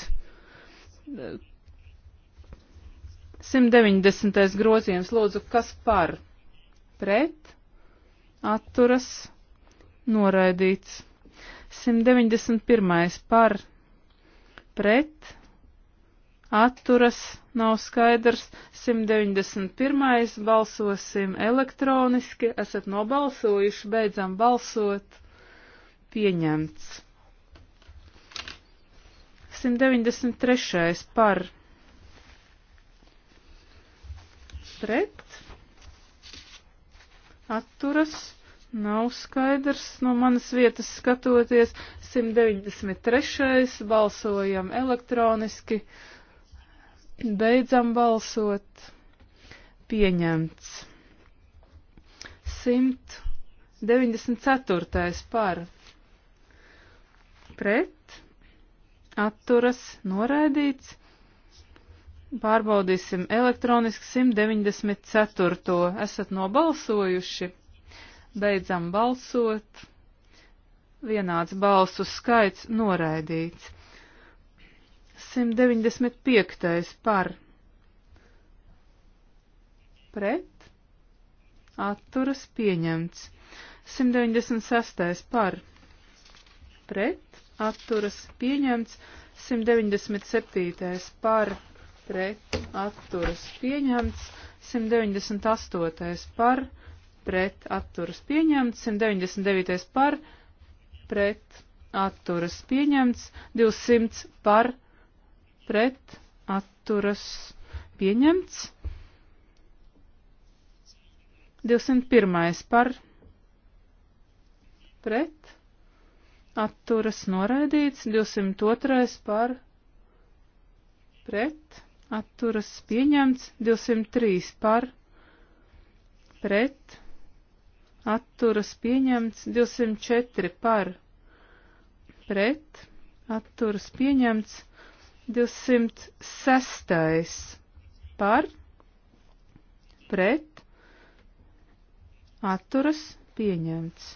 190. groziens lūdzu, kas par pret atturas noraidīts. 191. par pret atturas nav skaidrs. 191. balsosim elektroniski. Esat nobalsojuši, beidzam balsot. Pieņemts. 193. par pret pret, atturas, nav skaidrs no manas vietas skatoties. 193. balsojam elektroniski, beidzam balsot, pieņemts. 194. par pret, atturas, noraidīts. Pārbaudīsim elektroniski 194. Esat nobalsojuši. Beidzam balsot. Vienāds balsu skaits noraidīts. 195. par. Pret. Atturas pieņemts. 196. par. Pret. Atturas pieņemts. 197. par pret atturas pieņemts, 198. par pret atturas pieņemts, 199. par pret atturas pieņemts, 200 par pret atturas pieņemts, 201. par pret atturas noraidīts, 202. par pret atturas pieņemts, 203 par, pret, atturas pieņemts, 204 par, pret, atturas pieņemts, 206 par, pret, atturas pieņemts,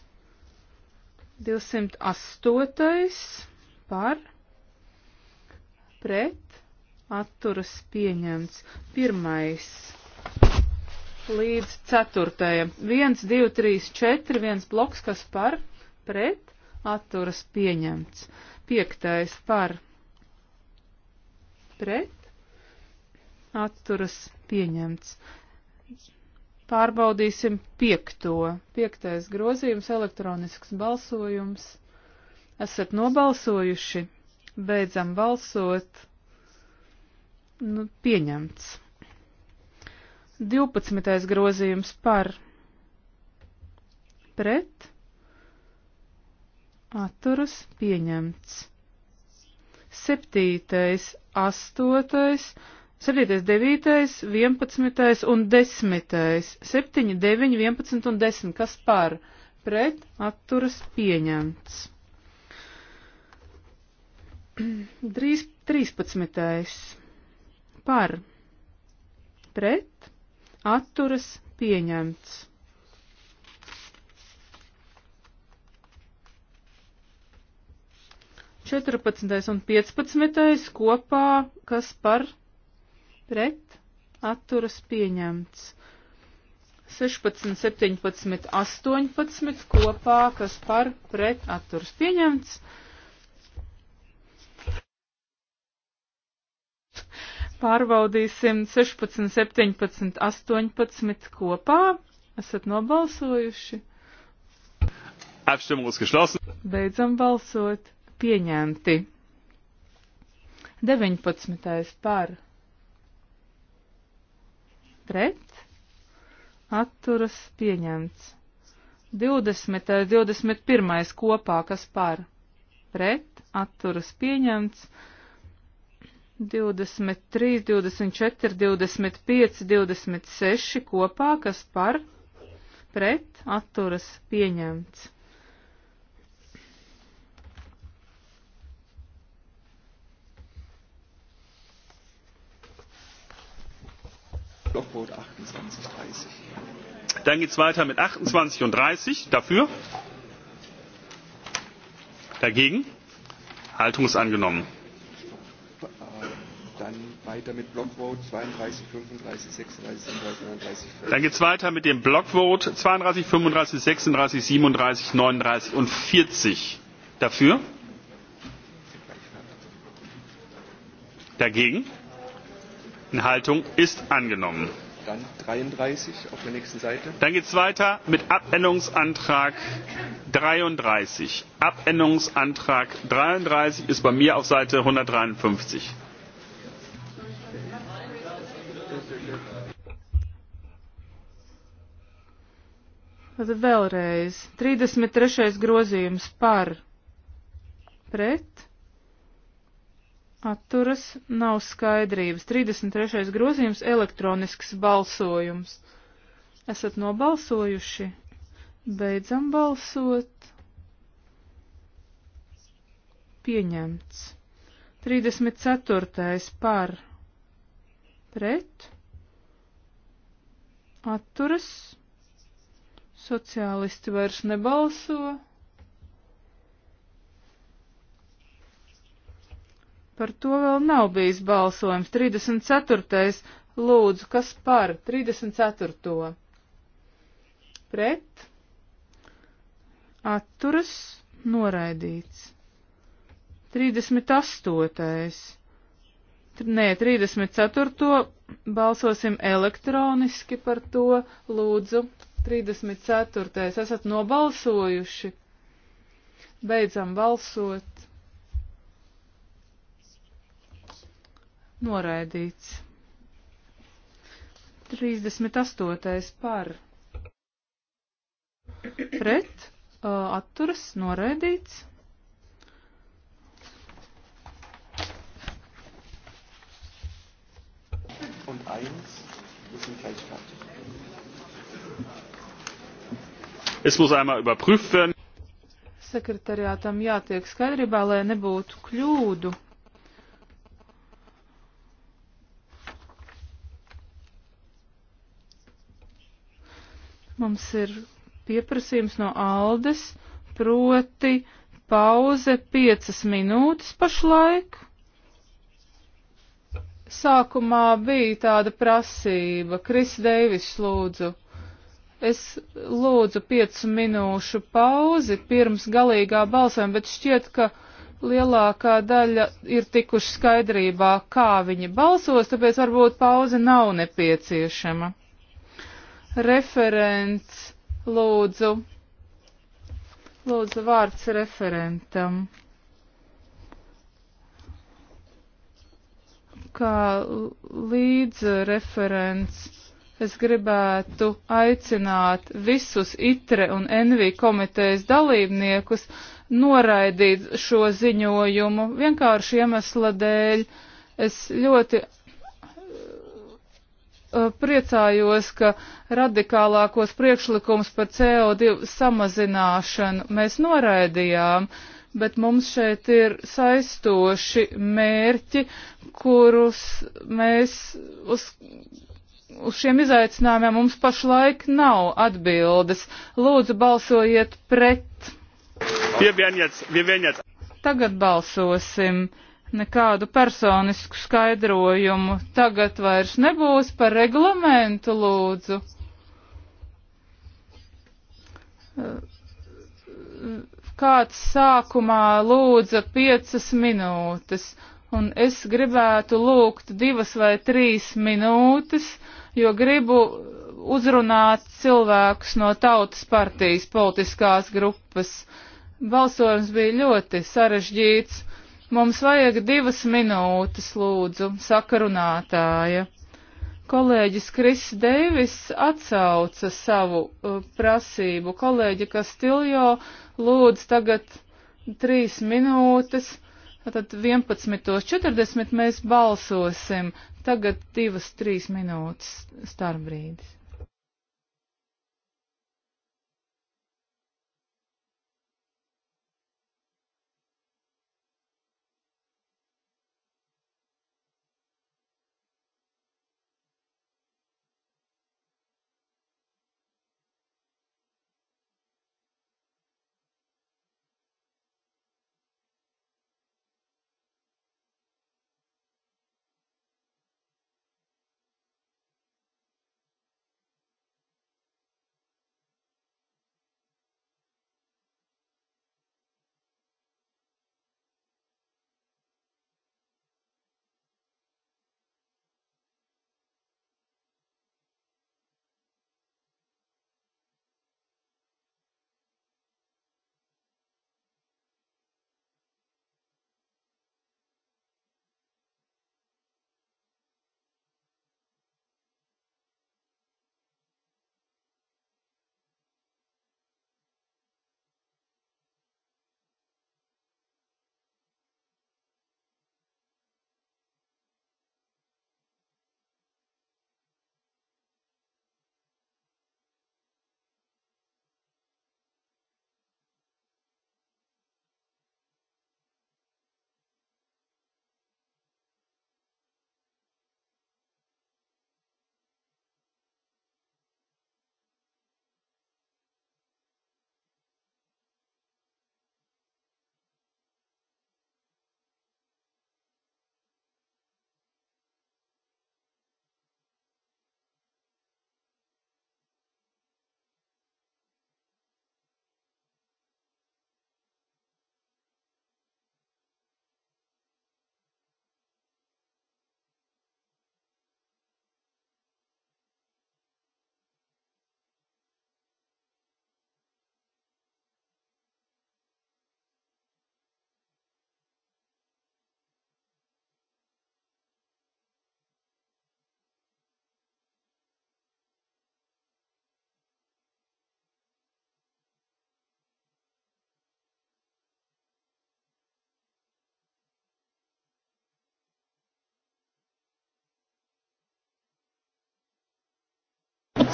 208 par, pret, atturas pieņemts. Pirmais līdz ceturtajam. 1, 2, 3, 4, viens bloks, kas par, pret, atturas pieņemts. Piektais par, pret, atturas pieņemts. Pārbaudīsim piekto. Piektais grozījums, elektronisks balsojums. Esat nobalsojuši? Beidzam balsot. Nu, pieņemts. 12. grozījums par pret atturas pieņemts. 7., 8., 7., 9., 11. un 10. 7, 9, 11 un 10. Kas par pret atturas pieņemts? [clears throat] Drīz 13 par pret atturas pieņemts. Četrpadsmitais un piecpadsmitais kopā, kas par pret atturas pieņemts. 16, 17, 18 kopā, kas par pret atturas pieņemts. Pārbaudīsim 16, 17, 18 kopā. Esat nobalsojuši? Apstimmung ist geschlossen. Beidzam balsot. Pieņemti. 19. par. Pret. Atturas pieņemts. 20. 21. kopā, kas par. Pret. Atturas pieņemts. 23, 24, 25, 26 kopā, kas par pret atturas pieņemts. Blockquote 28, 30. Dann geht es weiter mit 28 und 30. Dafür? Dagegen? Haltung ist angenommen weiter mit Blockvote 32, 35, 36, 37, 39. 40. Dann geht es weiter mit dem Blockvote 32, 35, 36, 37, 39 und 40. Dafür? Dagegen? Enthaltung ist angenommen. Dann 33 auf der nächsten Seite. Dann geht es weiter mit Abänderungsantrag 33. Abänderungsantrag 33 ist bei mir auf Seite 153. Tad vēlreiz 33. grozījums par pret atturas nav skaidrības. 33. grozījums elektronisks balsojums. Esat nobalsojuši? Beidzam balsot. Pieņemts. 34. par pret atturas. Sociālisti vairs nebalso. Par to vēl nav bijis balsojums. 34. lūdzu, kas par 34. Pret. Atturas noraidīts. 38. Nē, 34. balsosim elektroniski par to, lūdzu. 34. esat nobalsojuši. Beidzam balsot. Noraidīts. 38. par. Pret. Uh, atturas. Noraidīts. Und eins, wir sind gleich fertig. Es muss einmal überprüft werden. Sekretariātam jātiek skaidrībā, lai nebūtu kļūdu. Mums ir pieprasījums no Aldes, proti pauze piecas minūtes pašlaik sākumā bija tāda prasība. Kris Deivis lūdzu. Es lūdzu piecu minūšu pauzi pirms galīgā balsojuma, bet šķiet, ka lielākā daļa ir tikuši skaidrībā, kā viņi balsos, tāpēc varbūt pauze nav nepieciešama. Referents lūdzu. Lūdzu vārds referentam. Kā līdz referents es gribētu aicināt visus ITRE un NV komitejas dalībniekus noraidīt šo ziņojumu vienkārši iemesla dēļ. Es ļoti uh, priecājos, ka radikālākos priekšlikums par CO2 samazināšanu mēs noraidījām, bet mums šeit ir saistoši mērķi, kurus mēs uz uz šiem izaicinājumiem mums pašlaik nav atbildes. Lūdzu, balsojiet pret. Tagad balsosim. Nekādu personisku skaidrojumu tagad vairs nebūs par reglamentu, lūdzu. Kāds sākumā lūdza piecas minūtes, un es gribētu lūgt divas vai trīs minūtes, uh, jo gribu uzrunāt cilvēkus no tautas partijas politiskās grupas. Balsojums bija ļoti sarežģīts. Mums vajag divas minūtes, lūdzu, saka runātāja. Kolēģis Kris Deivis atsauca savu uh, prasību. Kolēģi Kastiljo lūdz tagad trīs minūtes Tātad 11.40 mēs balsosim. Tagad divas, trīs minūtes starbrīdis.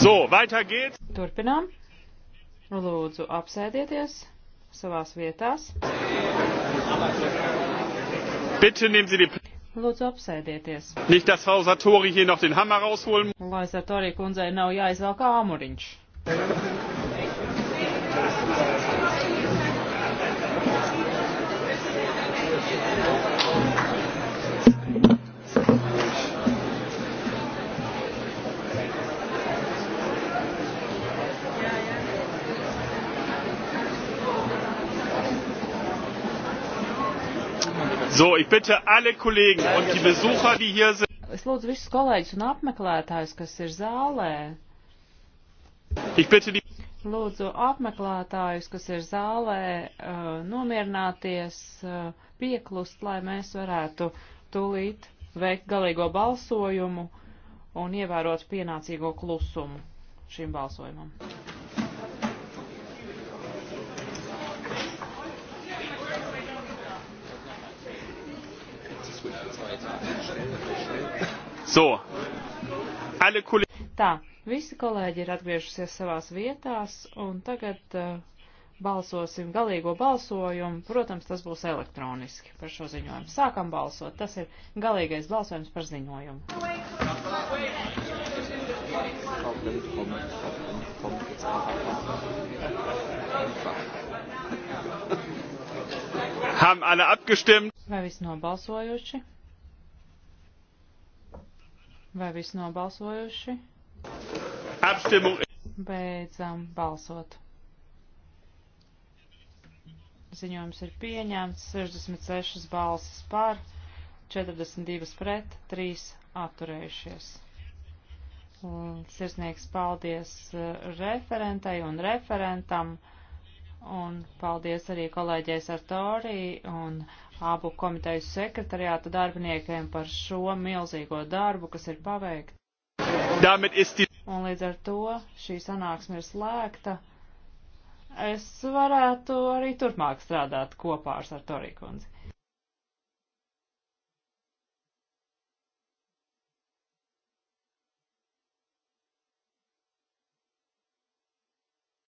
So, weiter geht's. Turpinām. Lūdzu, apsēdieties savās vietās. Bitte nehmen Sie die Lūdzu, apsēdieties. Nicht, dass Frau Satori hier noch den Hammer rausholen. Lai Satori kundzei nav jāizvelk āmuriņš. So, ich bitte alle Kollegen und die Besucher, die hier sind. Es lūdzu visus kolēģus un apmeklētājus, kas ir zālē. Ich bitte die Lūdzu apmeklētājus, kas ir zālē, uh, nomierināties, uh, pieklust, lai mēs varētu tūlīt veikt galīgo balsojumu un ievērot pienācīgo klusumu šim balsojumam. So. Alle Tā, visi kolēģi ir atgriežusies savās vietās, un tagad uh, balsosim galīgo balsojumu. Protams, tas būs elektroniski par šo ziņojumu. Sākam balsot. Tas ir galīgais balsojums par ziņojumu. Problem, problem, problem, problem. Haben alle abgestimmt? Vai visi nobalsojuši? Vai viss nobalsojuši? Apstimu. Beidzam balsot. Ziņojums ir pieņemts 66 balsis par, 42 pret, 3 atturējušies. Sirsnieks paldies eh, referentai un referentam, un paldies arī kolēģei Sartori un abu komiteju sekretariāta darbiniekiem par šo milzīgo darbu, kas ir paveikts. Un līdz ar to šī sanāksme ir slēgta. Es varētu arī turpmāk strādāt kopā ar Sartorī kundzi.